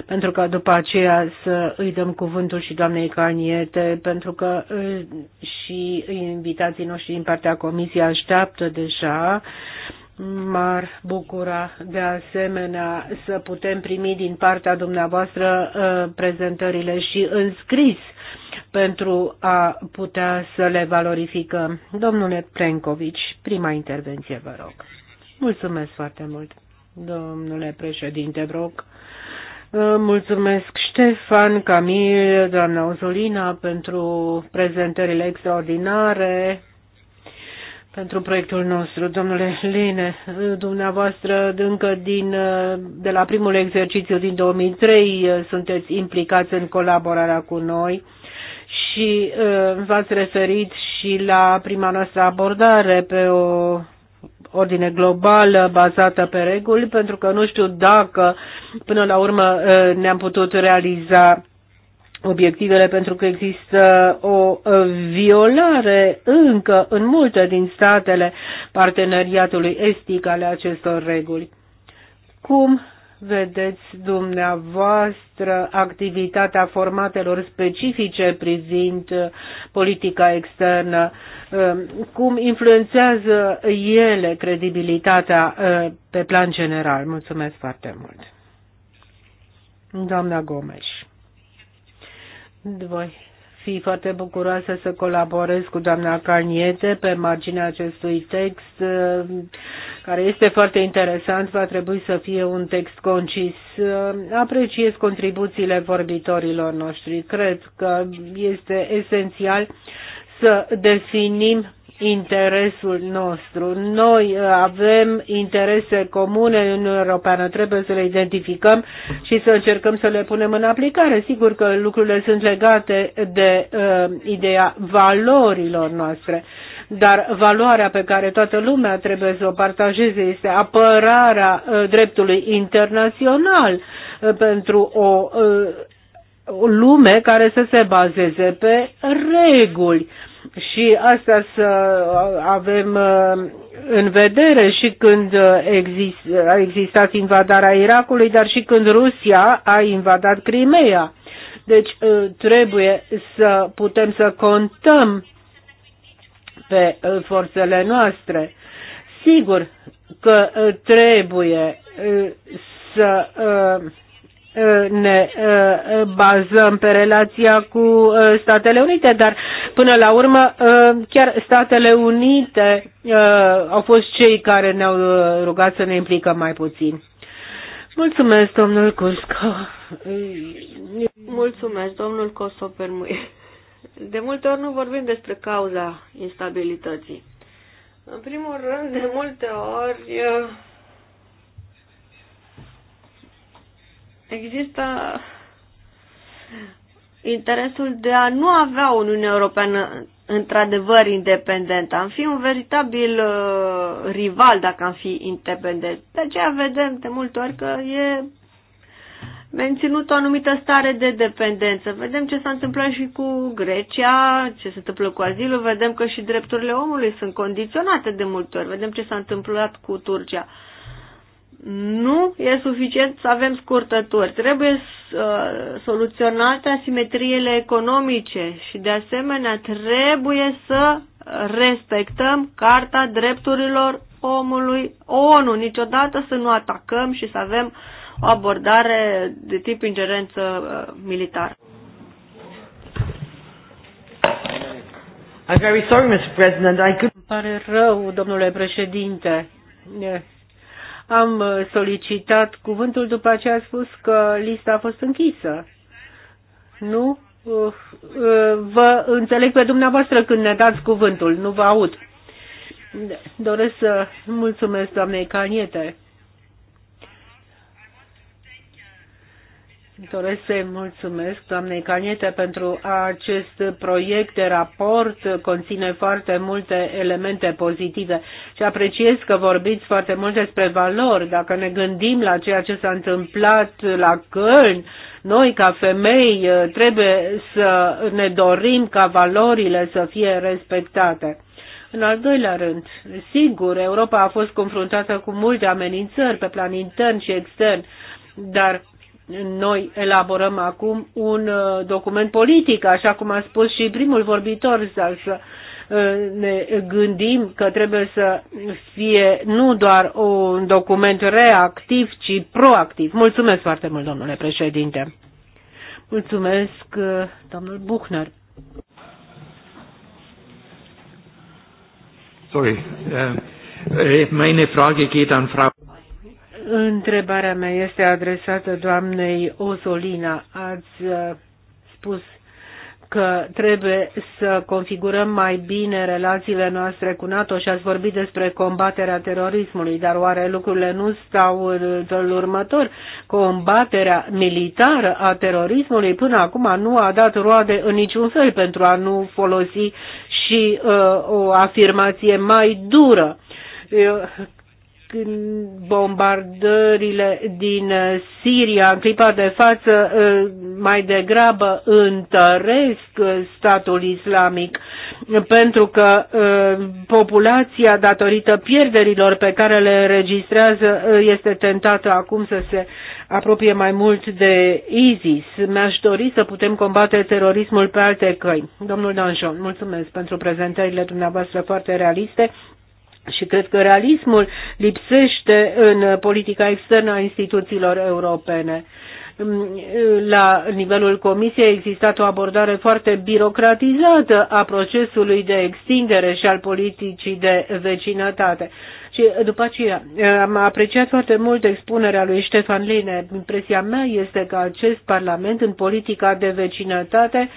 pentru că după aceea să îi dăm cuvântul și doamnei Caniete, pentru că uh, și invitații noștri din partea comisiei așteaptă deja. M-ar bucura de asemenea să putem primi din partea dumneavoastră uh, prezentările și înscris pentru a putea să le valorificăm. Domnule Plencovici, prima intervenție, vă rog. Mulțumesc foarte mult, domnule președinte Broc. Mulțumesc Ștefan, Camil, doamna Ozolina pentru prezentările extraordinare, pentru proiectul nostru. Domnule Lene, dumneavoastră încă din, de la primul exercițiu din 2003 sunteți implicați în colaborarea cu noi și v-ați referit și la prima noastră abordare pe o ordine globală bazată pe reguli, pentru că nu știu dacă până la urmă ne-am putut realiza obiectivele pentru că există o violare încă în multe din statele parteneriatului estic ale acestor reguli. Cum vedeți dumneavoastră activitatea formatelor specifice privind politica externă, ehm, cum influențează ele credibilitatea ehm, pe plan general. Mulțumesc foarte mult. Doamna Gomes. Voi fi foarte bucuroasă să colaborez cu doamna Caniete pe marginea acestui text, uh, care este foarte interesant, va trebui să fie un text concis. Uh, apreciez contribuțiile vorbitorilor noștri. Cred că este esențial să definim interesul nostru. Noi uh, avem interese comune în Uniunea Europeană, trebuie să le identificăm și să încercăm să le punem în aplicare. Sigur că lucrurile sunt legate de uh, ideea valorilor noastre, dar valoarea pe care toată lumea trebuie să o partajeze este apărarea uh, dreptului internațional uh, pentru o uh, o lume care să se bazeze pe reguli și asta să avem uh, în vedere și când uh, a existat invadarea Irakului, dar și când Rusia a invadat Crimea. Deci uh, trebuie să putem să contăm pe forțele noastre. Sigur că trebuie să ne eh, bazăm pe relația cu eh, Statele Unite, dar până la urmă eh, chiar Statele Unite au fost cei care ne-au rugat să ne implicăm mai puțin. Mulțumesc, domnul Cusco. Mulțumesc, domnul Cosopermui. De multe ori nu vorbim despre cauza instabilității. În primul rând, de multe ori Există interesul de a nu avea o Uniune Europeană într-adevăr independentă. Am fi un veritabil uh, rival dacă am fi independent. De aceea vedem de multe ori că e menținut o anumită stare de dependență. Vedem ce s-a întâmplat și cu Grecia, ce se întâmplă cu azilul, vedem că și drepturile omului sunt condiționate de multe ori. Vedem ce s-a întâmplat cu Turcia. Uh, nu e suficient să avem scurtături. Trebuie uh, soluționate asimetriile economice și de asemenea trebuie să respectăm Carta Drepturilor Omului ONU. Niciodată să nu atacăm și să avem o abordare de tip ingerență uh, militară. I'm very sorry, Mr. President. I could... Îmi pare rău, domnule președinte. Am uh, solicitat cuvântul, după aceea a spus că lista a fost închisă. Nu? Uh, uh, vă înțeleg pe dumneavoastră când ne dați cuvântul, nu vă aud. Doresc să mulțumesc doamnei Caniete Doresc să mulțumesc doamnei Caniete pentru acest proiect de raport. Conține foarte multe elemente pozitive și apreciez că vorbiți foarte mult despre valori. Dacă ne gândim la ceea ce s-a întâmplat la Köln, noi ca femei trebuie să ne dorim ca valorile să fie respectate. În al doilea rând, sigur, Europa a fost confruntată cu multe amenințări pe plan intern și extern, dar noi elaborăm acum un uh, document politic, așa cum a spus și primul vorbitor, să uh, ne gândim că trebuie să fie nu doar un document reactiv, ci proactiv. Mulțumesc foarte mult, domnule președinte. Mulțumesc, uh, domnul Buchner. Sorry. Uh, eh, meine Frage geht an Frau Întrebarea mea este adresată doamnei Ozolina. Ați uh, spus că trebuie să configurăm mai bine relațiile noastre cu NATO și ați vorbit despre combaterea terorismului, dar oare lucrurile nu stau în felul următor? Combaterea militară a terorismului până acum nu a dat roade în niciun fel pentru a nu folosi și uh, o afirmație mai dură. Eu bombardările din Siria în clipa de față ă, mai degrabă întăresc statul islamic pentru că ă, populația datorită pierderilor pe care le înregistrează ă, este tentată acum să se apropie mai mult de ISIS. Mi-aș dori să putem combate terorismul pe alte căi. Domnul Danjon, mulțumesc pentru prezentările dumneavoastră foarte realiste. Și cred că realismul lipsește în politica externă a instituțiilor europene. Mm, La nivelul Comisiei a existat o abordare foarte birocratizată a procesului de extindere și al politicii de vecinătate. Și după aceea am apreciat foarte mult expunerea lui Ștefan Line. Impresia mea este că acest Parlament în politica de vecinătate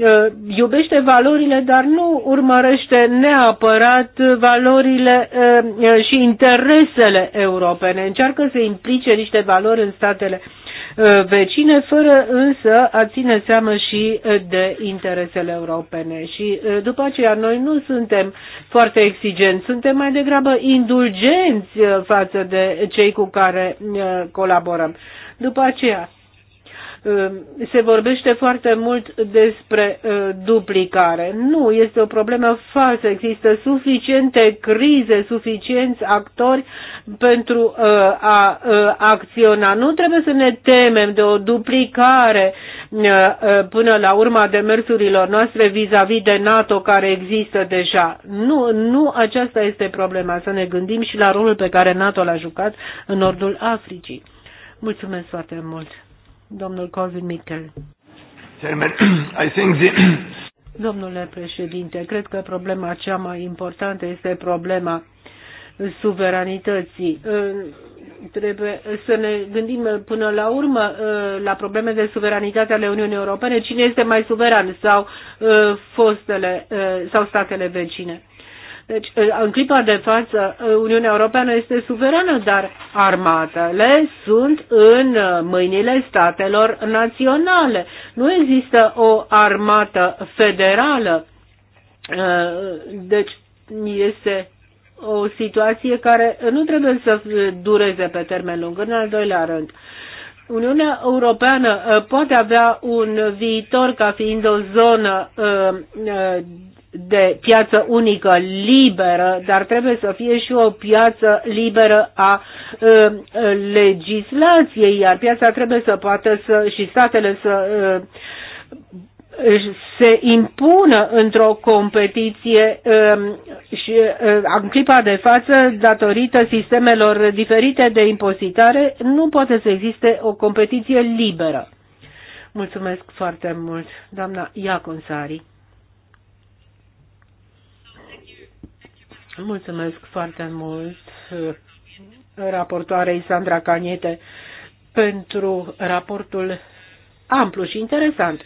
Uh, iubește valorile, dar nu urmărește neapărat valorile uh, uh, și interesele europene. Încearcă să implice niște valori în statele vecine, fără însă a ține seamă și de interesele europene. Și după aceea noi nu suntem foarte exigenți, suntem mai degrabă indulgenți față de cei cu care colaborăm. După aceea, Ehm, se vorbește foarte mult despre duplicare. Nu, este o problemă falsă. Există suficiente crize, suficienți actori pentru a acționa. Nu trebuie să ne temem de o duplicare până la urma demersurilor noastre vis-a-vis -vis de NATO care există deja. Nu, nu aceasta este problema. Să ne gândim și la rolul pe care NATO l-a jucat în nordul Africii. Mulțumesc foarte mult! Domnul Corvin Michel. Domnule președinte, cred că problema cea mai importantă este problema suveranității. Trebuie să ne gândim până la urmă uh, la probleme de suveranitate ale Uniunii Europene. Cine este mai suveran sau uh, fostele uh, sau statele vecine? Deci, în clipa de față, Uniunea Europeană este suverană, dar armatele sunt în mâinile statelor naționale. Nu există o armată federală. Uh, deci, este o situație care nu trebuie să dureze pe termen lung. În al doilea rând, Uniunea Europeană uh, poate avea un viitor ca fiind o zonă uh, de piață unică liberă, dar trebuie să fie și o piață liberă a uh, legislației, iar piața trebuie să poată să și statele să uh, se impună într-o competiție și în clipa de față, datorită sistemelor diferite de impozitare, nu poate să existe o competiție liberă. Mulțumesc foarte mult, doamna Iaconsari. Mulțumesc foarte mult uh, raportoarei Sandra Caniete pentru raportul amplu și interesant.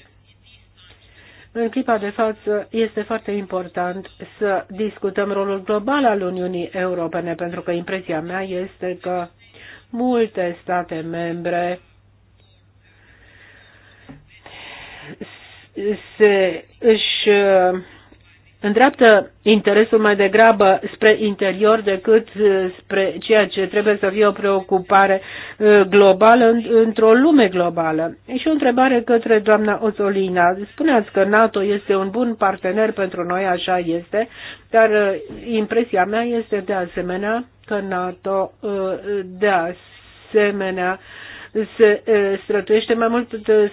În clipa de față este foarte important să discutăm rolul global al Uniunii Europene, pentru că impresia mea este că multe state membre se, își îndreaptă interesul mai degrabă spre interior decât uh, spre ceea ce trebuie să fie o preocupare uh, globală într-o lume globală. Și o întrebare către doamna Ozolina. Spuneați că NATO este un bun partener pentru noi, așa este, dar uh, impresia mea este de asemenea că NATO de asemenea se străduiește mai mult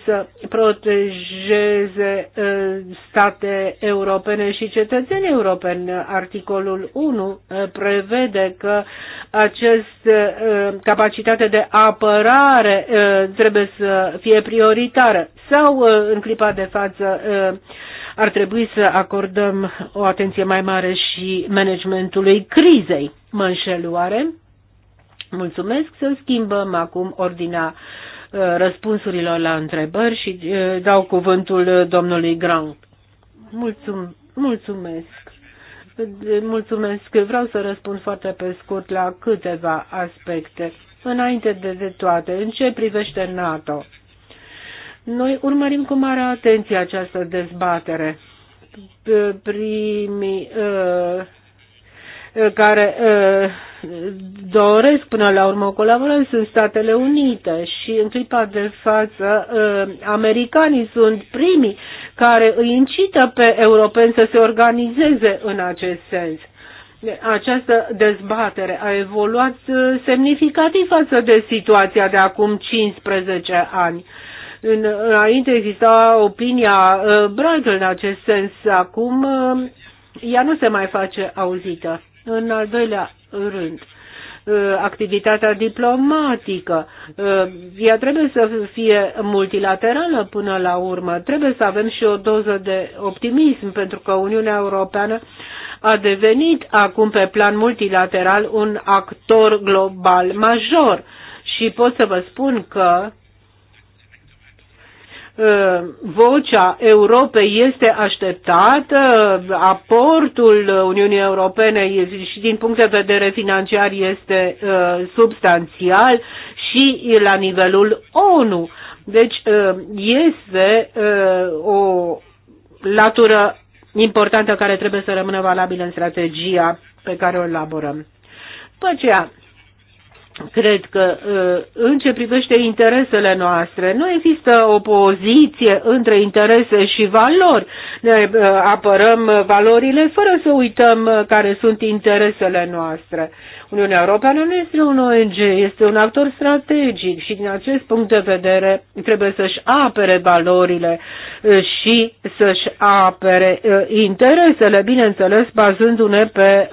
să protejeze state europene și cetățeni europeni. Articolul 1 prevede că acest capacitate de apărare trebuie să fie prioritară sau în clipa de față ar trebui să acordăm o atenție mai mare și managementului crizei. Mă înșeluare? Mulțumesc să schimbăm acum ordinea uh, răspunsurilor la întrebări și uh, dau cuvântul domnului Grant. Mulțum, mulțumesc. Mulțumesc. Vreau să răspund foarte pe scurt la câteva aspecte. Înainte de toate, în ce privește NATO? Noi urmărim cu mare atenție această dezbatere. Primii uh, Eh, care eh, doresc până la urmă o colaborare sunt Statele Unite și în clipa de față eh, americanii sunt primii care îi incită pe europeni să se organizeze în acest sens. Această dezbatere a evoluat semnificativ față de situația de acum 15 ani. Înainte exista opinia Bruegel în acest sens, acum ea nu se mai face auzită. În al doilea rând, uh, activitatea diplomatică. Uh, ea trebuie să fie multilaterală până la urmă. Trebuie să avem și o doză de optimism, pentru că Uniunea Europeană a devenit acum pe plan multilateral un actor global major. Și pot să vă spun că Uh, vocea Europei este așteptată, uh, aportul Uniunii Europene și din punct de vedere financiar este uh, substanțial și la nivelul ONU. Deci este o latură importantă care trebuie să rămână valabilă în strategia pe care o elaborăm. După aceea, Cred că uh, în ce privește interesele noastre, nu există o opoziție între interese și valori. Ne uh, apărăm valorile fără să uităm uh, care sunt interesele noastre. Uniunea Europeană nu este un ONG, este un actor strategic și din acest punct de vedere trebuie să-și apere valorile și să-și apere interesele, bineînțeles, bazându-ne pe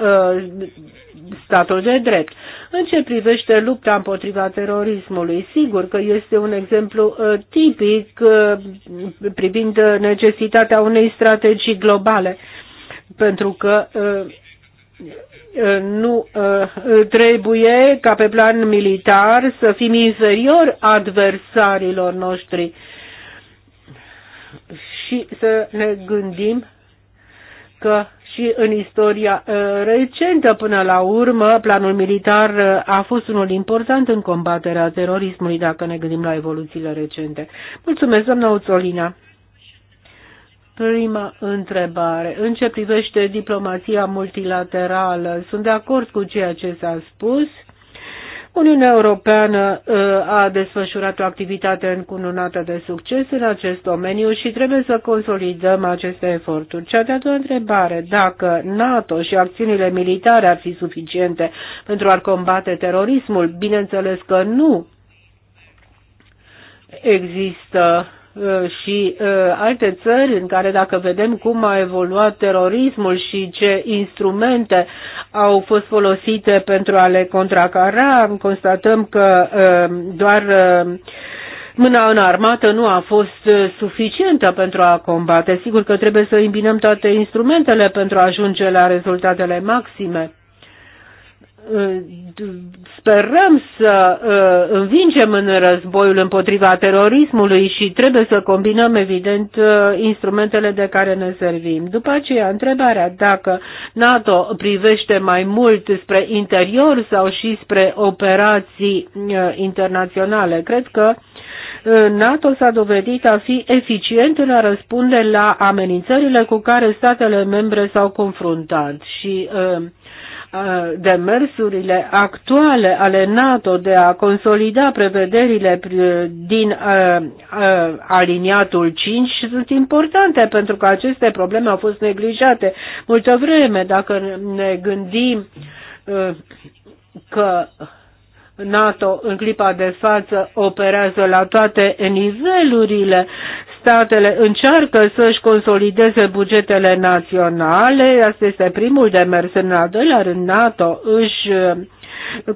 statul de drept. În ce privește lupta împotriva terorismului, sigur că este un exemplu uh, tipic uh, privind uh, necesitatea unei strategii globale, pentru că nu trebuie ca pe plan militar să fim inferiori adversarilor noștri și să ne gândim că și în istoria uh, recentă până la urmă, planul militar uh, a fost unul important în combaterea terorismului, dacă ne gândim la evoluțiile recente. Mulțumesc, doamna Uțolina. Prima întrebare. În ce privește diplomația multilaterală, sunt de acord cu ceea ce s-a spus. Uniunea Europeană uh, a desfășurat o activitate încununată de succes în acest domeniu și trebuie să consolidăm aceste eforturi. Cea de-a doua întrebare, dacă NATO și acțiunile militare ar fi suficiente pentru a combate terorismul, bineînțeles că nu există Uh, și uh, alte țări în care dacă vedem cum a evoluat terorismul și ce instrumente au fost folosite pentru a le contracara, constatăm că uh, doar mâna în armată nu a fost suficientă pentru a combate. Sigur că trebuie să îmbinăm toate instrumentele pentru a ajunge la rezultatele maxime sperăm să uh, învingem în războiul împotriva terorismului și trebuie să combinăm, evident, uh, instrumentele de care ne servim. După aceea, întrebarea dacă NATO privește mai mult spre interior sau și spre operații uh, internaționale. Cred că NATO s-a dovedit a fi eficient în a răspunde la amenințările cu care statele membre s-au confruntat și uh, Uh, demersurile actuale ale NATO de a consolida prevederile din uh, uh, aliniatul 5 sunt importante pentru că aceste probleme au fost neglijate multă vreme. Dacă ne gândim că NATO în clipa de față operează la toate nivelurile, statele încearcă să-și consolideze bugetele naționale, asta este primul demers, în al doilea rând NATO își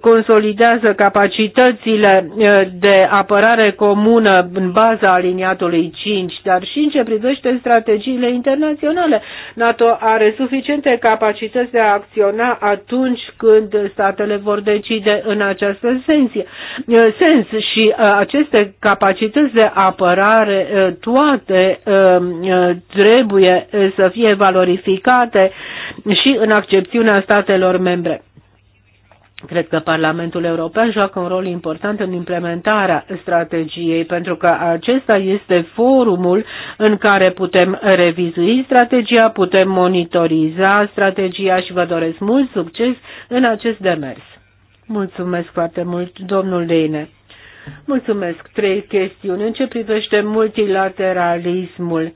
consolidează capacitățile eh, de apărare comună în baza aliniatului 5, dar și în ce privește strategiile internaționale. NATO are suficiente capacități de a acționa atunci când statele vor decide în această sensie. Eh, sens și eh, aceste capacități de apărare toate trebuie să fie valorificate și în accepțiunea statelor membre. Cred că Parlamentul European joacă un rol important în implementarea strategiei, pentru că acesta este forumul în care putem revizui strategia, putem monitoriza strategia și vă doresc mult succes în acest demers. Mulțumesc foarte mult, domnul Leine. Mulțumesc. Trei chestiuni. În ce privește multilateralismul?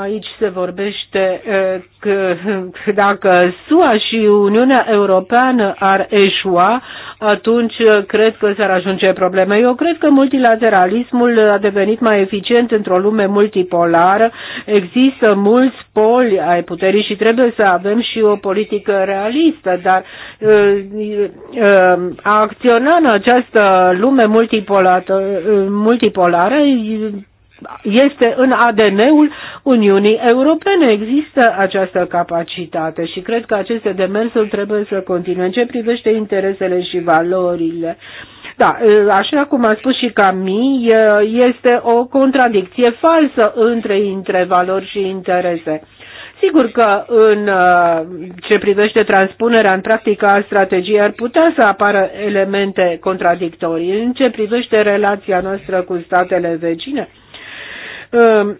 Aici se vorbește că dacă SUA și Uniunea Europeană ar eșua, atunci cred că s-ar ajunge probleme. Eu cred că multilateralismul a devenit mai eficient într-o lume multipolară. Există mulți poli ai puterii și trebuie să avem și o politică realistă, dar a acționa în această lume multipolară, multipolară este în ADN-ul Uniunii Europene. Există această capacitate și cred că aceste demersuri trebuie să continue în ce privește interesele și valorile. Da, așa cum a spus și Camille, este o contradicție falsă între, între valori și interese. Sigur că în ce privește transpunerea în practică a strategiei ar putea să apară elemente contradictorii. În ce privește relația noastră cu statele vecine, Ehm,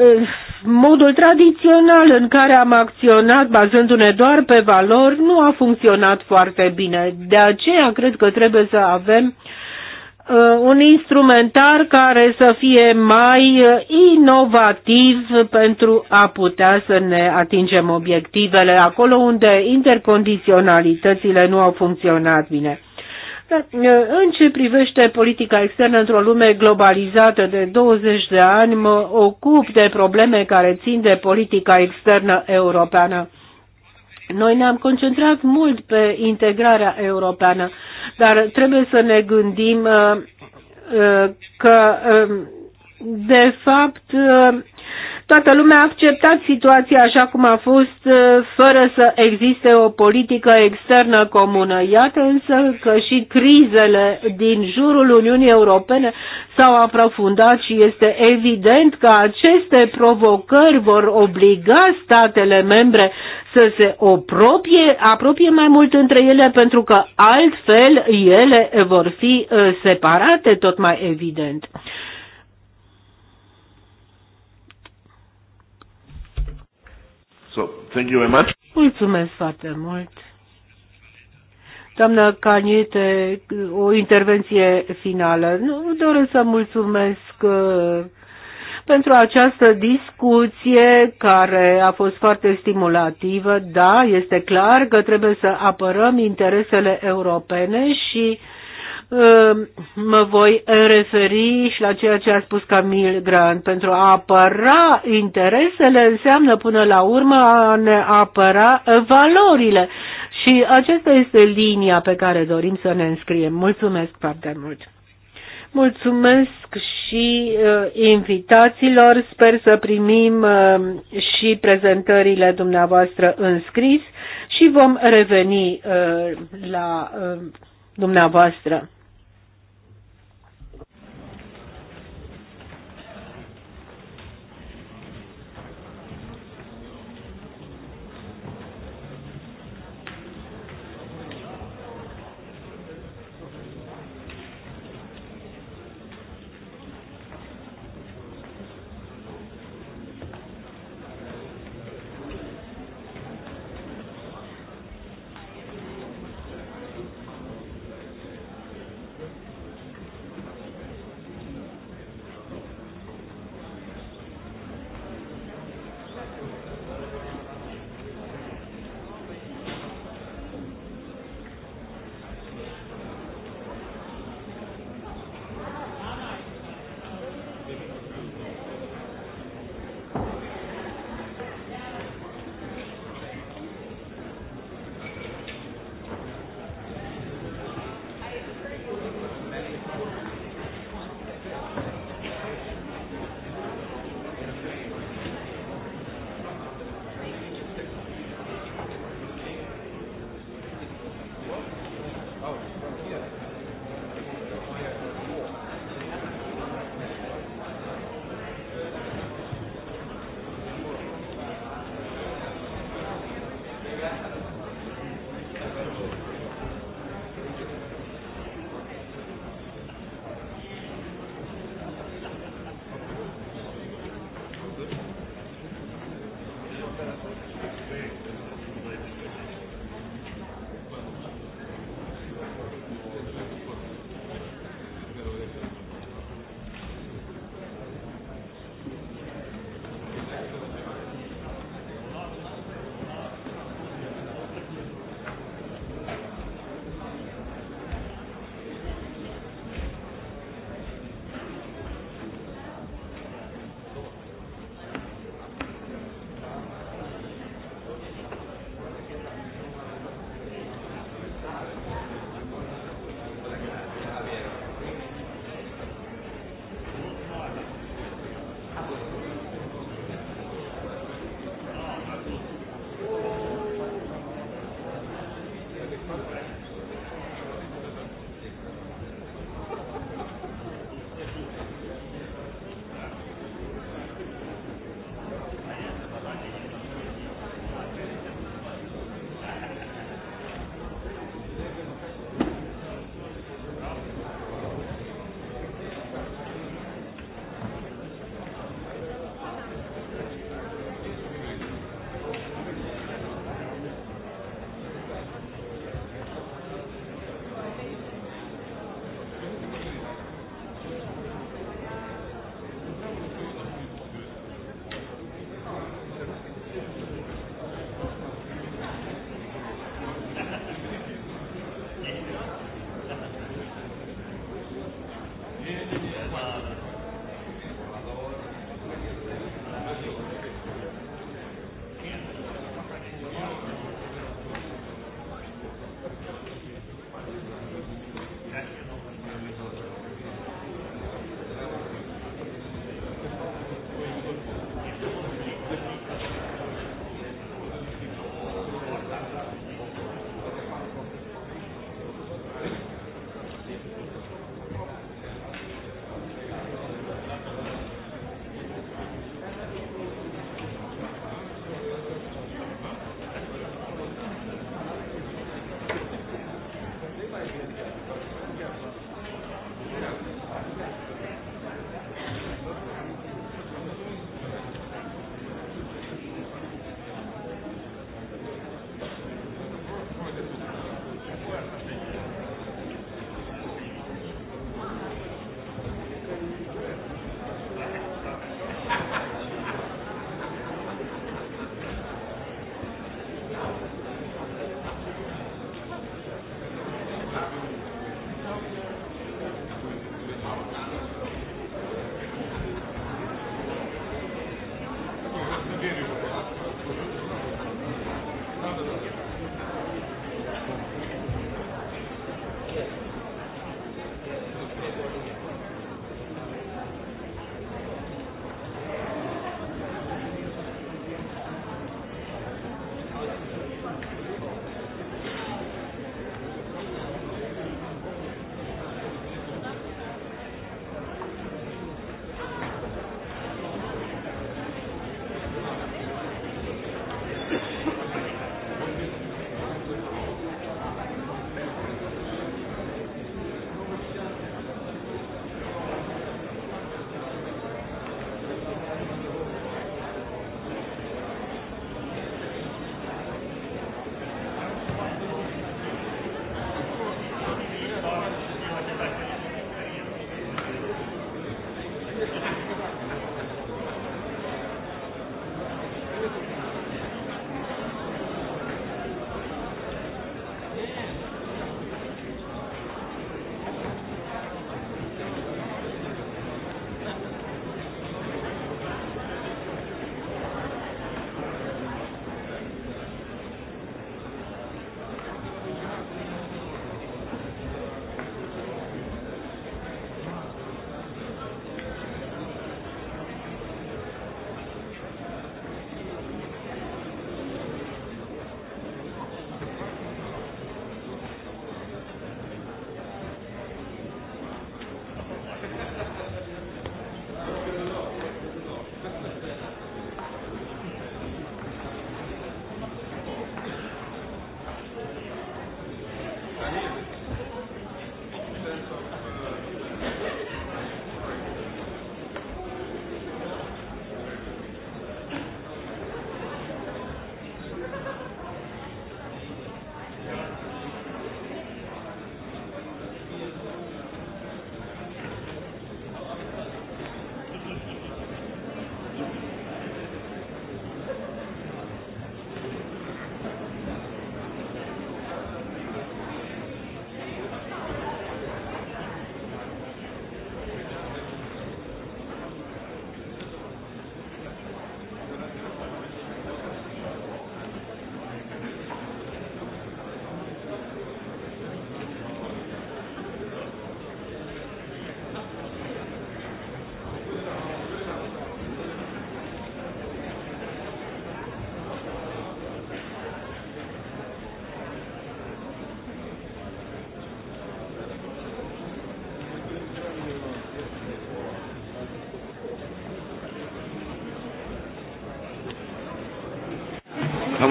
ehm, modul tradițional în care am acționat bazându-ne doar pe valori nu a funcționat foarte bine. De aceea cred că trebuie să avem ehm, un instrumentar care să fie mai eh, inovativ pentru a putea să ne atingem obiectivele acolo unde intercondiționalitățile nu au funcționat bine în ce privește politica externă într-o lume globalizată de 20 de ani, mă ocup de probleme care țin de politica externă europeană. Noi ne-am concentrat mult pe integrarea europeană, dar trebuie să ne gândim că, de fapt, toată lumea a acceptat situația așa cum a fost, uh, fără să existe o politică externă comună. Iată însă că și crizele din jurul Uniunii Europene s-au aprofundat și este evident că aceste provocări vor obliga statele membre să se apropie, apropie mai mult între ele pentru că altfel ele vor fi uh, separate tot mai evident. Thank you very much. Mulțumesc foarte mult. Doamna Caniete, o intervenție finală. Nu doresc să mulțumesc uh, pentru această discuție care a fost foarte stimulativă. Da, este clar că trebuie să apărăm interesele europene și Ehm, mă voi referi și la ceea ce a spus Camil Grant. Pentru a apăra interesele înseamnă până la urmă a ne apăra valorile. Și aceasta este linia pe care dorim să ne înscriem. Mulțumesc foarte mult! Mulțumesc și uh, invitațiilor. Sper să primim uh, și prezentările dumneavoastră în scris și vom reveni uh, la uh, dumneavoastră.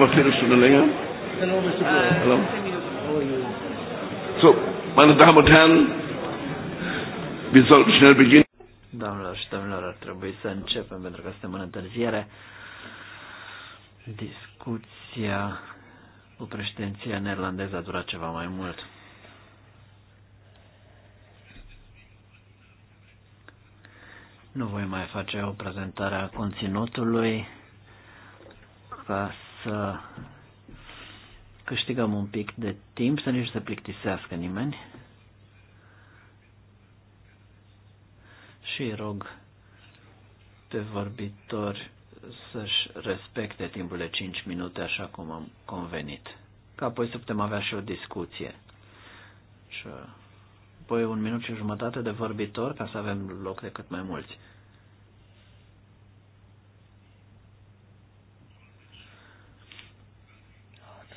haben wir eine Viertelstunde länger. Hallo. So, meine Damen und Herren, wir sollten schnell beginnen. Doamnelor și domnilor, ar trebui să începem pentru că suntem în întârziere. Discuția cu președinția neerlandeză a durat ceva mai mult. Nu voi mai face o prezentare a conținutului, ca să câștigăm un pic de timp, să nici se plictisească nimeni. Și rog pe vorbitori să-și respecte timpul de 5 minute așa cum am convenit. Ca apoi să putem avea și o discuție. Și apoi un minut și jumătate de vorbitor ca să avem loc de cât mai mulți.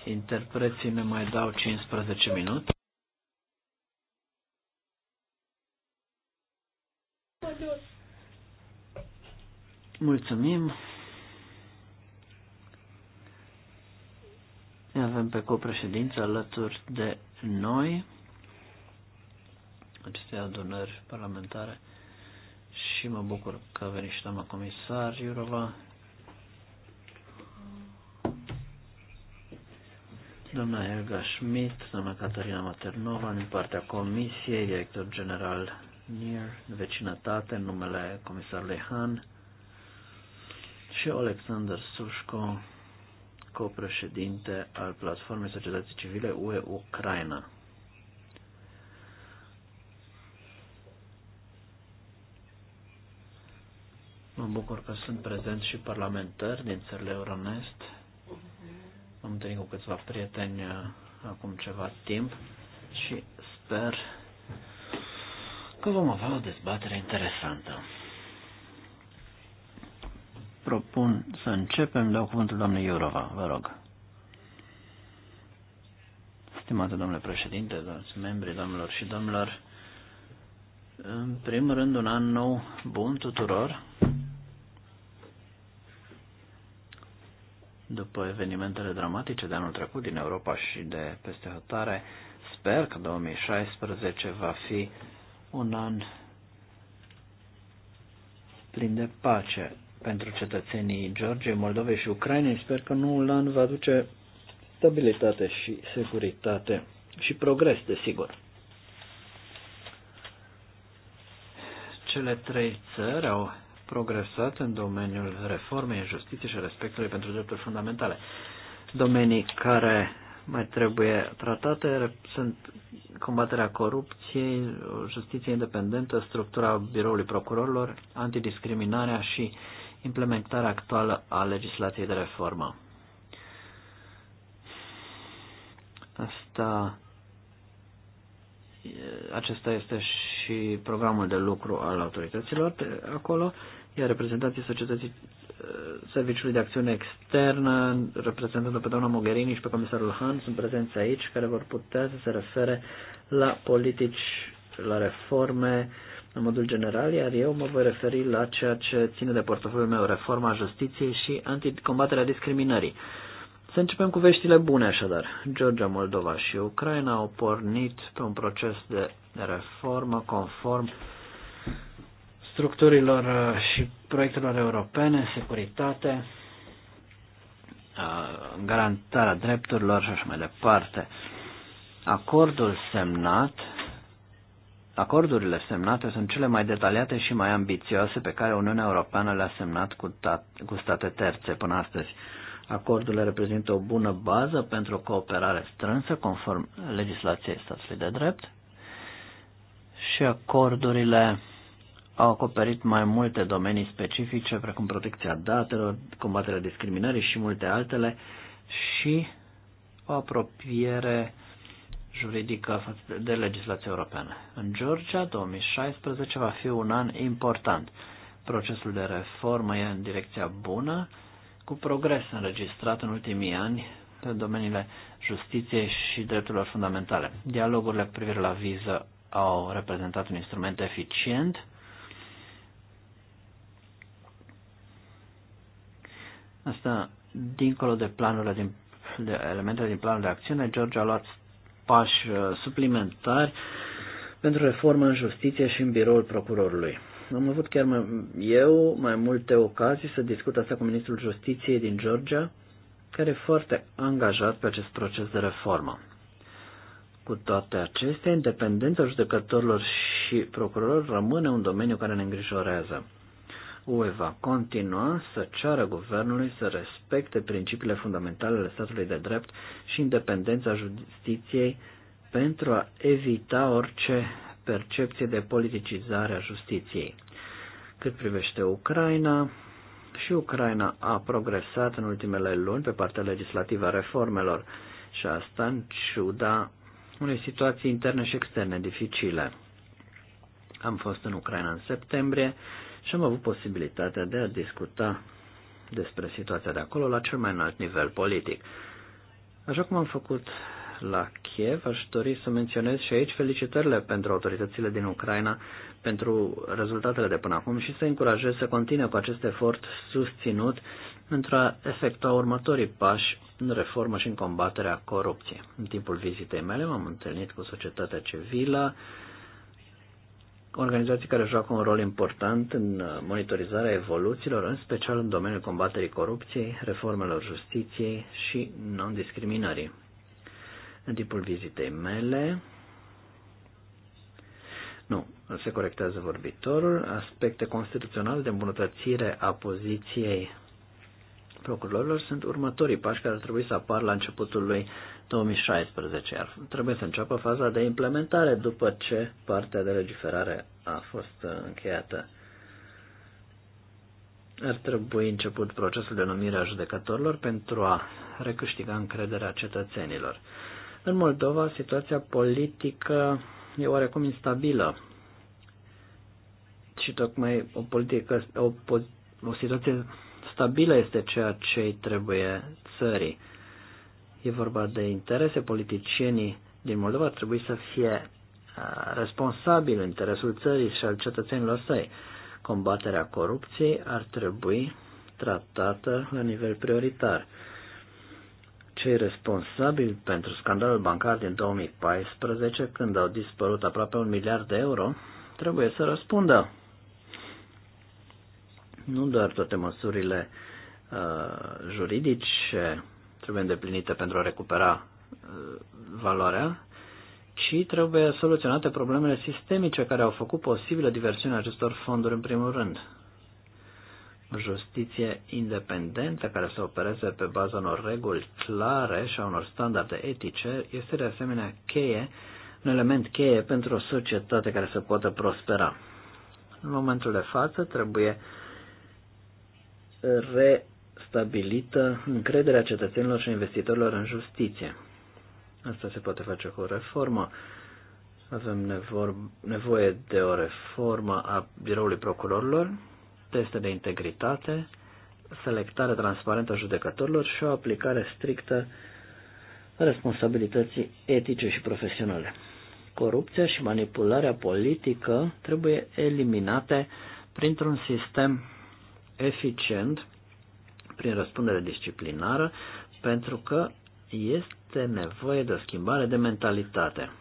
Interpreții ne mai dau 15 minute. Mulțumim. Ne avem pe copreședință alături de noi aceste adunări parlamentare și mă bucur că a venit și doamna comisar Iurova doamna Helga Schmidt, doamna Catarina Maternova, din partea Comisiei, director general NIR, vecinătate, în numele comisarului Han și Alexander Sușco, copreședinte al Platformei Societății Civile UE Ucraina. Mă bucur că sunt prezenți și parlamentari din țările Euronest am întâlnit cu câțiva prieteni uh, acum ceva timp și sper că vom avea o dezbatere interesantă. Propun să începem, dau cuvântul doamnei Iurova, vă rog. Stimate domnule președinte, doamne, membri, domnilor și domnilor, în primul rând un an nou bun tuturor după evenimentele dramatice de anul trecut din Europa și de peste hotare, sper că 2016 va fi un an plin de pace pentru cetățenii Georgiei, Moldovei și Ucrainei. Sper că noul an va aduce stabilitate și securitate și progres, desigur. Cele trei țări au progresat în domeniul reformei justiției și respectului pentru drepturi fundamentale. Domenii care mai trebuie tratate sunt combaterea corupției, justiție independentă, structura biroului procurorilor, antidiscriminarea și implementarea actuală a legislației de reformă. Asta, acesta este și programul de lucru al autorităților de acolo iar reprezentanții societății uh, Serviciului de Acțiune Externă, reprezentând pe doamna Mogherini și pe comisarul Han, sunt prezenți aici, care vor putea să se refere la politici, la reforme, în modul general, iar eu mă voi referi la ceea ce ține de portofoliul meu, reforma justiției și anticombaterea discriminării. Să începem cu veștile bune, așadar. Georgia, Moldova și Ucraina au pornit pe un proces de reformă conform structurilor uh, și proiectelor europene, securitate, uh, garantarea drepturilor și așa mai departe. Acordul semnat, acordurile semnate sunt cele mai detaliate și mai ambițioase pe care Uniunea Europeană le-a semnat cu, tat, cu state terțe până astăzi. Acordurile reprezintă o bună bază pentru o cooperare strânsă conform legislației statului de drept și acordurile au acoperit mai multe domenii specifice, precum protecția datelor, combaterea discriminării și multe altele, și o apropiere juridică de legislația europeană. În Georgia, 2016 va fi un an important. Procesul de reformă e în direcția bună, cu progres înregistrat în ultimii ani pe domeniile justiției și drepturilor fundamentale. Dialogurile cu privire la viză au reprezentat un instrument eficient Asta, dincolo de planurile din, de elementele din planul de acțiune, George a luat pași uh, suplimentari pentru reformă în justiție și în biroul procurorului. Am avut chiar mai, eu mai multe ocazii să discut asta cu ministrul justiției din Georgia, care e foarte angajat pe acest proces de reformă. Cu toate acestea, independența judecătorilor și procurorilor rămâne un domeniu care ne îngrijorează. UE va continua să ceară guvernului să respecte principiile fundamentale ale statului de drept și independența justiției pentru a evita orice percepție de politicizare a justiției. Cât privește Ucraina, și Ucraina a progresat în ultimele luni pe partea legislativă a reformelor și asta în ciuda unei situații interne și externe dificile. Am fost în Ucraina în septembrie și am avut posibilitatea de a discuta despre situația de acolo la cel mai înalt nivel politic. Așa cum am făcut la Kiev, aș dori să menționez și aici felicitările pentru autoritățile din Ucraina pentru rezultatele de până acum și să încurajez să continue cu acest efort susținut pentru a efectua următorii pași în reformă și în combaterea corupției. În timpul vizitei mele m-am întâlnit cu societatea civilă, organizații care joacă un rol important în uh, monitorizarea evoluțiilor, în special în domeniul combaterii corupției, reformelor justiției și non-discriminării. În timpul vizitei mele, nu, se corectează vorbitorul, aspecte constituționale de îmbunătățire a poziției procurorilor sunt următorii pași care ar trebui să apar la începutul lui 2016, iar trebuie să înceapă faza de implementare după ce partea de legiferare a fost uh, încheiată. Ar trebui început procesul de numire a judecătorilor pentru a recâștiga încrederea cetățenilor. În Moldova, situația politică e oarecum instabilă și tocmai o politică, o, o situație stabilă este ceea ce îi trebuie țării. E vorba de interese. Politicienii din Moldova ar trebui să fie responsabili în interesul țării și al cetățenilor săi. Combaterea corupției ar trebui tratată la nivel prioritar. Cei responsabili pentru scandalul bancar din 2014, când au dispărut aproape un miliard de euro, trebuie să răspundă. Nu doar toate măsurile uh, juridice trebuie îndeplinite pentru a recupera uh, valoarea, ci trebuie soluționate problemele sistemice care au făcut posibilă diversiunea acestor fonduri în primul rând. O justiție independentă care să opereze pe baza unor reguli clare și a unor standarde etice este de asemenea cheie, un element cheie pentru o societate care să poată prospera. În momentul de față trebuie restabilită încrederea cetățenilor și investitorilor în justiție. Asta se poate face cu o reformă. Avem nevoie de o reformă a biroului procurorilor, teste de integritate, selectare transparentă a judecătorilor și o aplicare strictă a responsabilității etice și profesionale. Corupția și manipularea politică trebuie eliminate printr-un sistem eficient prin răspundere disciplinară pentru că este nevoie de o schimbare de mentalitate.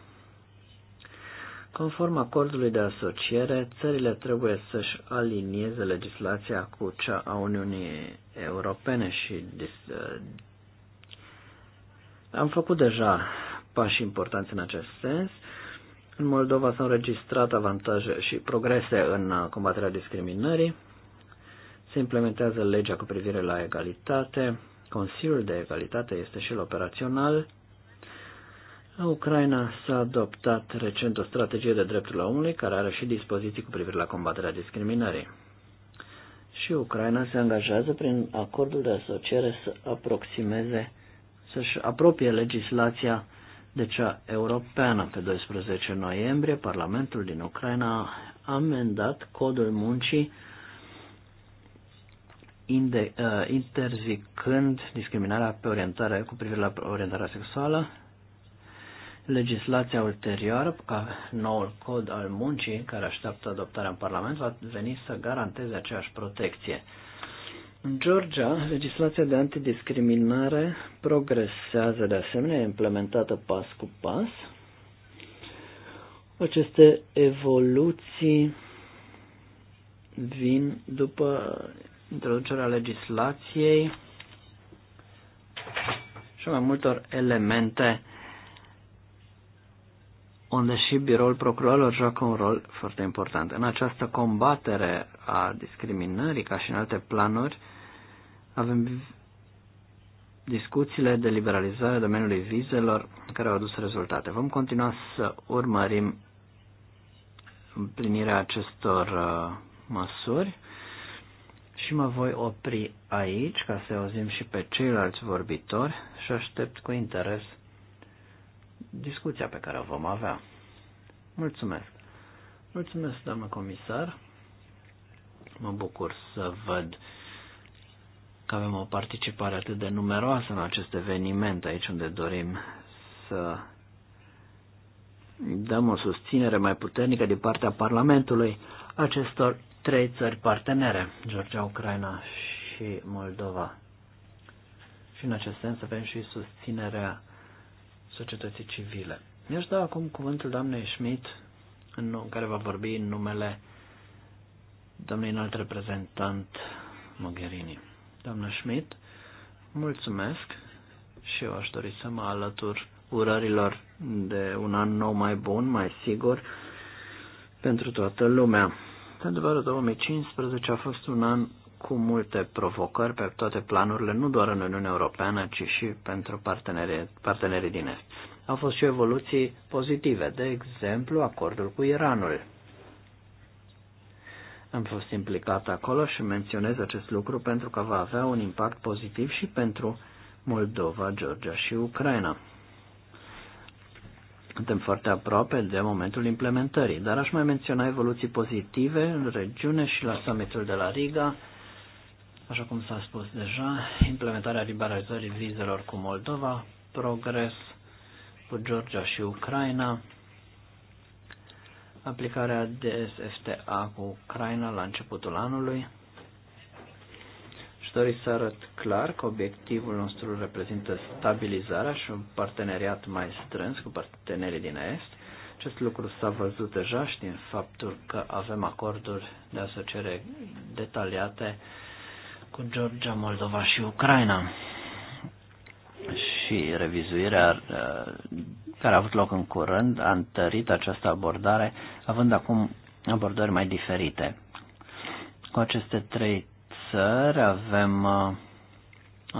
Conform acordului de asociere, țările trebuie să-și alinieze legislația cu cea a Uniunii Europene și uh, am făcut deja pași importanți în acest sens. În Moldova s-au înregistrat avantaje și progrese în combaterea discriminării. Se implementează legea cu privire la egalitate, Consiliul de Egalitate este și el operațional. La Ucraina s-a adoptat recent o strategie de drepturile omului care are și dispoziții cu privire la combaterea discriminării. Și Ucraina se angajează prin acordul de asociere să aproximeze, să-și apropie legislația de cea europeană. Pe 12 noiembrie, Parlamentul din Ucraina a amendat codul muncii Uh, interzicând discriminarea pe orientare cu privire la orientarea sexuală. Legislația ulterioară, ca noul cod al muncii, care așteaptă adoptarea în Parlament, va veni să garanteze aceeași protecție. În Georgia, legislația de antidiscriminare progresează de asemenea, implementată pas cu pas. Aceste evoluții vin după introducerea legislației și mai multor elemente unde și biroul procurorilor joacă un rol foarte important. În această combatere a discriminării, ca și în alte planuri, avem discuțiile de liberalizare a domeniului vizelor care au adus rezultate. Vom continua să urmărim împlinirea acestor uh, măsuri și mă voi opri aici ca să auzim și pe ceilalți vorbitori și aștept cu interes discuția pe care o vom avea. Mulțumesc! Mulțumesc, doamnă comisar! Mă bucur să văd că avem o participare atât de numeroasă în acest eveniment aici unde dorim să dăm o susținere mai puternică din partea Parlamentului acestor trei țări partenere, Georgia, Ucraina și Moldova. Și în acest sens avem și susținerea societății civile. Eu își dau acum cuvântul doamnei Schmidt, în care va vorbi în numele domnului înalt reprezentant Mogherini. Doamna Schmidt, mulțumesc și eu aș dori să mă alătur urărilor de un an nou mai bun, mai sigur pentru toată lumea. Într-adevăr, 2015 a fost un an cu multe provocări pe toate planurile, nu doar în Uniunea Europeană, ci și pentru partenerii, partenerii din Est. Au fost și evoluții pozitive, de exemplu acordul cu Iranul. Am fost implicat acolo și menționez acest lucru pentru că va avea un impact pozitiv și pentru Moldova, Georgia și Ucraina. Suntem foarte aproape de momentul implementării, dar aș mai menționa evoluții pozitive în regiune și la summitul de la Riga. Așa cum s-a spus deja, implementarea liberalizării vizelor cu Moldova, progres cu Georgia și Ucraina, aplicarea DSFTA cu Ucraina la începutul anului, dori să arăt clar că obiectivul nostru reprezintă stabilizarea și un parteneriat mai strâns cu partenerii din Est. Acest lucru s-a văzut deja și din faptul că avem acorduri de asociere detaliate cu Georgia, Moldova și Ucraina. Și revizuirea uh, care a avut loc în curând a întărit această abordare, având acum abordări mai diferite. Cu aceste trei țări, avem uh,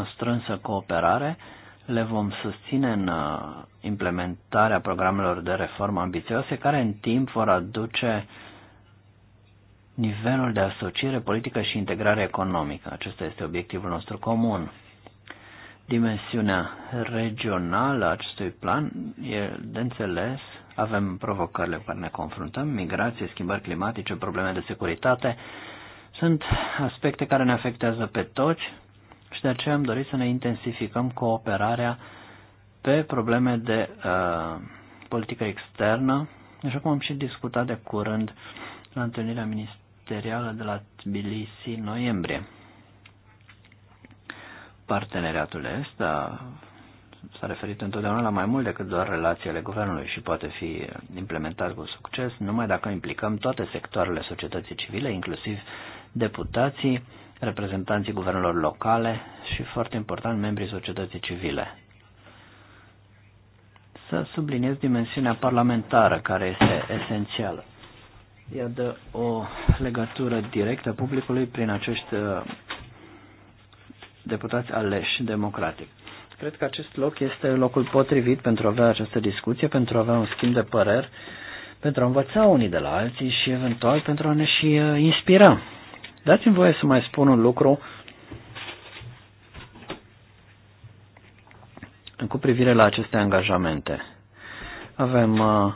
o strânsă cooperare, le vom susține în uh, implementarea programelor de reformă ambițioase, care în timp vor aduce nivelul de asociere politică și integrare economică. Acesta este obiectivul nostru comun. Dimensiunea regională a acestui plan e de înțeles, avem provocările cu care ne confruntăm, migrație, schimbări climatice, probleme de securitate, sunt aspecte care ne afectează pe toți și de aceea am dorit să ne intensificăm cooperarea pe probleme de uh, politică externă, așa cum am și discutat de curând la întâlnirea ministerială de la Tbilisi în noiembrie. Parteneriatul Est a, s-a referit întotdeauna la mai mult decât doar relațiile guvernului și poate fi implementat cu succes numai dacă implicăm toate sectoarele societății civile, inclusiv deputații, reprezentanții guvernelor locale și, foarte important, membrii societății civile. Să subliniez dimensiunea parlamentară, care este esențială. Ea dă o legătură directă publicului prin acești uh, deputați aleși democratic. Cred că acest loc este locul potrivit pentru a avea această discuție, pentru a avea un schimb de păreri, pentru a învăța unii de la alții și eventual pentru a ne și uh, inspira. Dați-mi voie să mai spun un lucru cu privire la aceste angajamente. Avem uh,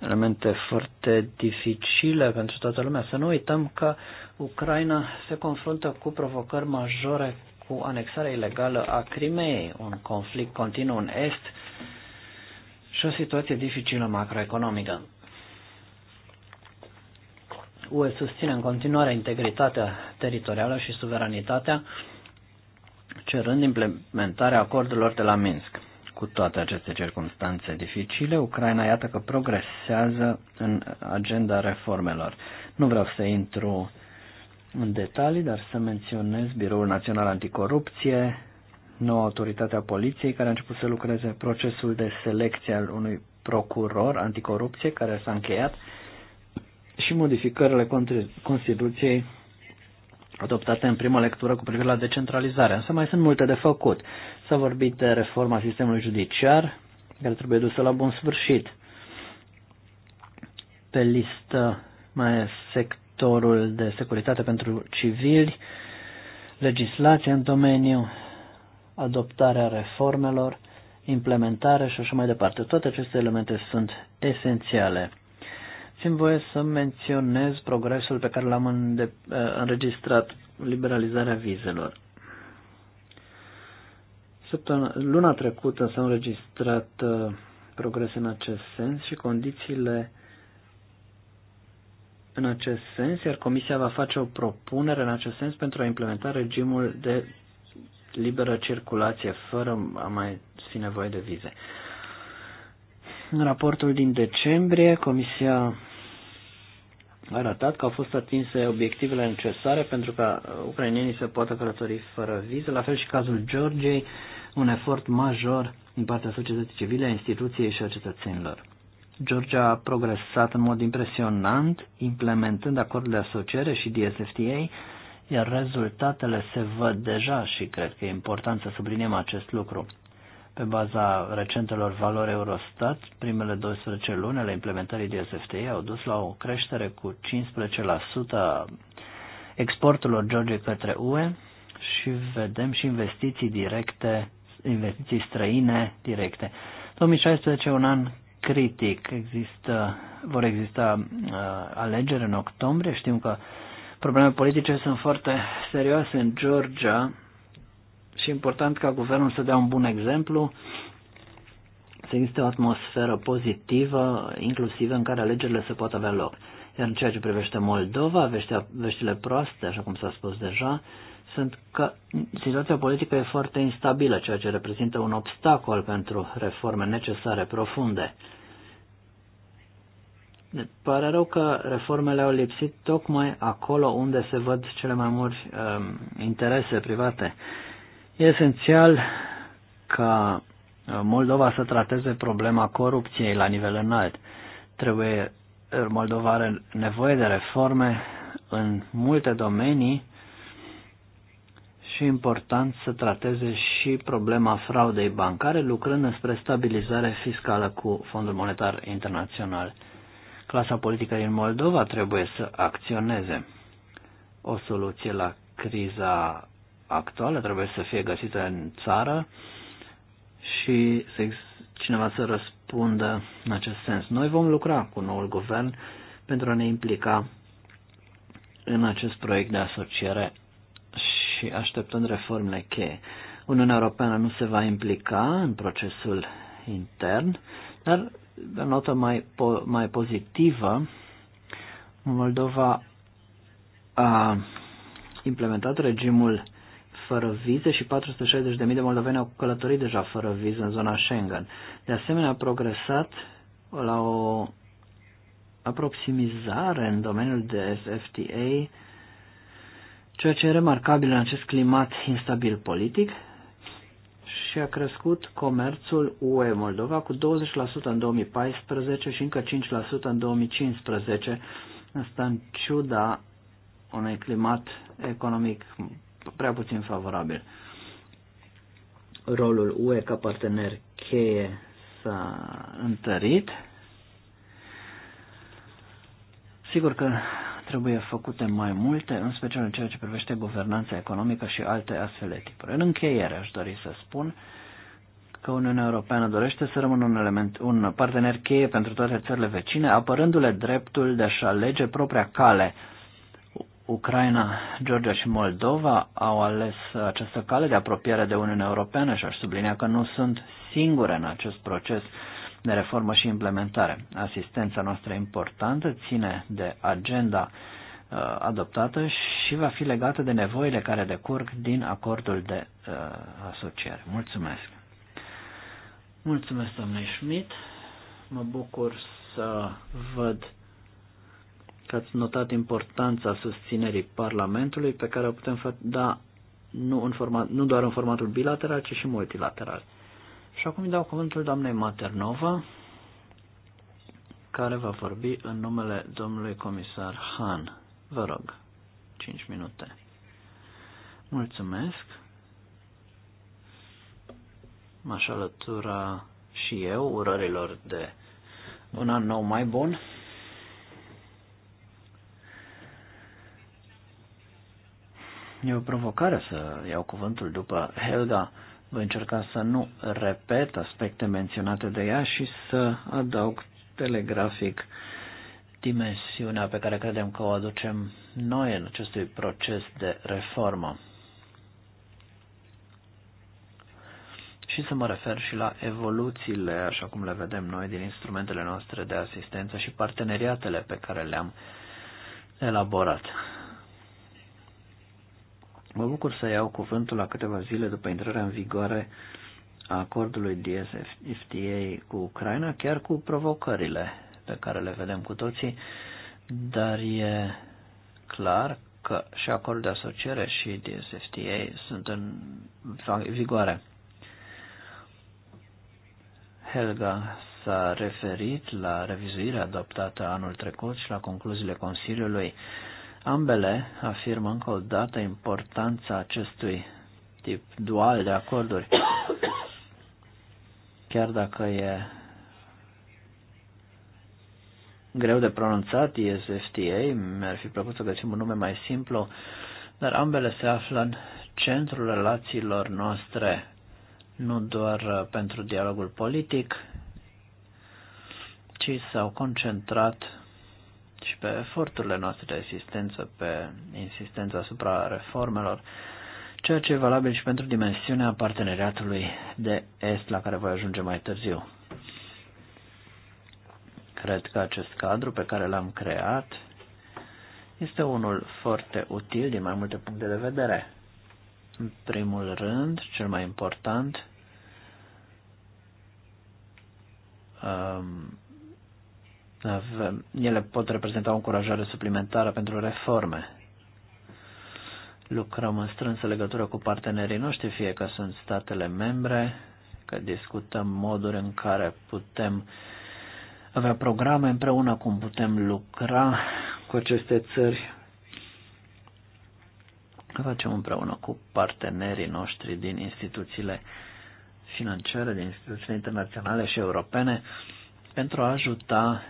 elemente foarte dificile pentru toată lumea. Să nu uităm că Ucraina se confruntă cu provocări majore cu anexarea ilegală a Crimeei, un conflict continuu în Est și o situație dificilă macroeconomică. UE susține în continuare integritatea teritorială și suveranitatea, cerând implementarea acordurilor de la Minsk. Cu toate aceste circunstanțe dificile, Ucraina iată că progresează în agenda reformelor. Nu vreau să intru în detalii, dar să menționez Biroul Național Anticorupție, noua autoritate a poliției care a început să lucreze procesul de selecție al unui procuror anticorupție care s-a încheiat și modificările Constituției adoptate în prima lectură cu privire la decentralizare. Însă mai sunt multe de făcut. S-a vorbit de reforma sistemului judiciar, care trebuie dusă la bun sfârșit. Pe listă mai e sectorul de securitate pentru civili, legislație în domeniu, adoptarea reformelor, implementare și așa mai departe. Toate aceste elemente sunt esențiale. Țin voie să menționez progresul pe care l-am eh, înregistrat, liberalizarea vizelor. luna trecută s-au înregistrat eh, progrese în acest sens și condițiile în acest sens, iar Comisia va face o propunere în acest sens pentru a implementa regimul de liberă circulație, fără a mai fi nevoie de vize. În raportul din decembrie, Comisia arătat că au fost atinse obiectivele necesare pentru ca ucrainienii să poată călători fără viză, la fel și cazul Georgiei, un efort major din partea societății civile, a instituției și a cetățenilor. Georgia a progresat în mod impresionant, implementând acordul de asociere și DSFTA, iar rezultatele se văd deja și cred că e important să subliniem acest lucru. Pe baza recentelor valori Eurostat, primele 12 luni ale implementării DSFTI au dus la o creștere cu 15% a exporturilor Georgiei către UE și vedem și investiții directe, investiții străine directe. 2016 e un an critic. Există, vor exista uh, alegeri în octombrie. Știm că problemele politice sunt foarte serioase în Georgia și important ca guvernul să dea un bun exemplu, să existe o atmosferă pozitivă, inclusiv în care alegerile se pot avea loc. Iar în ceea ce privește Moldova, veștia, veștile proaste, așa cum s-a spus deja, sunt că situația politică e foarte instabilă, ceea ce reprezintă un obstacol pentru reforme necesare profunde. Deci, pare rău că reformele au lipsit tocmai acolo unde se văd cele mai mari um, interese private. Uh, E esențial ca uh, Moldova să trateze problema corupției la nivel înalt. Trebuie, uh, Moldova are nevoie de reforme în multe domenii și important să trateze și problema fraudei bancare, lucrând spre stabilizare fiscală cu Fondul Monetar Internațional. Clasa politică din Moldova trebuie să acționeze. O soluție la criza actuală trebuie să fie găsită în țară și să cineva să răspundă în acest sens. Noi vom lucra cu noul guvern pentru a ne implica în acest proiect de asociere și așteptând reformele cheie. Uniunea Europeană nu se va implica în procesul intern, dar o notă mai, po- mai pozitivă, Moldova a implementat regimul fără vize și 460.000 de moldoveni au călătorit deja fără viză în zona Schengen. De asemenea, a progresat la o aproximizare în domeniul de SFTA, ceea ce e remarcabil în acest climat instabil politic și a crescut comerțul UE Moldova cu 20% în 2014 și încă 5% în 2015, asta în ciuda unui climat economic prea puțin favorabil. Rolul UE ca partener cheie s-a întărit. Sigur că trebuie făcute mai multe, în special în ceea ce privește guvernanța economică și alte astfel de tipuri. În încheiere aș dori să spun că Uniunea Europeană dorește să rămână un, element, un partener cheie pentru toate țările vecine, apărându-le dreptul de a-și alege propria cale Ucraina, Georgia și Moldova au ales această cale de apropiere de Uniunea Europeană și aș sublinea că nu sunt singure în acest proces de reformă și implementare. Asistența noastră importantă ține de agenda uh, adoptată și va fi legată de nevoile care decurg din acordul de uh, asociere. Mulțumesc! Mulțumesc, domnule Schmidt! Mă bucur să văd că ați notat importanța susținerii Parlamentului pe care o putem da nu, în format, nu doar în formatul bilateral, ci și multilateral. Și acum îi dau cuvântul doamnei Maternova, care va vorbi în numele domnului comisar Han. Vă rog, 5 minute. Mulțumesc. M-aș alătura și eu urărilor de un an nou mai bun. E o provocare să iau cuvântul după Helga. Voi încerca să nu repet aspecte menționate de ea și să adaug telegrafic dimensiunea pe care credem că o aducem noi în acestui proces de reformă. Și să mă refer și la evoluțiile, așa cum le vedem noi, din instrumentele noastre de asistență și parteneriatele pe care le-am elaborat. Mă bucur să iau cuvântul la câteva zile după intrarea în vigoare a acordului DSFTA cu Ucraina, chiar cu provocările pe care le vedem cu toții, dar e clar că și acordul de asociere și DSFTA sunt în vigoare. Helga s-a referit la revizuirea adoptată anul trecut și la concluziile Consiliului Ambele afirmă încă o dată importanța acestui tip dual de acorduri, chiar dacă e greu de pronunțat ISFTA, mi-ar fi plăcut să găsim un nume mai simplu, dar ambele se află în centrul relațiilor noastre, nu doar uh, pentru dialogul politic, ci s-au concentrat și pe eforturile noastre de asistență, pe insistența asupra reformelor, ceea ce e valabil și pentru dimensiunea parteneriatului de est la care voi ajunge mai târziu. Cred că acest cadru pe care l-am creat este unul foarte util din mai multe puncte de vedere. În primul rând, cel mai important, um, ele pot reprezenta o încurajare suplimentară pentru reforme. Lucrăm în strânsă legătură cu partenerii noștri, fie că sunt statele membre, că discutăm moduri în care putem avea programe împreună, cum putem lucra cu aceste țări. Facem împreună cu partenerii noștri din instituțiile financiare, din instituțiile internaționale și europene. Uh, pentru a ajuta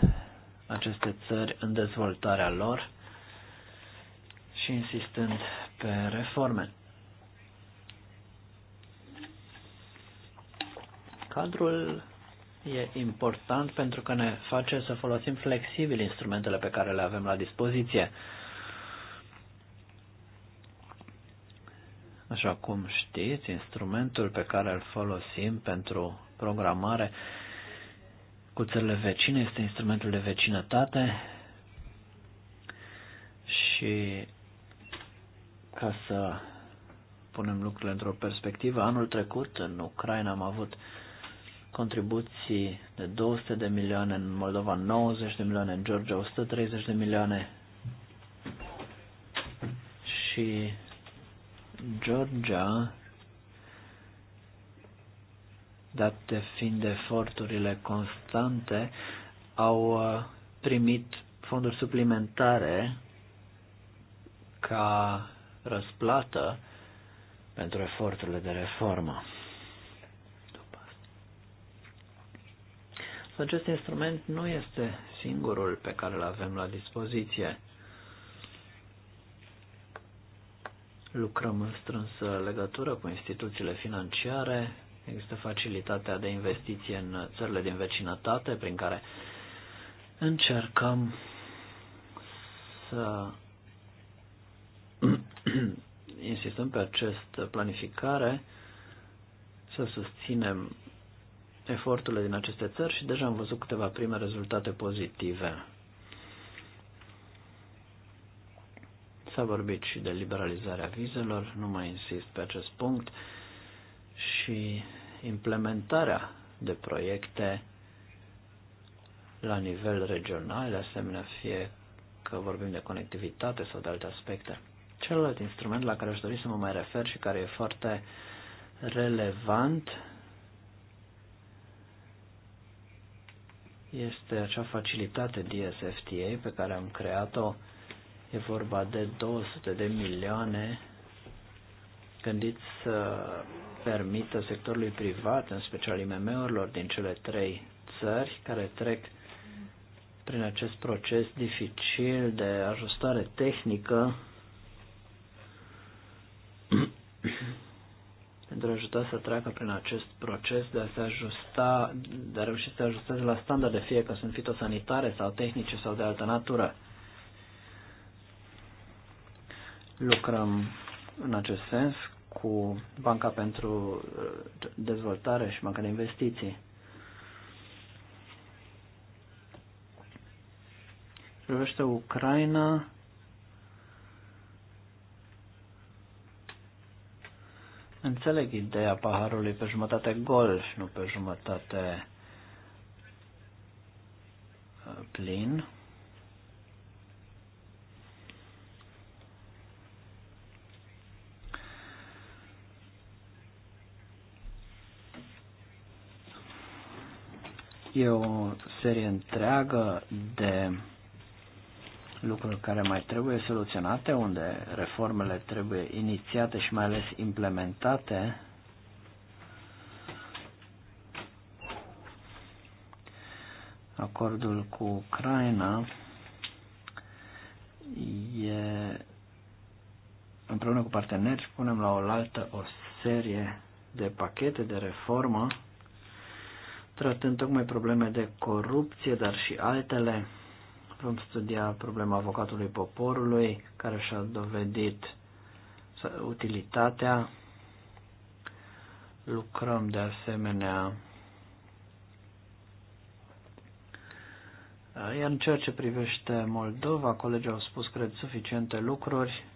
aceste țări în dezvoltarea lor și insistând pe reforme. Cadrul e important pentru că ne face să folosim flexibil instrumentele pe care le avem la dispoziție. Așa cum știți, instrumentul pe care îl folosim pentru programare cu țările vecine, este instrumentul de vecinătate și ca să punem lucrurile într-o perspectivă, anul trecut în Ucraina am avut contribuții de 200 de milioane, în Moldova 90 de milioane, în Georgia 130 de milioane și Georgia date fiind eforturile constante, au uh, primit fonduri suplimentare ca răsplată pentru eforturile de reformă. Acest instrument nu este singurul pe care îl avem la dispoziție. Lucrăm în strânsă legătură cu instituțiile financiare, Există facilitatea de investiție în țările din vecinătate prin care încercăm să insistăm pe acest planificare, să susținem eforturile din aceste țări și deja am văzut câteva prime rezultate pozitive. S-a vorbit și de liberalizarea vizelor, nu mai insist pe acest punct și implementarea de proiecte la nivel regional, de asemenea fie că vorbim de conectivitate sau de alte aspecte. Celălalt instrument la care aș dori să mă mai refer și care e foarte relevant este acea facilitate DSFTA pe care am creat-o. E vorba de 200 de milioane. Gândiți să permită sectorului privat, în special IMM-urilor din cele trei țări care trec prin acest proces dificil de ajustare tehnică pentru a ajuta să treacă prin acest proces de a se ajusta, de a reuși să se ajusteze la standarde, fie că sunt fitosanitare sau tehnice sau de altă natură. Lucrăm în acest sens cu Banca pentru uh, Dezvoltare și Banca de Investiții. Privește Ucraina, înțeleg ideea paharului pe jumătate gol și nu pe jumătate uh, plin. E o serie întreagă de lucruri care mai trebuie soluționate, unde reformele trebuie inițiate și mai ales implementate. Acordul cu Ucraina e împreună cu parteneri punem la oaltă o serie de pachete de reformă tratând tocmai probleme de corupție, dar și altele. Vom studia problema avocatului poporului, care și-a dovedit utilitatea. Lucrăm de asemenea Iar în ceea ce privește Moldova, colegii au spus, cred, suficiente lucruri.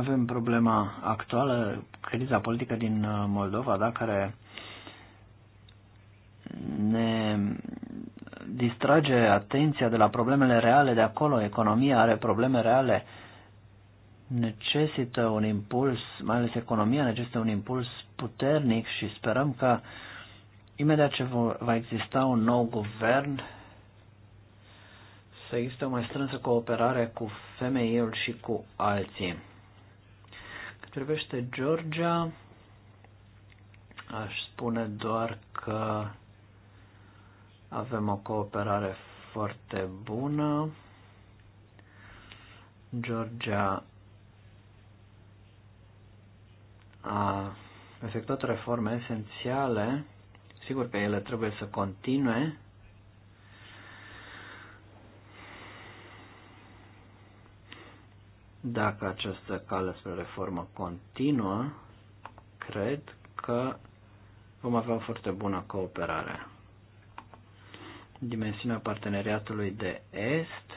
Avem problema actuală, criza politică din uh, Moldova, da, care ne distrage atenția de la problemele reale de acolo. Economia are probleme reale, necesită un impuls, mai ales economia necesită un impuls puternic și sperăm că imediat ce va exista un nou guvern, să există o mai strânsă cooperare cu femeiul și cu alții. Cât privește Georgia, aș spune doar că avem o cooperare foarte bună. Georgia a efectuat reforme esențiale, sigur că ele trebuie să continue, Dacă această cale spre reformă continuă, cred că vom avea o foarte bună cooperare. Dimensiunea parteneriatului de Est.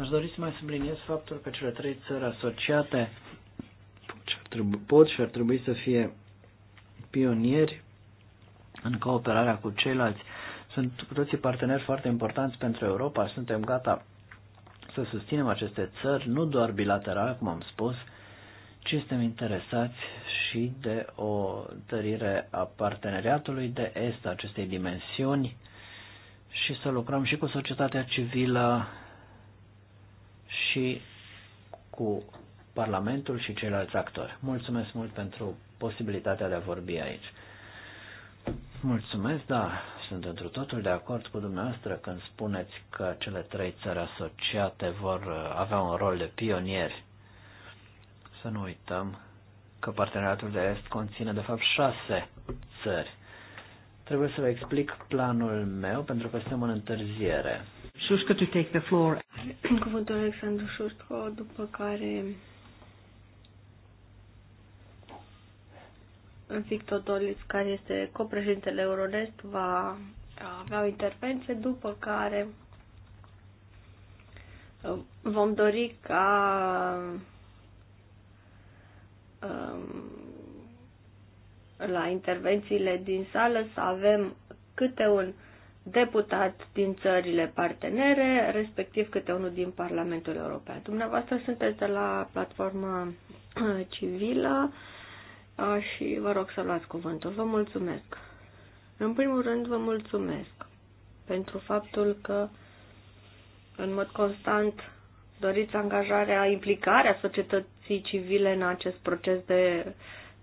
Aș dori să mai subliniez faptul că cele trei țări asociate pot și ar trebui să fie pionieri în cooperarea cu ceilalți sunt cu toții parteneri foarte importanți pentru Europa. Suntem gata să susținem aceste țări, nu doar bilateral, cum am spus, ci suntem interesați și de o tărire a parteneriatului de est, a acestei dimensiuni, și să lucrăm și cu societatea civilă și cu Parlamentul și ceilalți actori. Mulțumesc mult pentru posibilitatea de a vorbi aici. Mulțumesc, da, sunt într totul de acord cu dumneavoastră când spuneți că cele trei țări asociate vor uh, avea un rol de pionieri. Să nu uităm că parteneriatul de est conține de fapt șase țări. Trebuie să vă explic planul meu pentru că suntem în întârziere. Șușcă, tu take the floor. Cuvântul Alexandru Șușcă, după care Victor Dolis, care este copreședintele Euronest, va avea o intervenție, după care vom dori ca la intervențiile din sală să avem câte un deputat din țările partenere, respectiv câte unul din Parlamentul European. Dumneavoastră sunteți de la platforma civilă, și vă rog să luați cuvântul. Vă mulțumesc. În primul rând, vă mulțumesc pentru faptul că în mod constant doriți angajarea, implicarea societății civile în acest proces de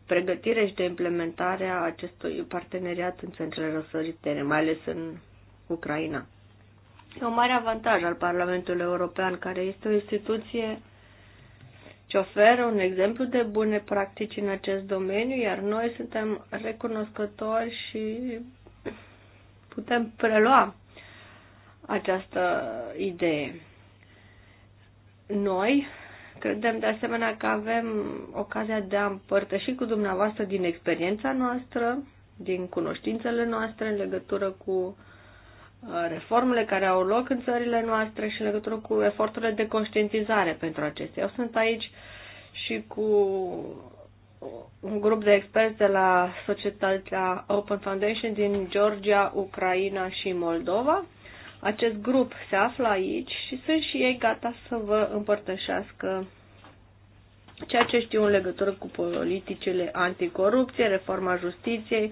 pregătire și de implementare a acestui parteneriat în centrele răsăritene, mai ales în Ucraina. E un mare avantaj al Parlamentului European, care este o instituție ci oferă un exemplu de bune practici în acest domeniu, iar noi suntem recunoscători și putem prelua această idee. Noi credem de asemenea că avem ocazia de a împărtăși cu dumneavoastră din experiența noastră, din cunoștințele noastre în legătură cu reformele care au loc în țările noastre și în legătură cu eforturile de conștientizare pentru acestea. Eu sunt aici și cu un grup de experți de la societatea Open Foundation din Georgia, Ucraina și Moldova. Acest grup se află aici și sunt și ei gata să vă împărtășească ceea ce știu în legătură cu politicile anticorupție, reforma justiției,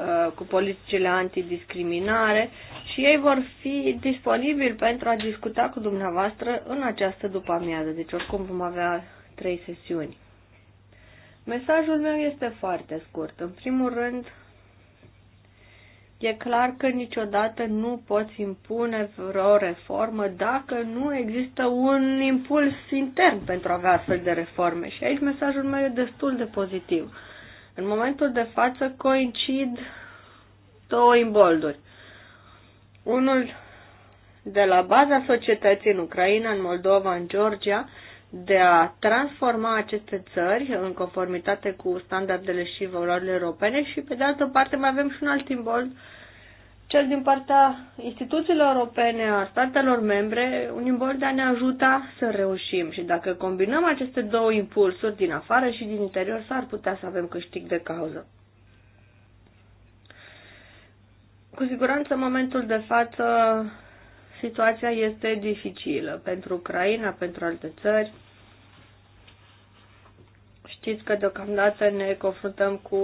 Uh, cu politicile antidiscriminare și ei vor fi disponibili pentru a discuta cu dumneavoastră în această după-amiază. Deci oricum vom avea trei sesiuni. Mesajul meu este foarte scurt. În primul rând, e clar că niciodată nu poți impune vreo reformă dacă nu există un impuls intern pentru a avea astfel de reforme. Și aici mesajul meu e destul de pozitiv în momentul de față coincid două imbolduri. Unul de la baza societății în Ucraina, în Moldova, în Georgia, de a transforma aceste țări în conformitate cu standardele și valorile europene și, pe de altă parte, mai avem și un alt imbold uh, cel din partea instituțiilor europene, a statelor membre, un de a ne ajuta să reușim. Și dacă combinăm aceste două impulsuri din afară și din interior, s-ar putea să avem câștig de cauză. Cu siguranță, în momentul de față, situația este dificilă pentru Ucraina, pentru alte țări. Știți că deocamdată ne confruntăm cu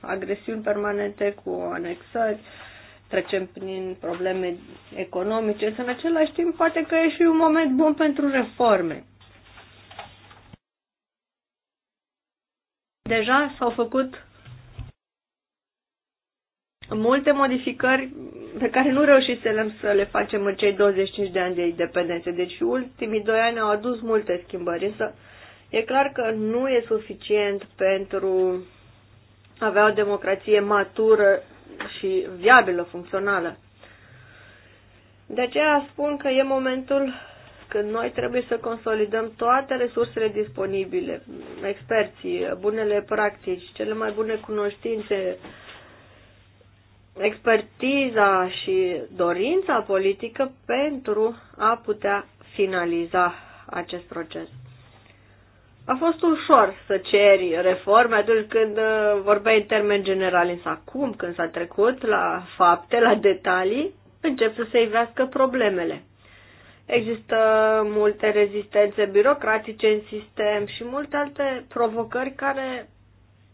agresiuni permanente, cu anexări, trecem prin probleme economice, însă în același timp poate că e și un moment bun pentru reforme. Deja s-au făcut multe modificări pe care nu reușisem să le facem în cei 25 de ani de independență. Deci ultimii doi ani au adus multe schimbări, însă e clar că nu e suficient pentru a avea o democrație matură și viabilă, funcțională. De aceea spun că e momentul când noi trebuie să consolidăm toate resursele disponibile, experții, bunele practici, cele mai bune cunoștințe, expertiza și dorința politică pentru a putea finaliza acest proces. A fost ușor să ceri reforme atunci când uh, vorbeai în termeni generali, însă acum când s-a trecut la fapte, la detalii, încep să se ivească problemele. Există multe rezistențe birocratice în sistem și multe alte provocări care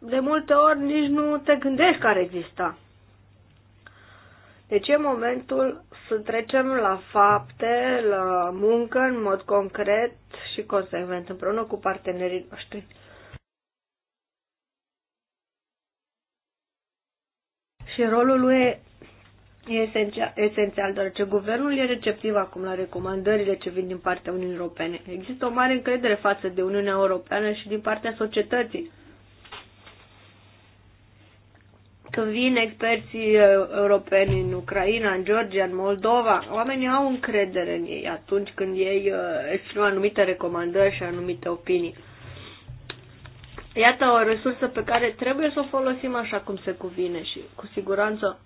de multe ori nici nu te gândești că ar exista. Deci e momentul să trecem la fapte, la muncă în mod concret și consecvent împreună cu partenerii noștri. Și rolul lui e esențial, esențial, ce guvernul e receptiv acum la recomandările ce vin din partea Uniunii Europene. Există o mare încredere față de Uniunea Europeană și din partea societății Când vin experții uh, europeni în Ucraina, în Georgia, în Moldova, oamenii au încredere în ei atunci când ei uh, exprimă anumite recomandări și anumite opinii. Iată o resursă pe care trebuie să o folosim așa cum se cuvine și cu siguranță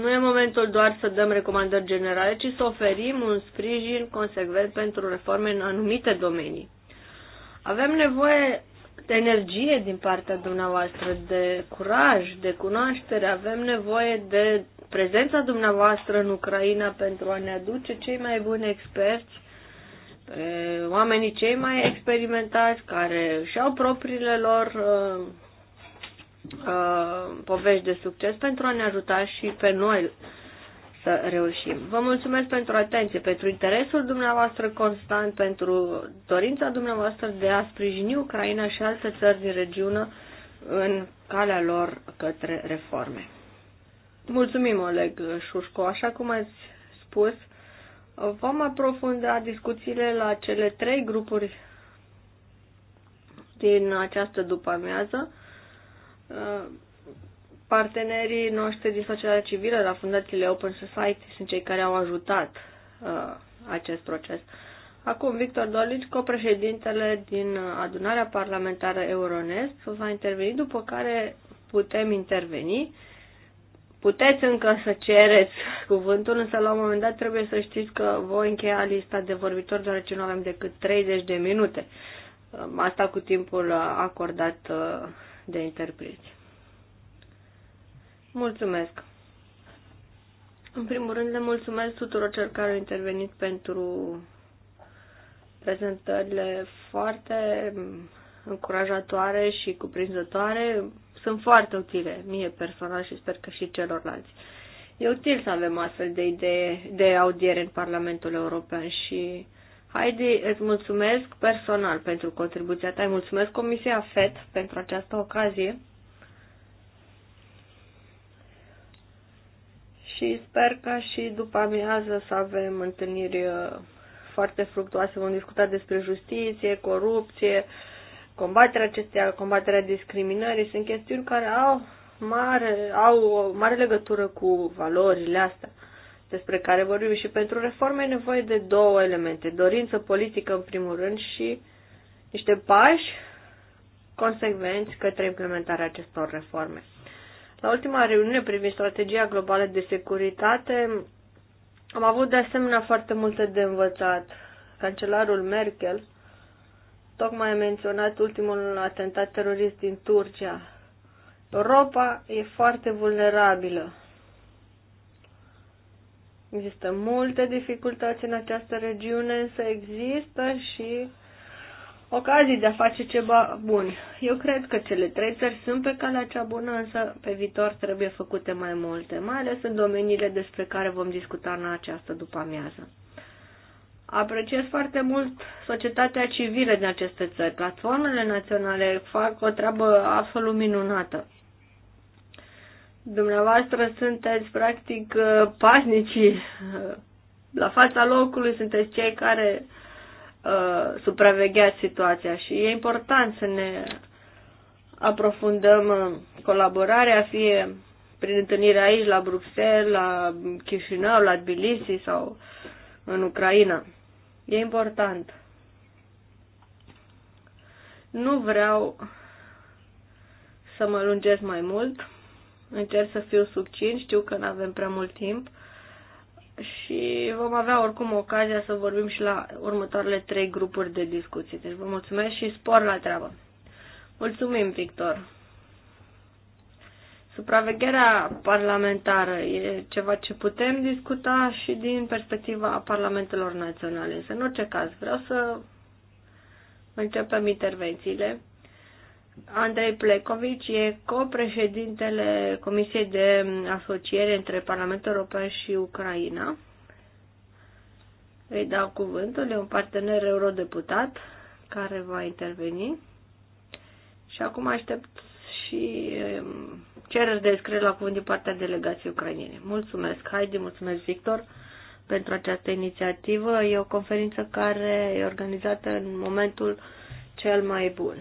nu e momentul doar să dăm recomandări generale, ci să oferim un sprijin consecvent pentru reforme în anumite domenii. Avem nevoie de energie din partea dumneavoastră, de curaj, de cunoaștere. Avem nevoie de prezența dumneavoastră în Ucraina pentru a ne aduce cei mai buni experți, oamenii cei mai experimentați, care și-au propriile lor uh, uh, povești de succes pentru a ne ajuta și pe noi să reușim. Vă mulțumesc pentru atenție, pentru interesul dumneavoastră constant, pentru dorința dumneavoastră de a sprijini Ucraina și alte țări din regiune în calea lor către reforme. Mulțumim, Oleg Șușco. Așa cum ați spus, vom aprofunda discuțiile la cele trei grupuri din această după-amiază. Partenerii noștri din societatea civilă la fundațiile Open Society sunt cei care au ajutat uh, acest proces. Acum, Victor Dolici, copreședintele din adunarea parlamentară Euronest, va interveni, după care putem interveni. Puteți încă să cereți cuvântul, însă la un moment dat trebuie să știți că voi încheia lista de vorbitori, deoarece nu avem decât 30 de minute. Uh, asta cu timpul uh, acordat uh, de interpreți. Mulțumesc. În primul rând le mulțumesc tuturor celor care au intervenit pentru prezentările foarte încurajatoare și cuprinzătoare. Sunt foarte utile, mie personal și sper că și celorlalți. E util să avem astfel de idee de audiere în Parlamentul European și Heidi, îți mulțumesc personal pentru contribuția ta, îi mulțumesc Comisia FET pentru această ocazie și sper că și după amiază să avem întâlniri uh, foarte fructuoase. Vom discuta despre justiție, corupție, combaterea acesteia, combaterea discriminării. Sunt chestiuni care au mare, au o mare legătură cu valorile astea despre care vorbim și pentru reforme e nevoie de două elemente. Dorință politică în primul rând și niște pași consecvenți către implementarea acestor reforme. La ultima reuniune privind strategia globală de securitate, am avut de asemenea foarte multe de învățat. Cancelarul Merkel tocmai a menționat ultimul atentat terorist din Turcia. Europa e foarte vulnerabilă. Există multe dificultăți în această regiune, însă există și ocazii de a face ceva bun. Eu cred că cele trei țări sunt pe calea cea bună, însă pe viitor trebuie făcute mai multe, mai ales în domeniile despre care vom discuta în această după amiază. Apreciez foarte mult societatea civilă din aceste țări. Platformele naționale fac o treabă absolut minunată. Dumneavoastră sunteți practic uh, pașnicii uh, la fața locului, sunteți cei care uh, Uh, supravegheați situația și e important să ne aprofundăm uh, colaborarea, fie prin întâlnire aici, la Bruxelles, la Chișinău, la Tbilisi sau în Ucraina. E important. Nu vreau să mă lungesc mai mult. Încerc să fiu succint, știu că nu avem prea mult timp și vom avea oricum ocazia să vorbim și la următoarele trei grupuri de discuții. Deci vă mulțumesc și spor la treabă. Mulțumim, Victor. Supravegherea parlamentară e ceva ce putem discuta și din perspectiva parlamentelor naționale. Însă, în orice caz, vreau să începem intervențiile Andrei Plecovici e copreședintele Comisiei de Asociere între Parlamentul European și Ucraina. Îi dau cuvântul, e un partener eurodeputat care va interveni. Și acum aștept și um, cereri de scris la cuvânt din partea delegației ucrainene. Mulțumesc, Heidi, mulțumesc, Victor, pentru această inițiativă. E o conferință care e organizată în momentul cel mai bun.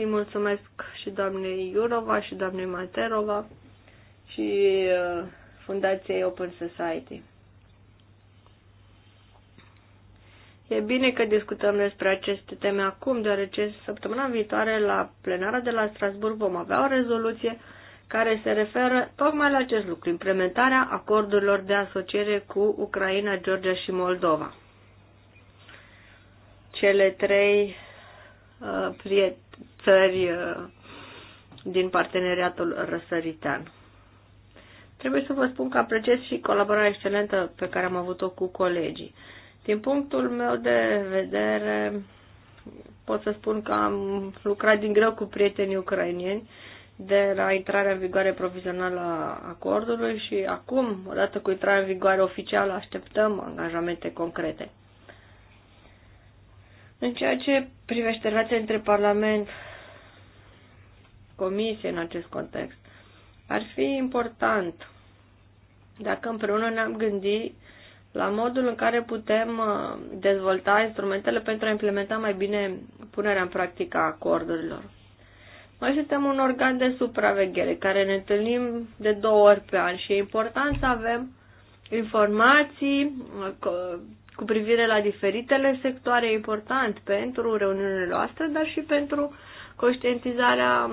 Îi mulțumesc și doamnei Iurova și doamnei Materova și uh, Fundației Open Society. E bine că discutăm despre aceste teme acum, deoarece săptămâna viitoare la plenara de la Strasburg vom avea o rezoluție care se referă tocmai la acest lucru, implementarea acordurilor de asociere cu Ucraina, Georgia și Moldova. Cele trei uh, priet- țări uh, din parteneriatul răsăritean. Trebuie să vă spun că apreciez și colaborarea excelentă pe care am avut-o cu colegii. Din punctul meu de vedere, pot să spun că am lucrat din greu cu prietenii ucrainieni de la intrarea în vigoare provizională a acordului și acum, odată cu intrarea în vigoare oficială, așteptăm angajamente concrete. În ceea ce privește relația între Parlament Comisie în acest context. Ar fi important dacă împreună ne-am gândit la modul în care putem uh, dezvolta instrumentele pentru a implementa mai bine punerea în practică a acordurilor. Noi suntem un organ de supraveghere care ne întâlnim de două ori pe an și e important să avem informații uh, cu privire la diferitele sectoare important pentru reuniunile noastre, dar și pentru conștientizarea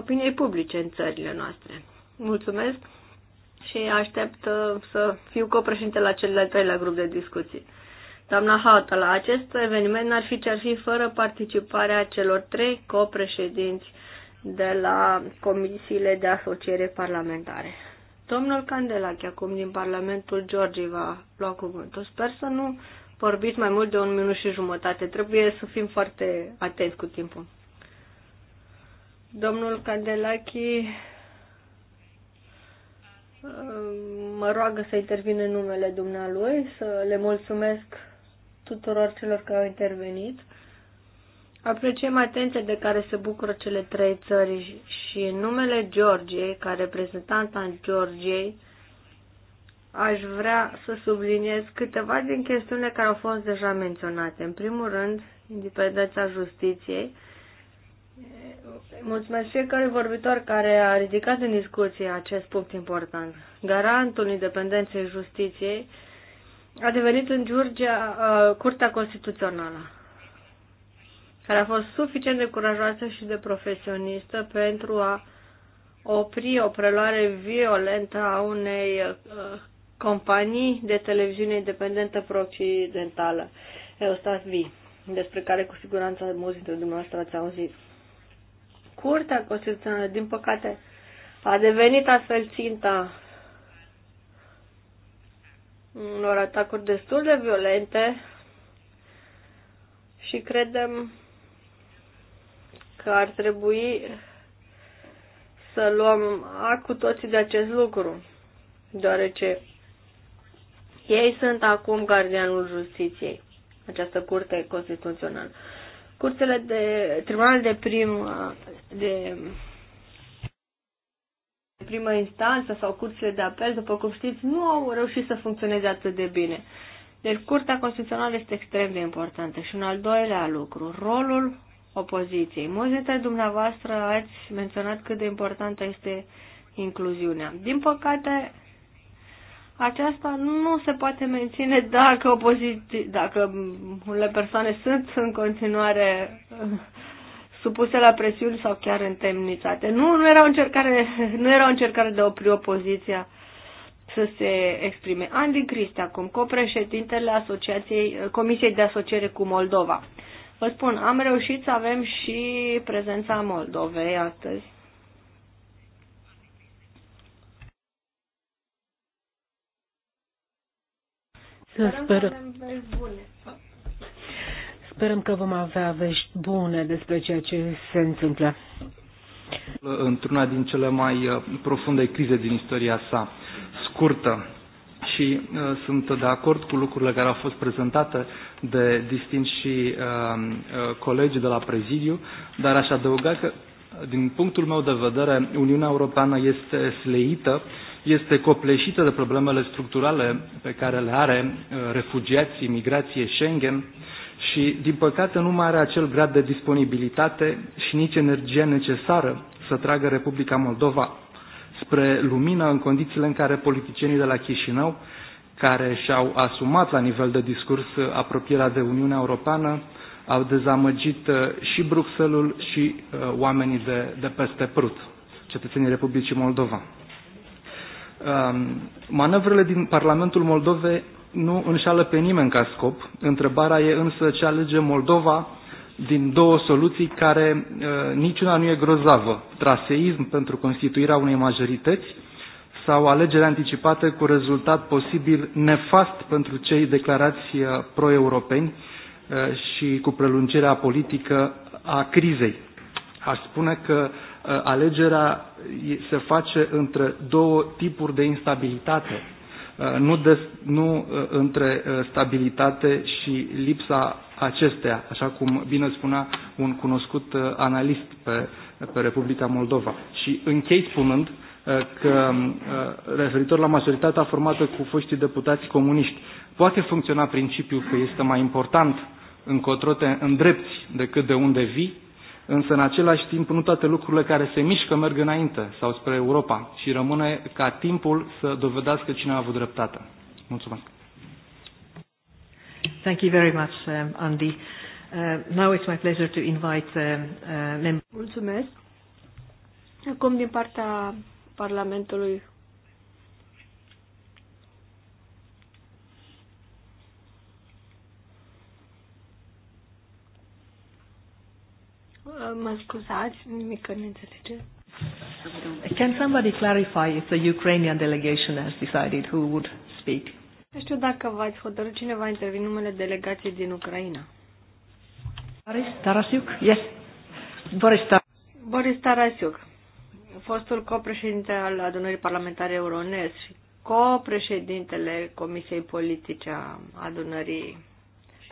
opiniei publice în țările noastre. Mulțumesc și aștept uh, să fiu copreședinte la cel de-al treilea grup de discuții. Doamna Hauta, la acest eveniment n-ar fi ce ar fi fără participarea celor trei copreședinți de la comisiile de asociere parlamentare. Domnul Candelache, acum din Parlamentul Georgii, va lua cuvântul. Sper să nu vorbiți mai mult de un minut și jumătate. Trebuie să fim foarte atenți cu timpul. Domnul Candelachi mă roagă să intervin în numele dumnealui, să le mulțumesc tuturor celor care au intervenit. Apreciem atenția de care se bucură cele trei țări și în numele Georgiei, ca reprezentant al Georgiei, aș vrea să subliniez câteva din chestiunile care au fost deja menționate. În primul rând, independența justiției, Mulțumesc fiecare vorbitor care a ridicat în discuție acest punct important. Garantul independenței justiției a devenit în Georgia uh, Curtea Constituțională, care a fost suficient de curajoasă și de profesionistă pentru a opri o preluare violentă a unei uh, companii de televiziune independentă pro-occidentală, Eustat V, despre care cu siguranță mulți dintre dumneavoastră ați auzit. Curtea Constituțională, din păcate, a devenit astfel ținta unor atacuri destul de violente și credem că ar trebui să luăm act cu toții de acest lucru, deoarece ei sunt acum gardianul justiției, această curte constituțională curțele de tribunal de prim de primă instanță sau curțile de apel, după cum știți, nu au reușit să funcționeze atât de bine. Deci Curtea Constituțională este extrem de importantă. Și un al doilea lucru, rolul opoziției. Mulți dintre dumneavoastră ați menționat cât de importantă este incluziunea. Din păcate, aceasta nu se poate menține dacă, opoziții, dacă unele persoane sunt în continuare uh, supuse la presiuni sau chiar întemnițate. Nu, nu, era o încercare, nu era o încercare de a opri opoziția să se exprime. Andy Cristi, acum copreședintele Asociației, Comisiei de Asociere cu Moldova. Vă spun, am reușit să avem și prezența Moldovei astăzi Să sperăm. Sperăm că vom avea vești bune despre ceea ce se întâmplă. Într-una din cele mai uh, profunde crize din istoria sa, scurtă, și uh, sunt de acord cu lucrurile care au fost prezentate de distinși uh, uh colegi de la prezidiu, dar aș adăuga că, din punctul meu de vedere, Uniunea Europeană este sleită uh, este copleșită de problemele structurale pe care le are uh, refugiații, migrație, Schengen și, din păcate, nu mai are acel grad de disponibilitate și nici energia necesară să tragă Republica Moldova spre lumină în condițiile în care politicienii de la Chișinău, care și-au asumat la nivel de discurs apropierea de Uniunea Europeană, au dezamăgit uh, și Bruxelles și uh, oamenii de, de peste Prut, cetățenii Republicii Moldova. Um, manevrele din Parlamentul Moldovei nu înșală pe nimeni ca scop. Întrebarea e însă ce alege Moldova din două soluții care uh, niciuna nu e grozavă. Traseism pentru constituirea unei majorități sau alegere anticipată cu rezultat posibil nefast pentru cei declarați uh, pro-europeni uh, și cu prelungirea politică a crizei. Aș spune că Uh, alegerea se face între două tipuri de instabilitate, uh, nu, de, nu uh, între stabilitate și lipsa acesteia, așa cum bine spunea un cunoscut analist pe, pe Republica Moldova. Și închei spunând că referitor la majoritatea formată cu foștii deputați comuniști, poate funcționa principiul că este mai important încotro te îndrepti decât de unde vii, Însă, în același timp, nu toate lucrurile care se mișcă merg înainte sau spre Europa și rămâne ca timpul să dovedească cine a avut dreptate. Mulțumesc. Thank you very much, um, Andy. Uh, now it's my pleasure to invite uh, uh, Mulțumesc. Acum, din partea Parlamentului Mă scuzați, nimic nu înțelege. Can somebody clarify if the Ukrainian delegation has decided who would speak? Nu știu dacă v-ați hotărât cine va interveni numele delegației din Ucraina. Boris Tarasiuk? Yes. Boris Tarasiuk. Boris Tarasiuk, fostul copreședinte al adunării parlamentare Euronest și copreședintele Comisiei Politice a adunării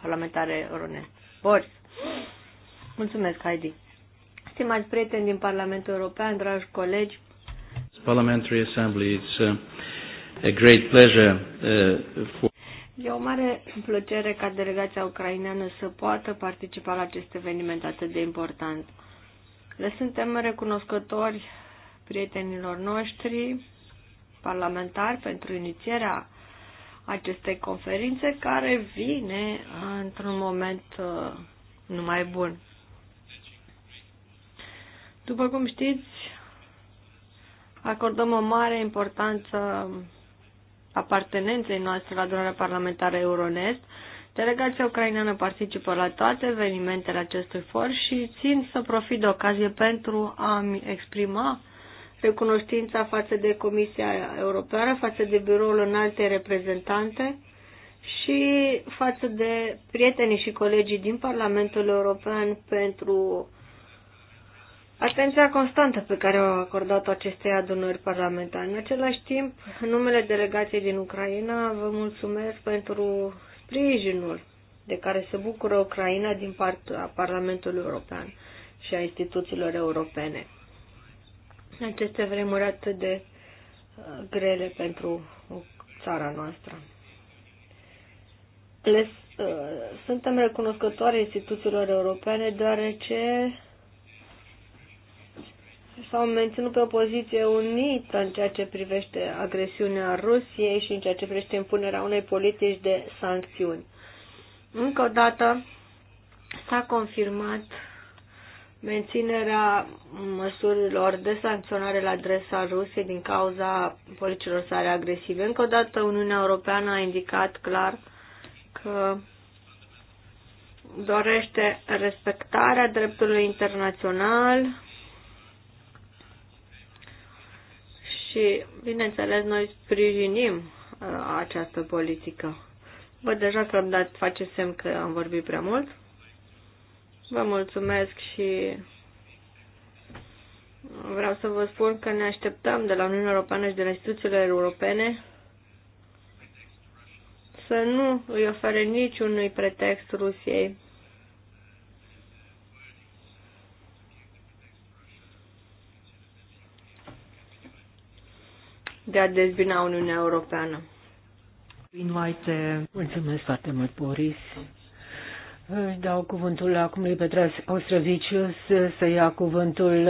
parlamentare Euronest. Boris. Mulțumesc, Heidi. Stimați prieteni din Parlamentul European, dragi colegi. Parliamentary Assembly, it's uh, a great pleasure uh, for E o mare plăcere ca delegația ucraineană să poată participa la acest eveniment atât de important. Le suntem recunoscători prietenilor noștri parlamentari pentru inițierea acestei conferințe care vine într-un moment uh, numai bun. După cum știți, acordăm o mare importanță apartenenței noastre la adunarea parlamentară Euronest. Delegația ucraineană participă la toate evenimentele acestui for și țin să profit de ocazie pentru a-mi exprima recunoștința față de Comisia Europeană, față de biroul alte reprezentante și față de prietenii și colegii din Parlamentul European pentru atenția constantă pe care au acordat-o acestei adunări parlamentare. În același timp, în numele delegației din Ucraina, vă mulțumesc pentru sprijinul de care se bucură Ucraina din partea Parlamentului European și a instituțiilor europene. În aceste vremuri atât de uh, grele pentru țara noastră. Le, uh, suntem recunoscătoare instituțiilor europene deoarece s-au menținut pe o poziție unită în ceea ce privește agresiunea Rusiei și în ceea ce privește impunerea unei politici de sancțiuni. Încă o dată s-a confirmat menținerea măsurilor de sancționare la adresa Rusiei din cauza politicilor sale agresive. Încă o dată Uniunea Europeană a indicat clar că dorește respectarea dreptului internațional, Și, bineînțeles, noi sprijinim uh, această politică. Văd deja că am dat, face semn că am vorbit prea mult. Vă mulțumesc și vreau să vă spun că ne așteptăm de la Uniunea Europeană și de la instituțiile europene să nu îi ofere niciunui pretext Rusiei de a dezbina Uniunea Europeană. Invite. Mulțumesc foarte mult, Boris. Îi dau cuvântul acum lui Petra Ostrăvicius să ia cuvântul.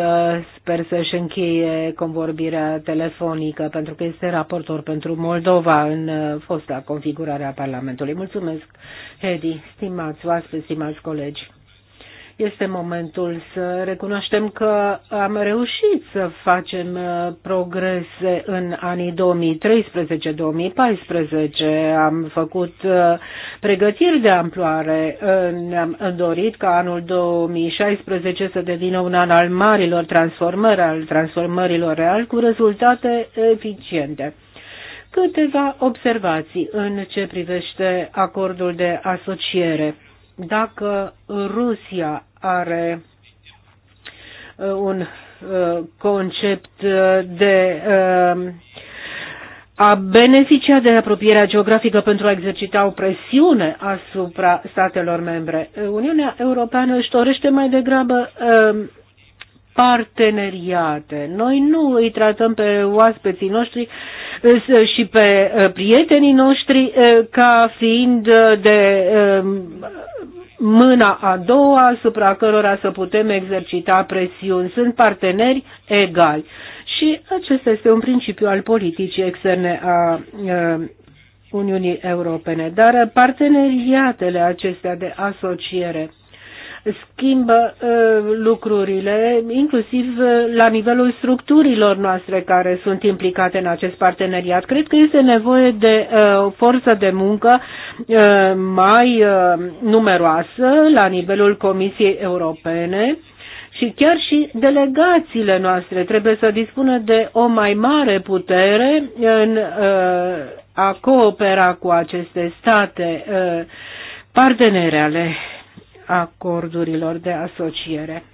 Sper să-și încheie convorbirea telefonică, pentru că este raportor pentru Moldova în fosta configurare a Parlamentului. Mulțumesc, Hedi, stimați oaspeți, stimați colegi. Este momentul să recunoaștem că am reușit să facem uh, progrese în anii 2013-2014. Am făcut uh, pregătiri de amploare. Uh, ne-am dorit ca anul 2016 să devină un an al marilor transformări, al transformărilor reali cu rezultate eficiente câteva observații în ce privește acordul de asociere. Dacă Rusia are uh, un uh, concept uh, de a beneficia de apropierea geografică pentru a exercita o presiune asupra statelor membre. Uniunea Europeană își dorește mai degrabă parteneriate. Noi nu îi tratăm pe oaspeții noștri și pe ă, prietenii noștri ă, ca fiind ă, de mâna a doua asupra cărora să putem exercita presiuni. Sunt parteneri egali. Și acesta este un principiu al politicii externe a Uniunii Europene. Dar parteneriatele acestea de asociere schimbă uh, lucrurile, inclusiv uh, la nivelul structurilor noastre care sunt implicate în acest parteneriat. Cred că este nevoie de uh, o forță de muncă mai numeroasă la nivelul Comisiei Europene și chiar și delegațiile noastre trebuie să dispună de o mai mare putere în a coopera cu aceste state partenere ale acordurilor de asociere.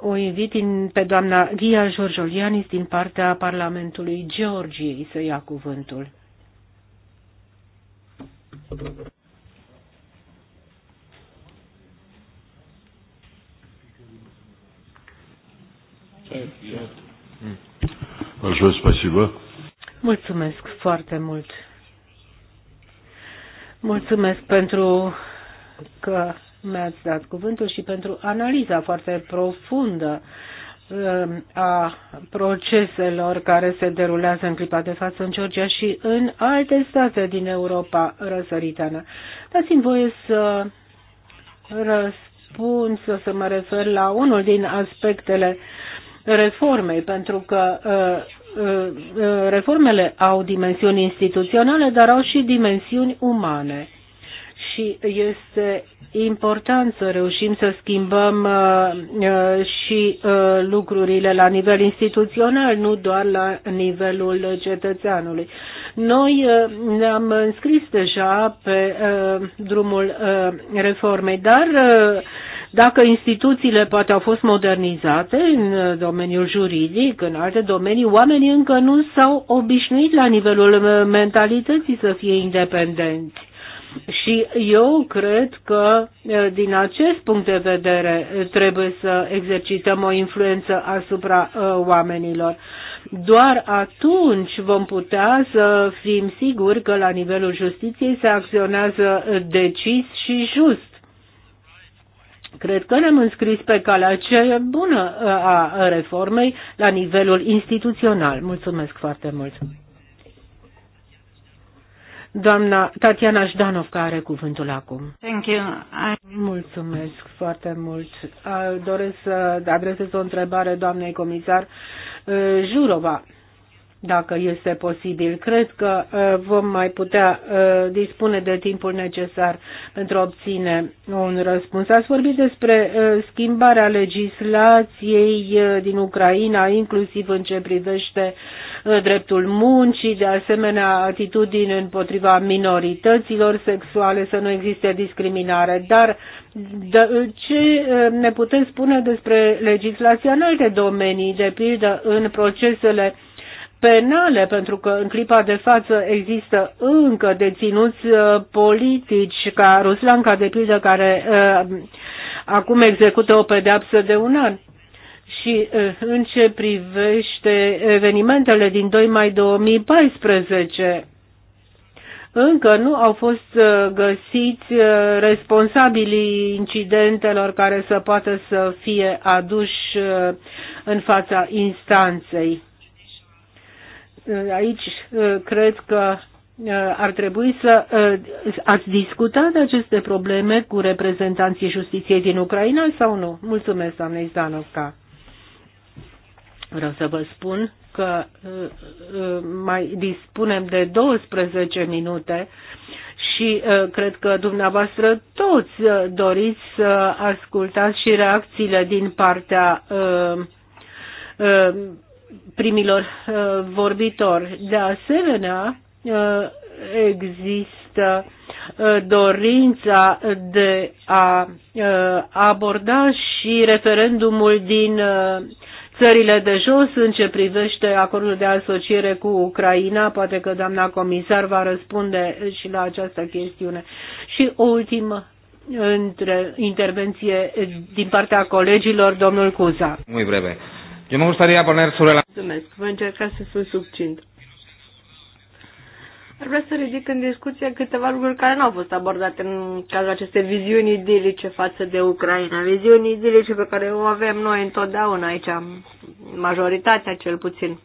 O invit pe doamna Ghia Jorjolianis din partea Parlamentului Georgiei să ia cuvântul. Mulțumesc foarte mult. Mulțumesc pentru că mi-ați dat cuvântul și pentru analiza foarte profundă um, a proceselor care se derulează în clipa de față în Georgia și în alte state din Europa răsăritană. Dați-mi voie să răspund, să, să mă refer la unul din aspectele reformei, pentru că uh, Uh, uh, reformele au dimensiuni instituționale, dar au și dimensiuni umane. Și este important să reușim să schimbăm uh, și lucrurile la nivel instituțional, nu doar la nivelul cetățeanului. Noi ne-am înscris deja pe drumul reformei, dar dacă instituțiile poate au fost modernizate în uh, domeniul juridic, în alte domenii, oamenii încă nu s-au obișnuit la nivelul uh, mentalității să fie independenți. Și eu cred că, uh, din acest punct de vedere, trebuie să exercităm o influență asupra uh, oamenilor. Doar atunci vom putea să fim siguri că la nivelul justiției se acționează decis și just. Cred că ne-am înscris pe calea cea bună uh, a reformei la nivelul instituțional. Mulțumesc foarte mult. Doamna Tatiana Jdanovca are cuvântul acum. Thank you. I... Mulțumesc foarte mult. Uh, doresc să adresez o întrebare doamnei comisar uh, Jurova dacă este posibil. Cred că uh, vom mai putea uh, dispune de timpul necesar pentru a obține un răspuns. Ați vorbit despre uh, schimbarea legislației din Ucraina, inclusiv în ce privește dreptul muncii, de asemenea atitudini împotriva minorităților sexuale, să nu existe discriminare. Dar ce ne puteți spune despre legislația în alte domenii, de pildă în procesele penale, pentru că în clipa de față există încă deținuți uh, politici ca Ruslan, ca de pildă, care uh, acum execută o pedeapsă de un an. Și uh, în ce privește evenimentele din 2 mai 2014, încă nu au fost găsiți responsabilii incidentelor care să poată să fie aduși în fața instanței. Eh, aici eh, cred că eh, ar trebui să ați discutat aceste probleme cu reprezentanții justiției din Ucraina sau nu? Mulțumesc, doamne Zdanovca. Vreau să vă spun că mai dispunem de 12 minute și cred că dumneavoastră toți doriți să ascultați și reacțiile din partea primilor uh, vorbitori. De asemenea, uh, există uh, dorința de a aborda și referendumul din țările de jos în ce privește acordul de asociere cu Ucraina. Poate că doamna comisar va răspunde și la această chestiune. Și o ultimă între intervenție din partea colegilor, domnul Cuza. Muy breve. Yo me gustaría poner sobre la... Mulțumesc, voi încerca să sunt subțint. Ar vrea să ridic în discuție câteva lucruri care nu au fost abordate în cazul acestei viziuni idilice față de Ucraina. Viziuni idilice pe care o avem noi întotdeauna aici, majoritatea cel puțin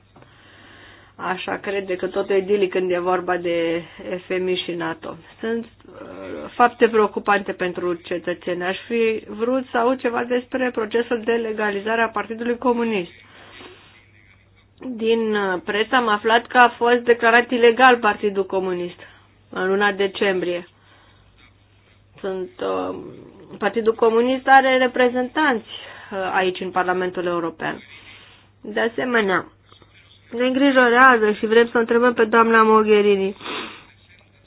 așa crede că totul e dili când e vorba de FMI și NATO. Sunt uh, fapte preocupante pentru cetățeni. Aș fi vrut să aud ceva despre procesul de legalizare a Partidului Comunist. Din uh, presă am aflat că a fost declarat ilegal Partidul Comunist în luna decembrie. Sunt, uh, Partidul Comunist are reprezentanți uh, aici în Parlamentul European. De asemenea, ne îngrijorează și vrem să întrebăm pe doamna Mogherini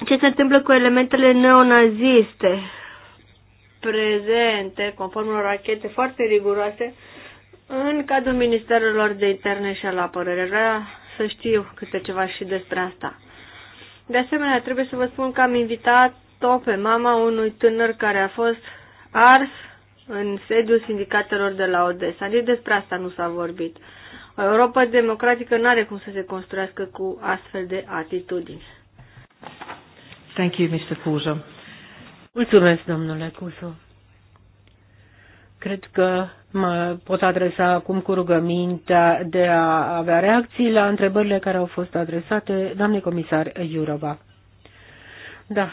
ce se întâmplă cu elementele neonaziste prezente, conform unor rachete foarte riguroase, în cadrul Ministerelor de Interne și al Apărării. Vreau să știu câte ceva și despre asta. De asemenea, trebuie să vă spun că am invitat-o pe mama unui tânăr care a fost ars în sediul sindicatelor de la Odessa. Nici despre asta nu s-a vorbit. Europa democratică nu are cum să se construiască cu astfel de atitudini. Thank you, Mr. Cuso. Mulțumesc, domnule Cuso. Cred că mă pot adresa acum cu rugămintea de a avea reacții la întrebările care au fost adresate, doamne comisar Iurova. Da,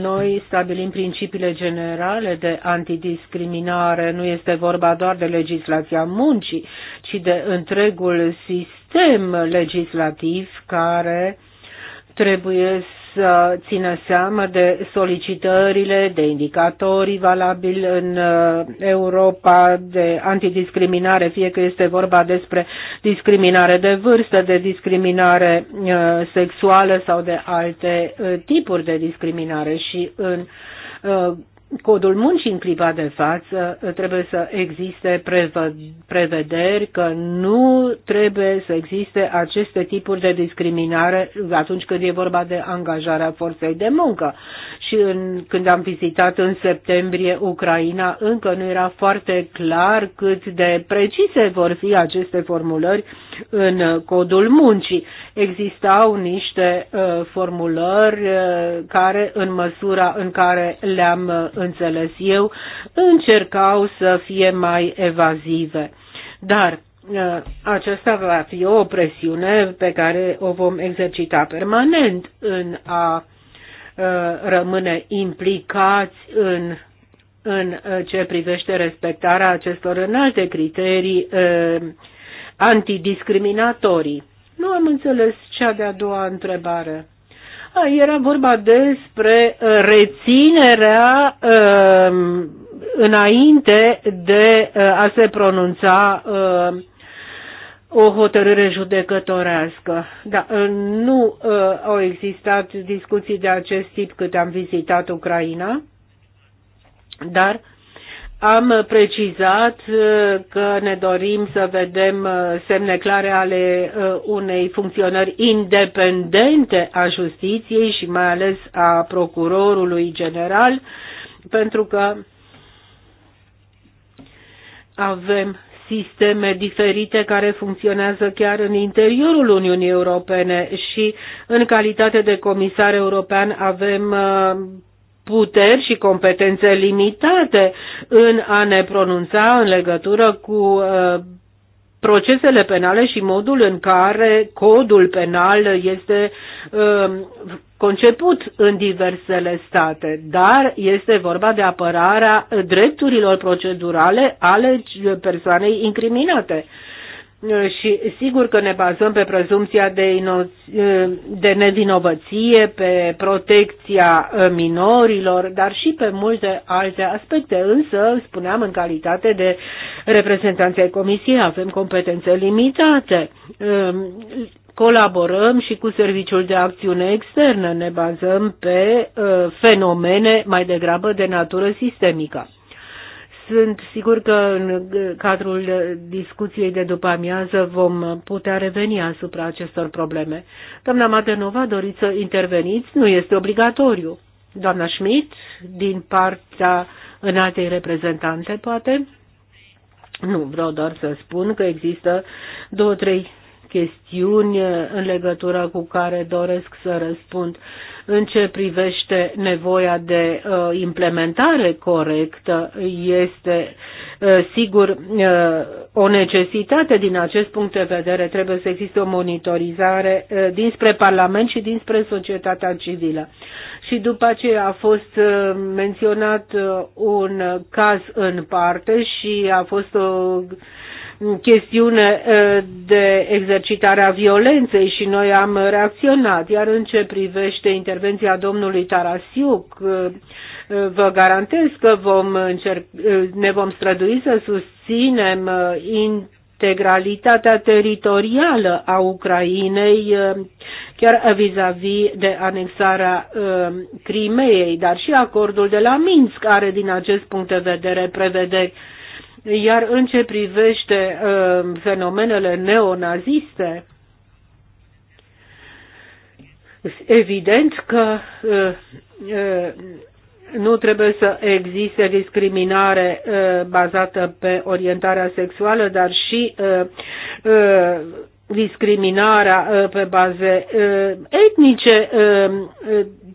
noi stabilim principiile generale de antidiscriminare. Nu este vorba doar de legislația muncii, ci de întregul sistem legislativ care trebuie să țină seamă de solicitările, de indicatorii valabili în uh, Europa, de antidiscriminare, fie că este vorba despre discriminare de vârstă, de discriminare uh, sexuală sau de alte uh, tipuri de discriminare și în codul muncii în clipa de față trebuie să existe prevederi că nu trebuie să existe aceste tipuri de discriminare atunci când e vorba de angajarea forței de muncă. Și în, când am vizitat în septembrie Ucraina, încă nu era foarte clar cât de precise vor fi aceste formulări uh, în codul muncii. Existau niște uh, formulări uh, care, în măsura în care le-am uh, înțeles eu, încercau să fie mai evazive. Dar aceasta va fi o presiune pe care o vom exercita permanent în a rămâne implicați în, în ce privește respectarea acestor înalte criterii antidiscriminatorii. Nu am înțeles cea de-a doua întrebare. A, era vorba despre uh, reținerea uh, înainte de uh, a se pronunța uh, o hotărâre judecătorească. Da, uh, nu uh, au existat discuții de acest tip cât am vizitat Ucraina, dar am precizat uh, că ne dorim să vedem uh, semne clare ale uh, unei funcționări independente a justiției și mai ales a procurorului general, pentru că avem sisteme diferite care funcționează chiar în interiorul Uniunii Europene și în calitate de comisar european avem puteri și competențe limitate în a ne pronunța în legătură cu uh, procesele penale și modul în care codul penal este uh, conceput în diversele state, dar este vorba de apărarea drepturilor procedurale ale persoanei incriminate și sigur că ne bazăm pe prezumția de, ino- de nevinovăție, pe protecția ă, minorilor, dar și pe multe alte aspecte. Însă, spuneam, în calitate de reprezentanți ai Comisiei, avem competențe limitate. Ă, colaborăm și cu Serviciul de Acțiune Externă, ne bazăm pe ă, fenomene mai degrabă de natură sistemică. Sunt sigur că în cadrul discuției de după amiază vom putea reveni asupra acestor probleme. Doamna Madenova, doriți să interveniți? Nu este obligatoriu. Doamna Schmidt, din partea altei reprezentante, poate? Nu, vreau doar să spun că există două, trei chestiuni în legătură cu care doresc să răspund. În ce privește nevoia de uh, implementare corectă, este uh, sigur uh, o necesitate din acest punct de vedere. Trebuie să existe o monitorizare uh, dinspre Parlament și dinspre societatea civilă. Și după aceea a fost uh, menționat uh, un caz în parte și a fost o uh, chestiune de exercitare a violenței și noi am reacționat. Iar în ce privește intervenția domnului Tarasiuc, vă garantez că vom încerc, ne vom strădui să susținem integralitatea teritorială a Ucrainei, chiar vis-a-vis -vis de anexarea Crimeei, dar și acordul de la Minsk are din acest punct de vedere prevederi iar în ce privește uh, fenomenele neonaziste, evident că uh, uh, nu trebuie să existe discriminare bazată pe orientarea sexuală, dar și discriminarea pe baze etnice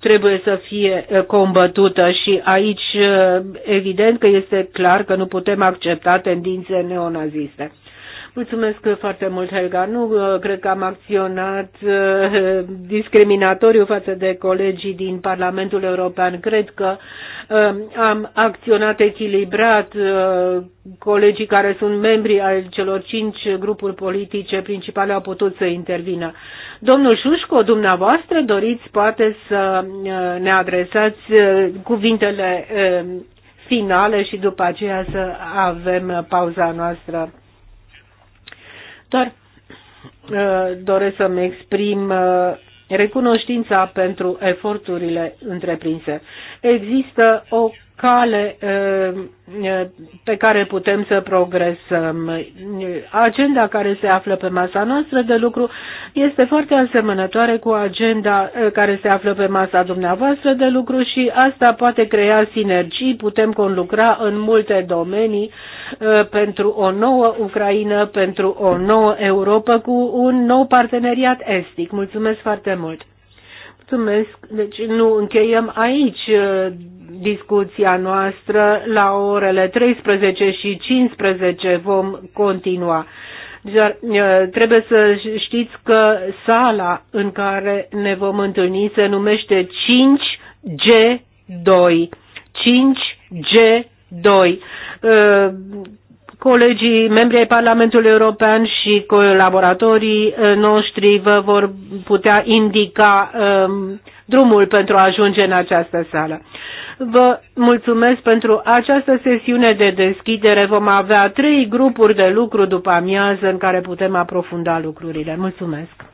trebuie să fie eh, combătută și aici eh, evident că este clar că nu putem accepta tendințe neonaziste. Mulțumesc foarte mult, Helga. Nu eh, cred că am acționat discriminatoriu față de colegii din Parlamentul European. Cred că Um, am acționat echilibrat. Uh, colegii care sunt membri al celor cinci grupuri politice principale au putut să intervină. Domnul Șușco, dumneavoastră doriți poate să uh, ne adresați uh, cuvintele um, finale și după aceea să avem pauza noastră. Doar doresc să-mi exprim recunoștința pentru eforturile întreprinse există o cale eh, eh, pe care putem să progresăm. Agenda care se află pe masa noastră de lucru este foarte asemănătoare cu agenda eh, care se află pe masa dumneavoastră de lucru și asta poate crea sinergii, putem conlucra în multe domenii pentru o nouă Ucraina, pentru o nouă Europa cu un nou parteneriat estic. Mulțumesc foarte mult! Mulțumesc. Deci nu încheiem aici uh, discuția noastră. La orele 13 și 15 vom continua. Dar uh, trebuie să știți că sala în care ne vom întâlni se numește 5G2. 5G2. Colegii, membrii ai Parlamentului European și colaboratorii uh, noștri vă vor putea indica um, drumul pentru a ajunge în această sală. Vă mulțumesc pentru această sesiune de deschidere. Vom avea trei grupuri de lucru după amiază în care putem aprofunda lucrurile. Mulțumesc!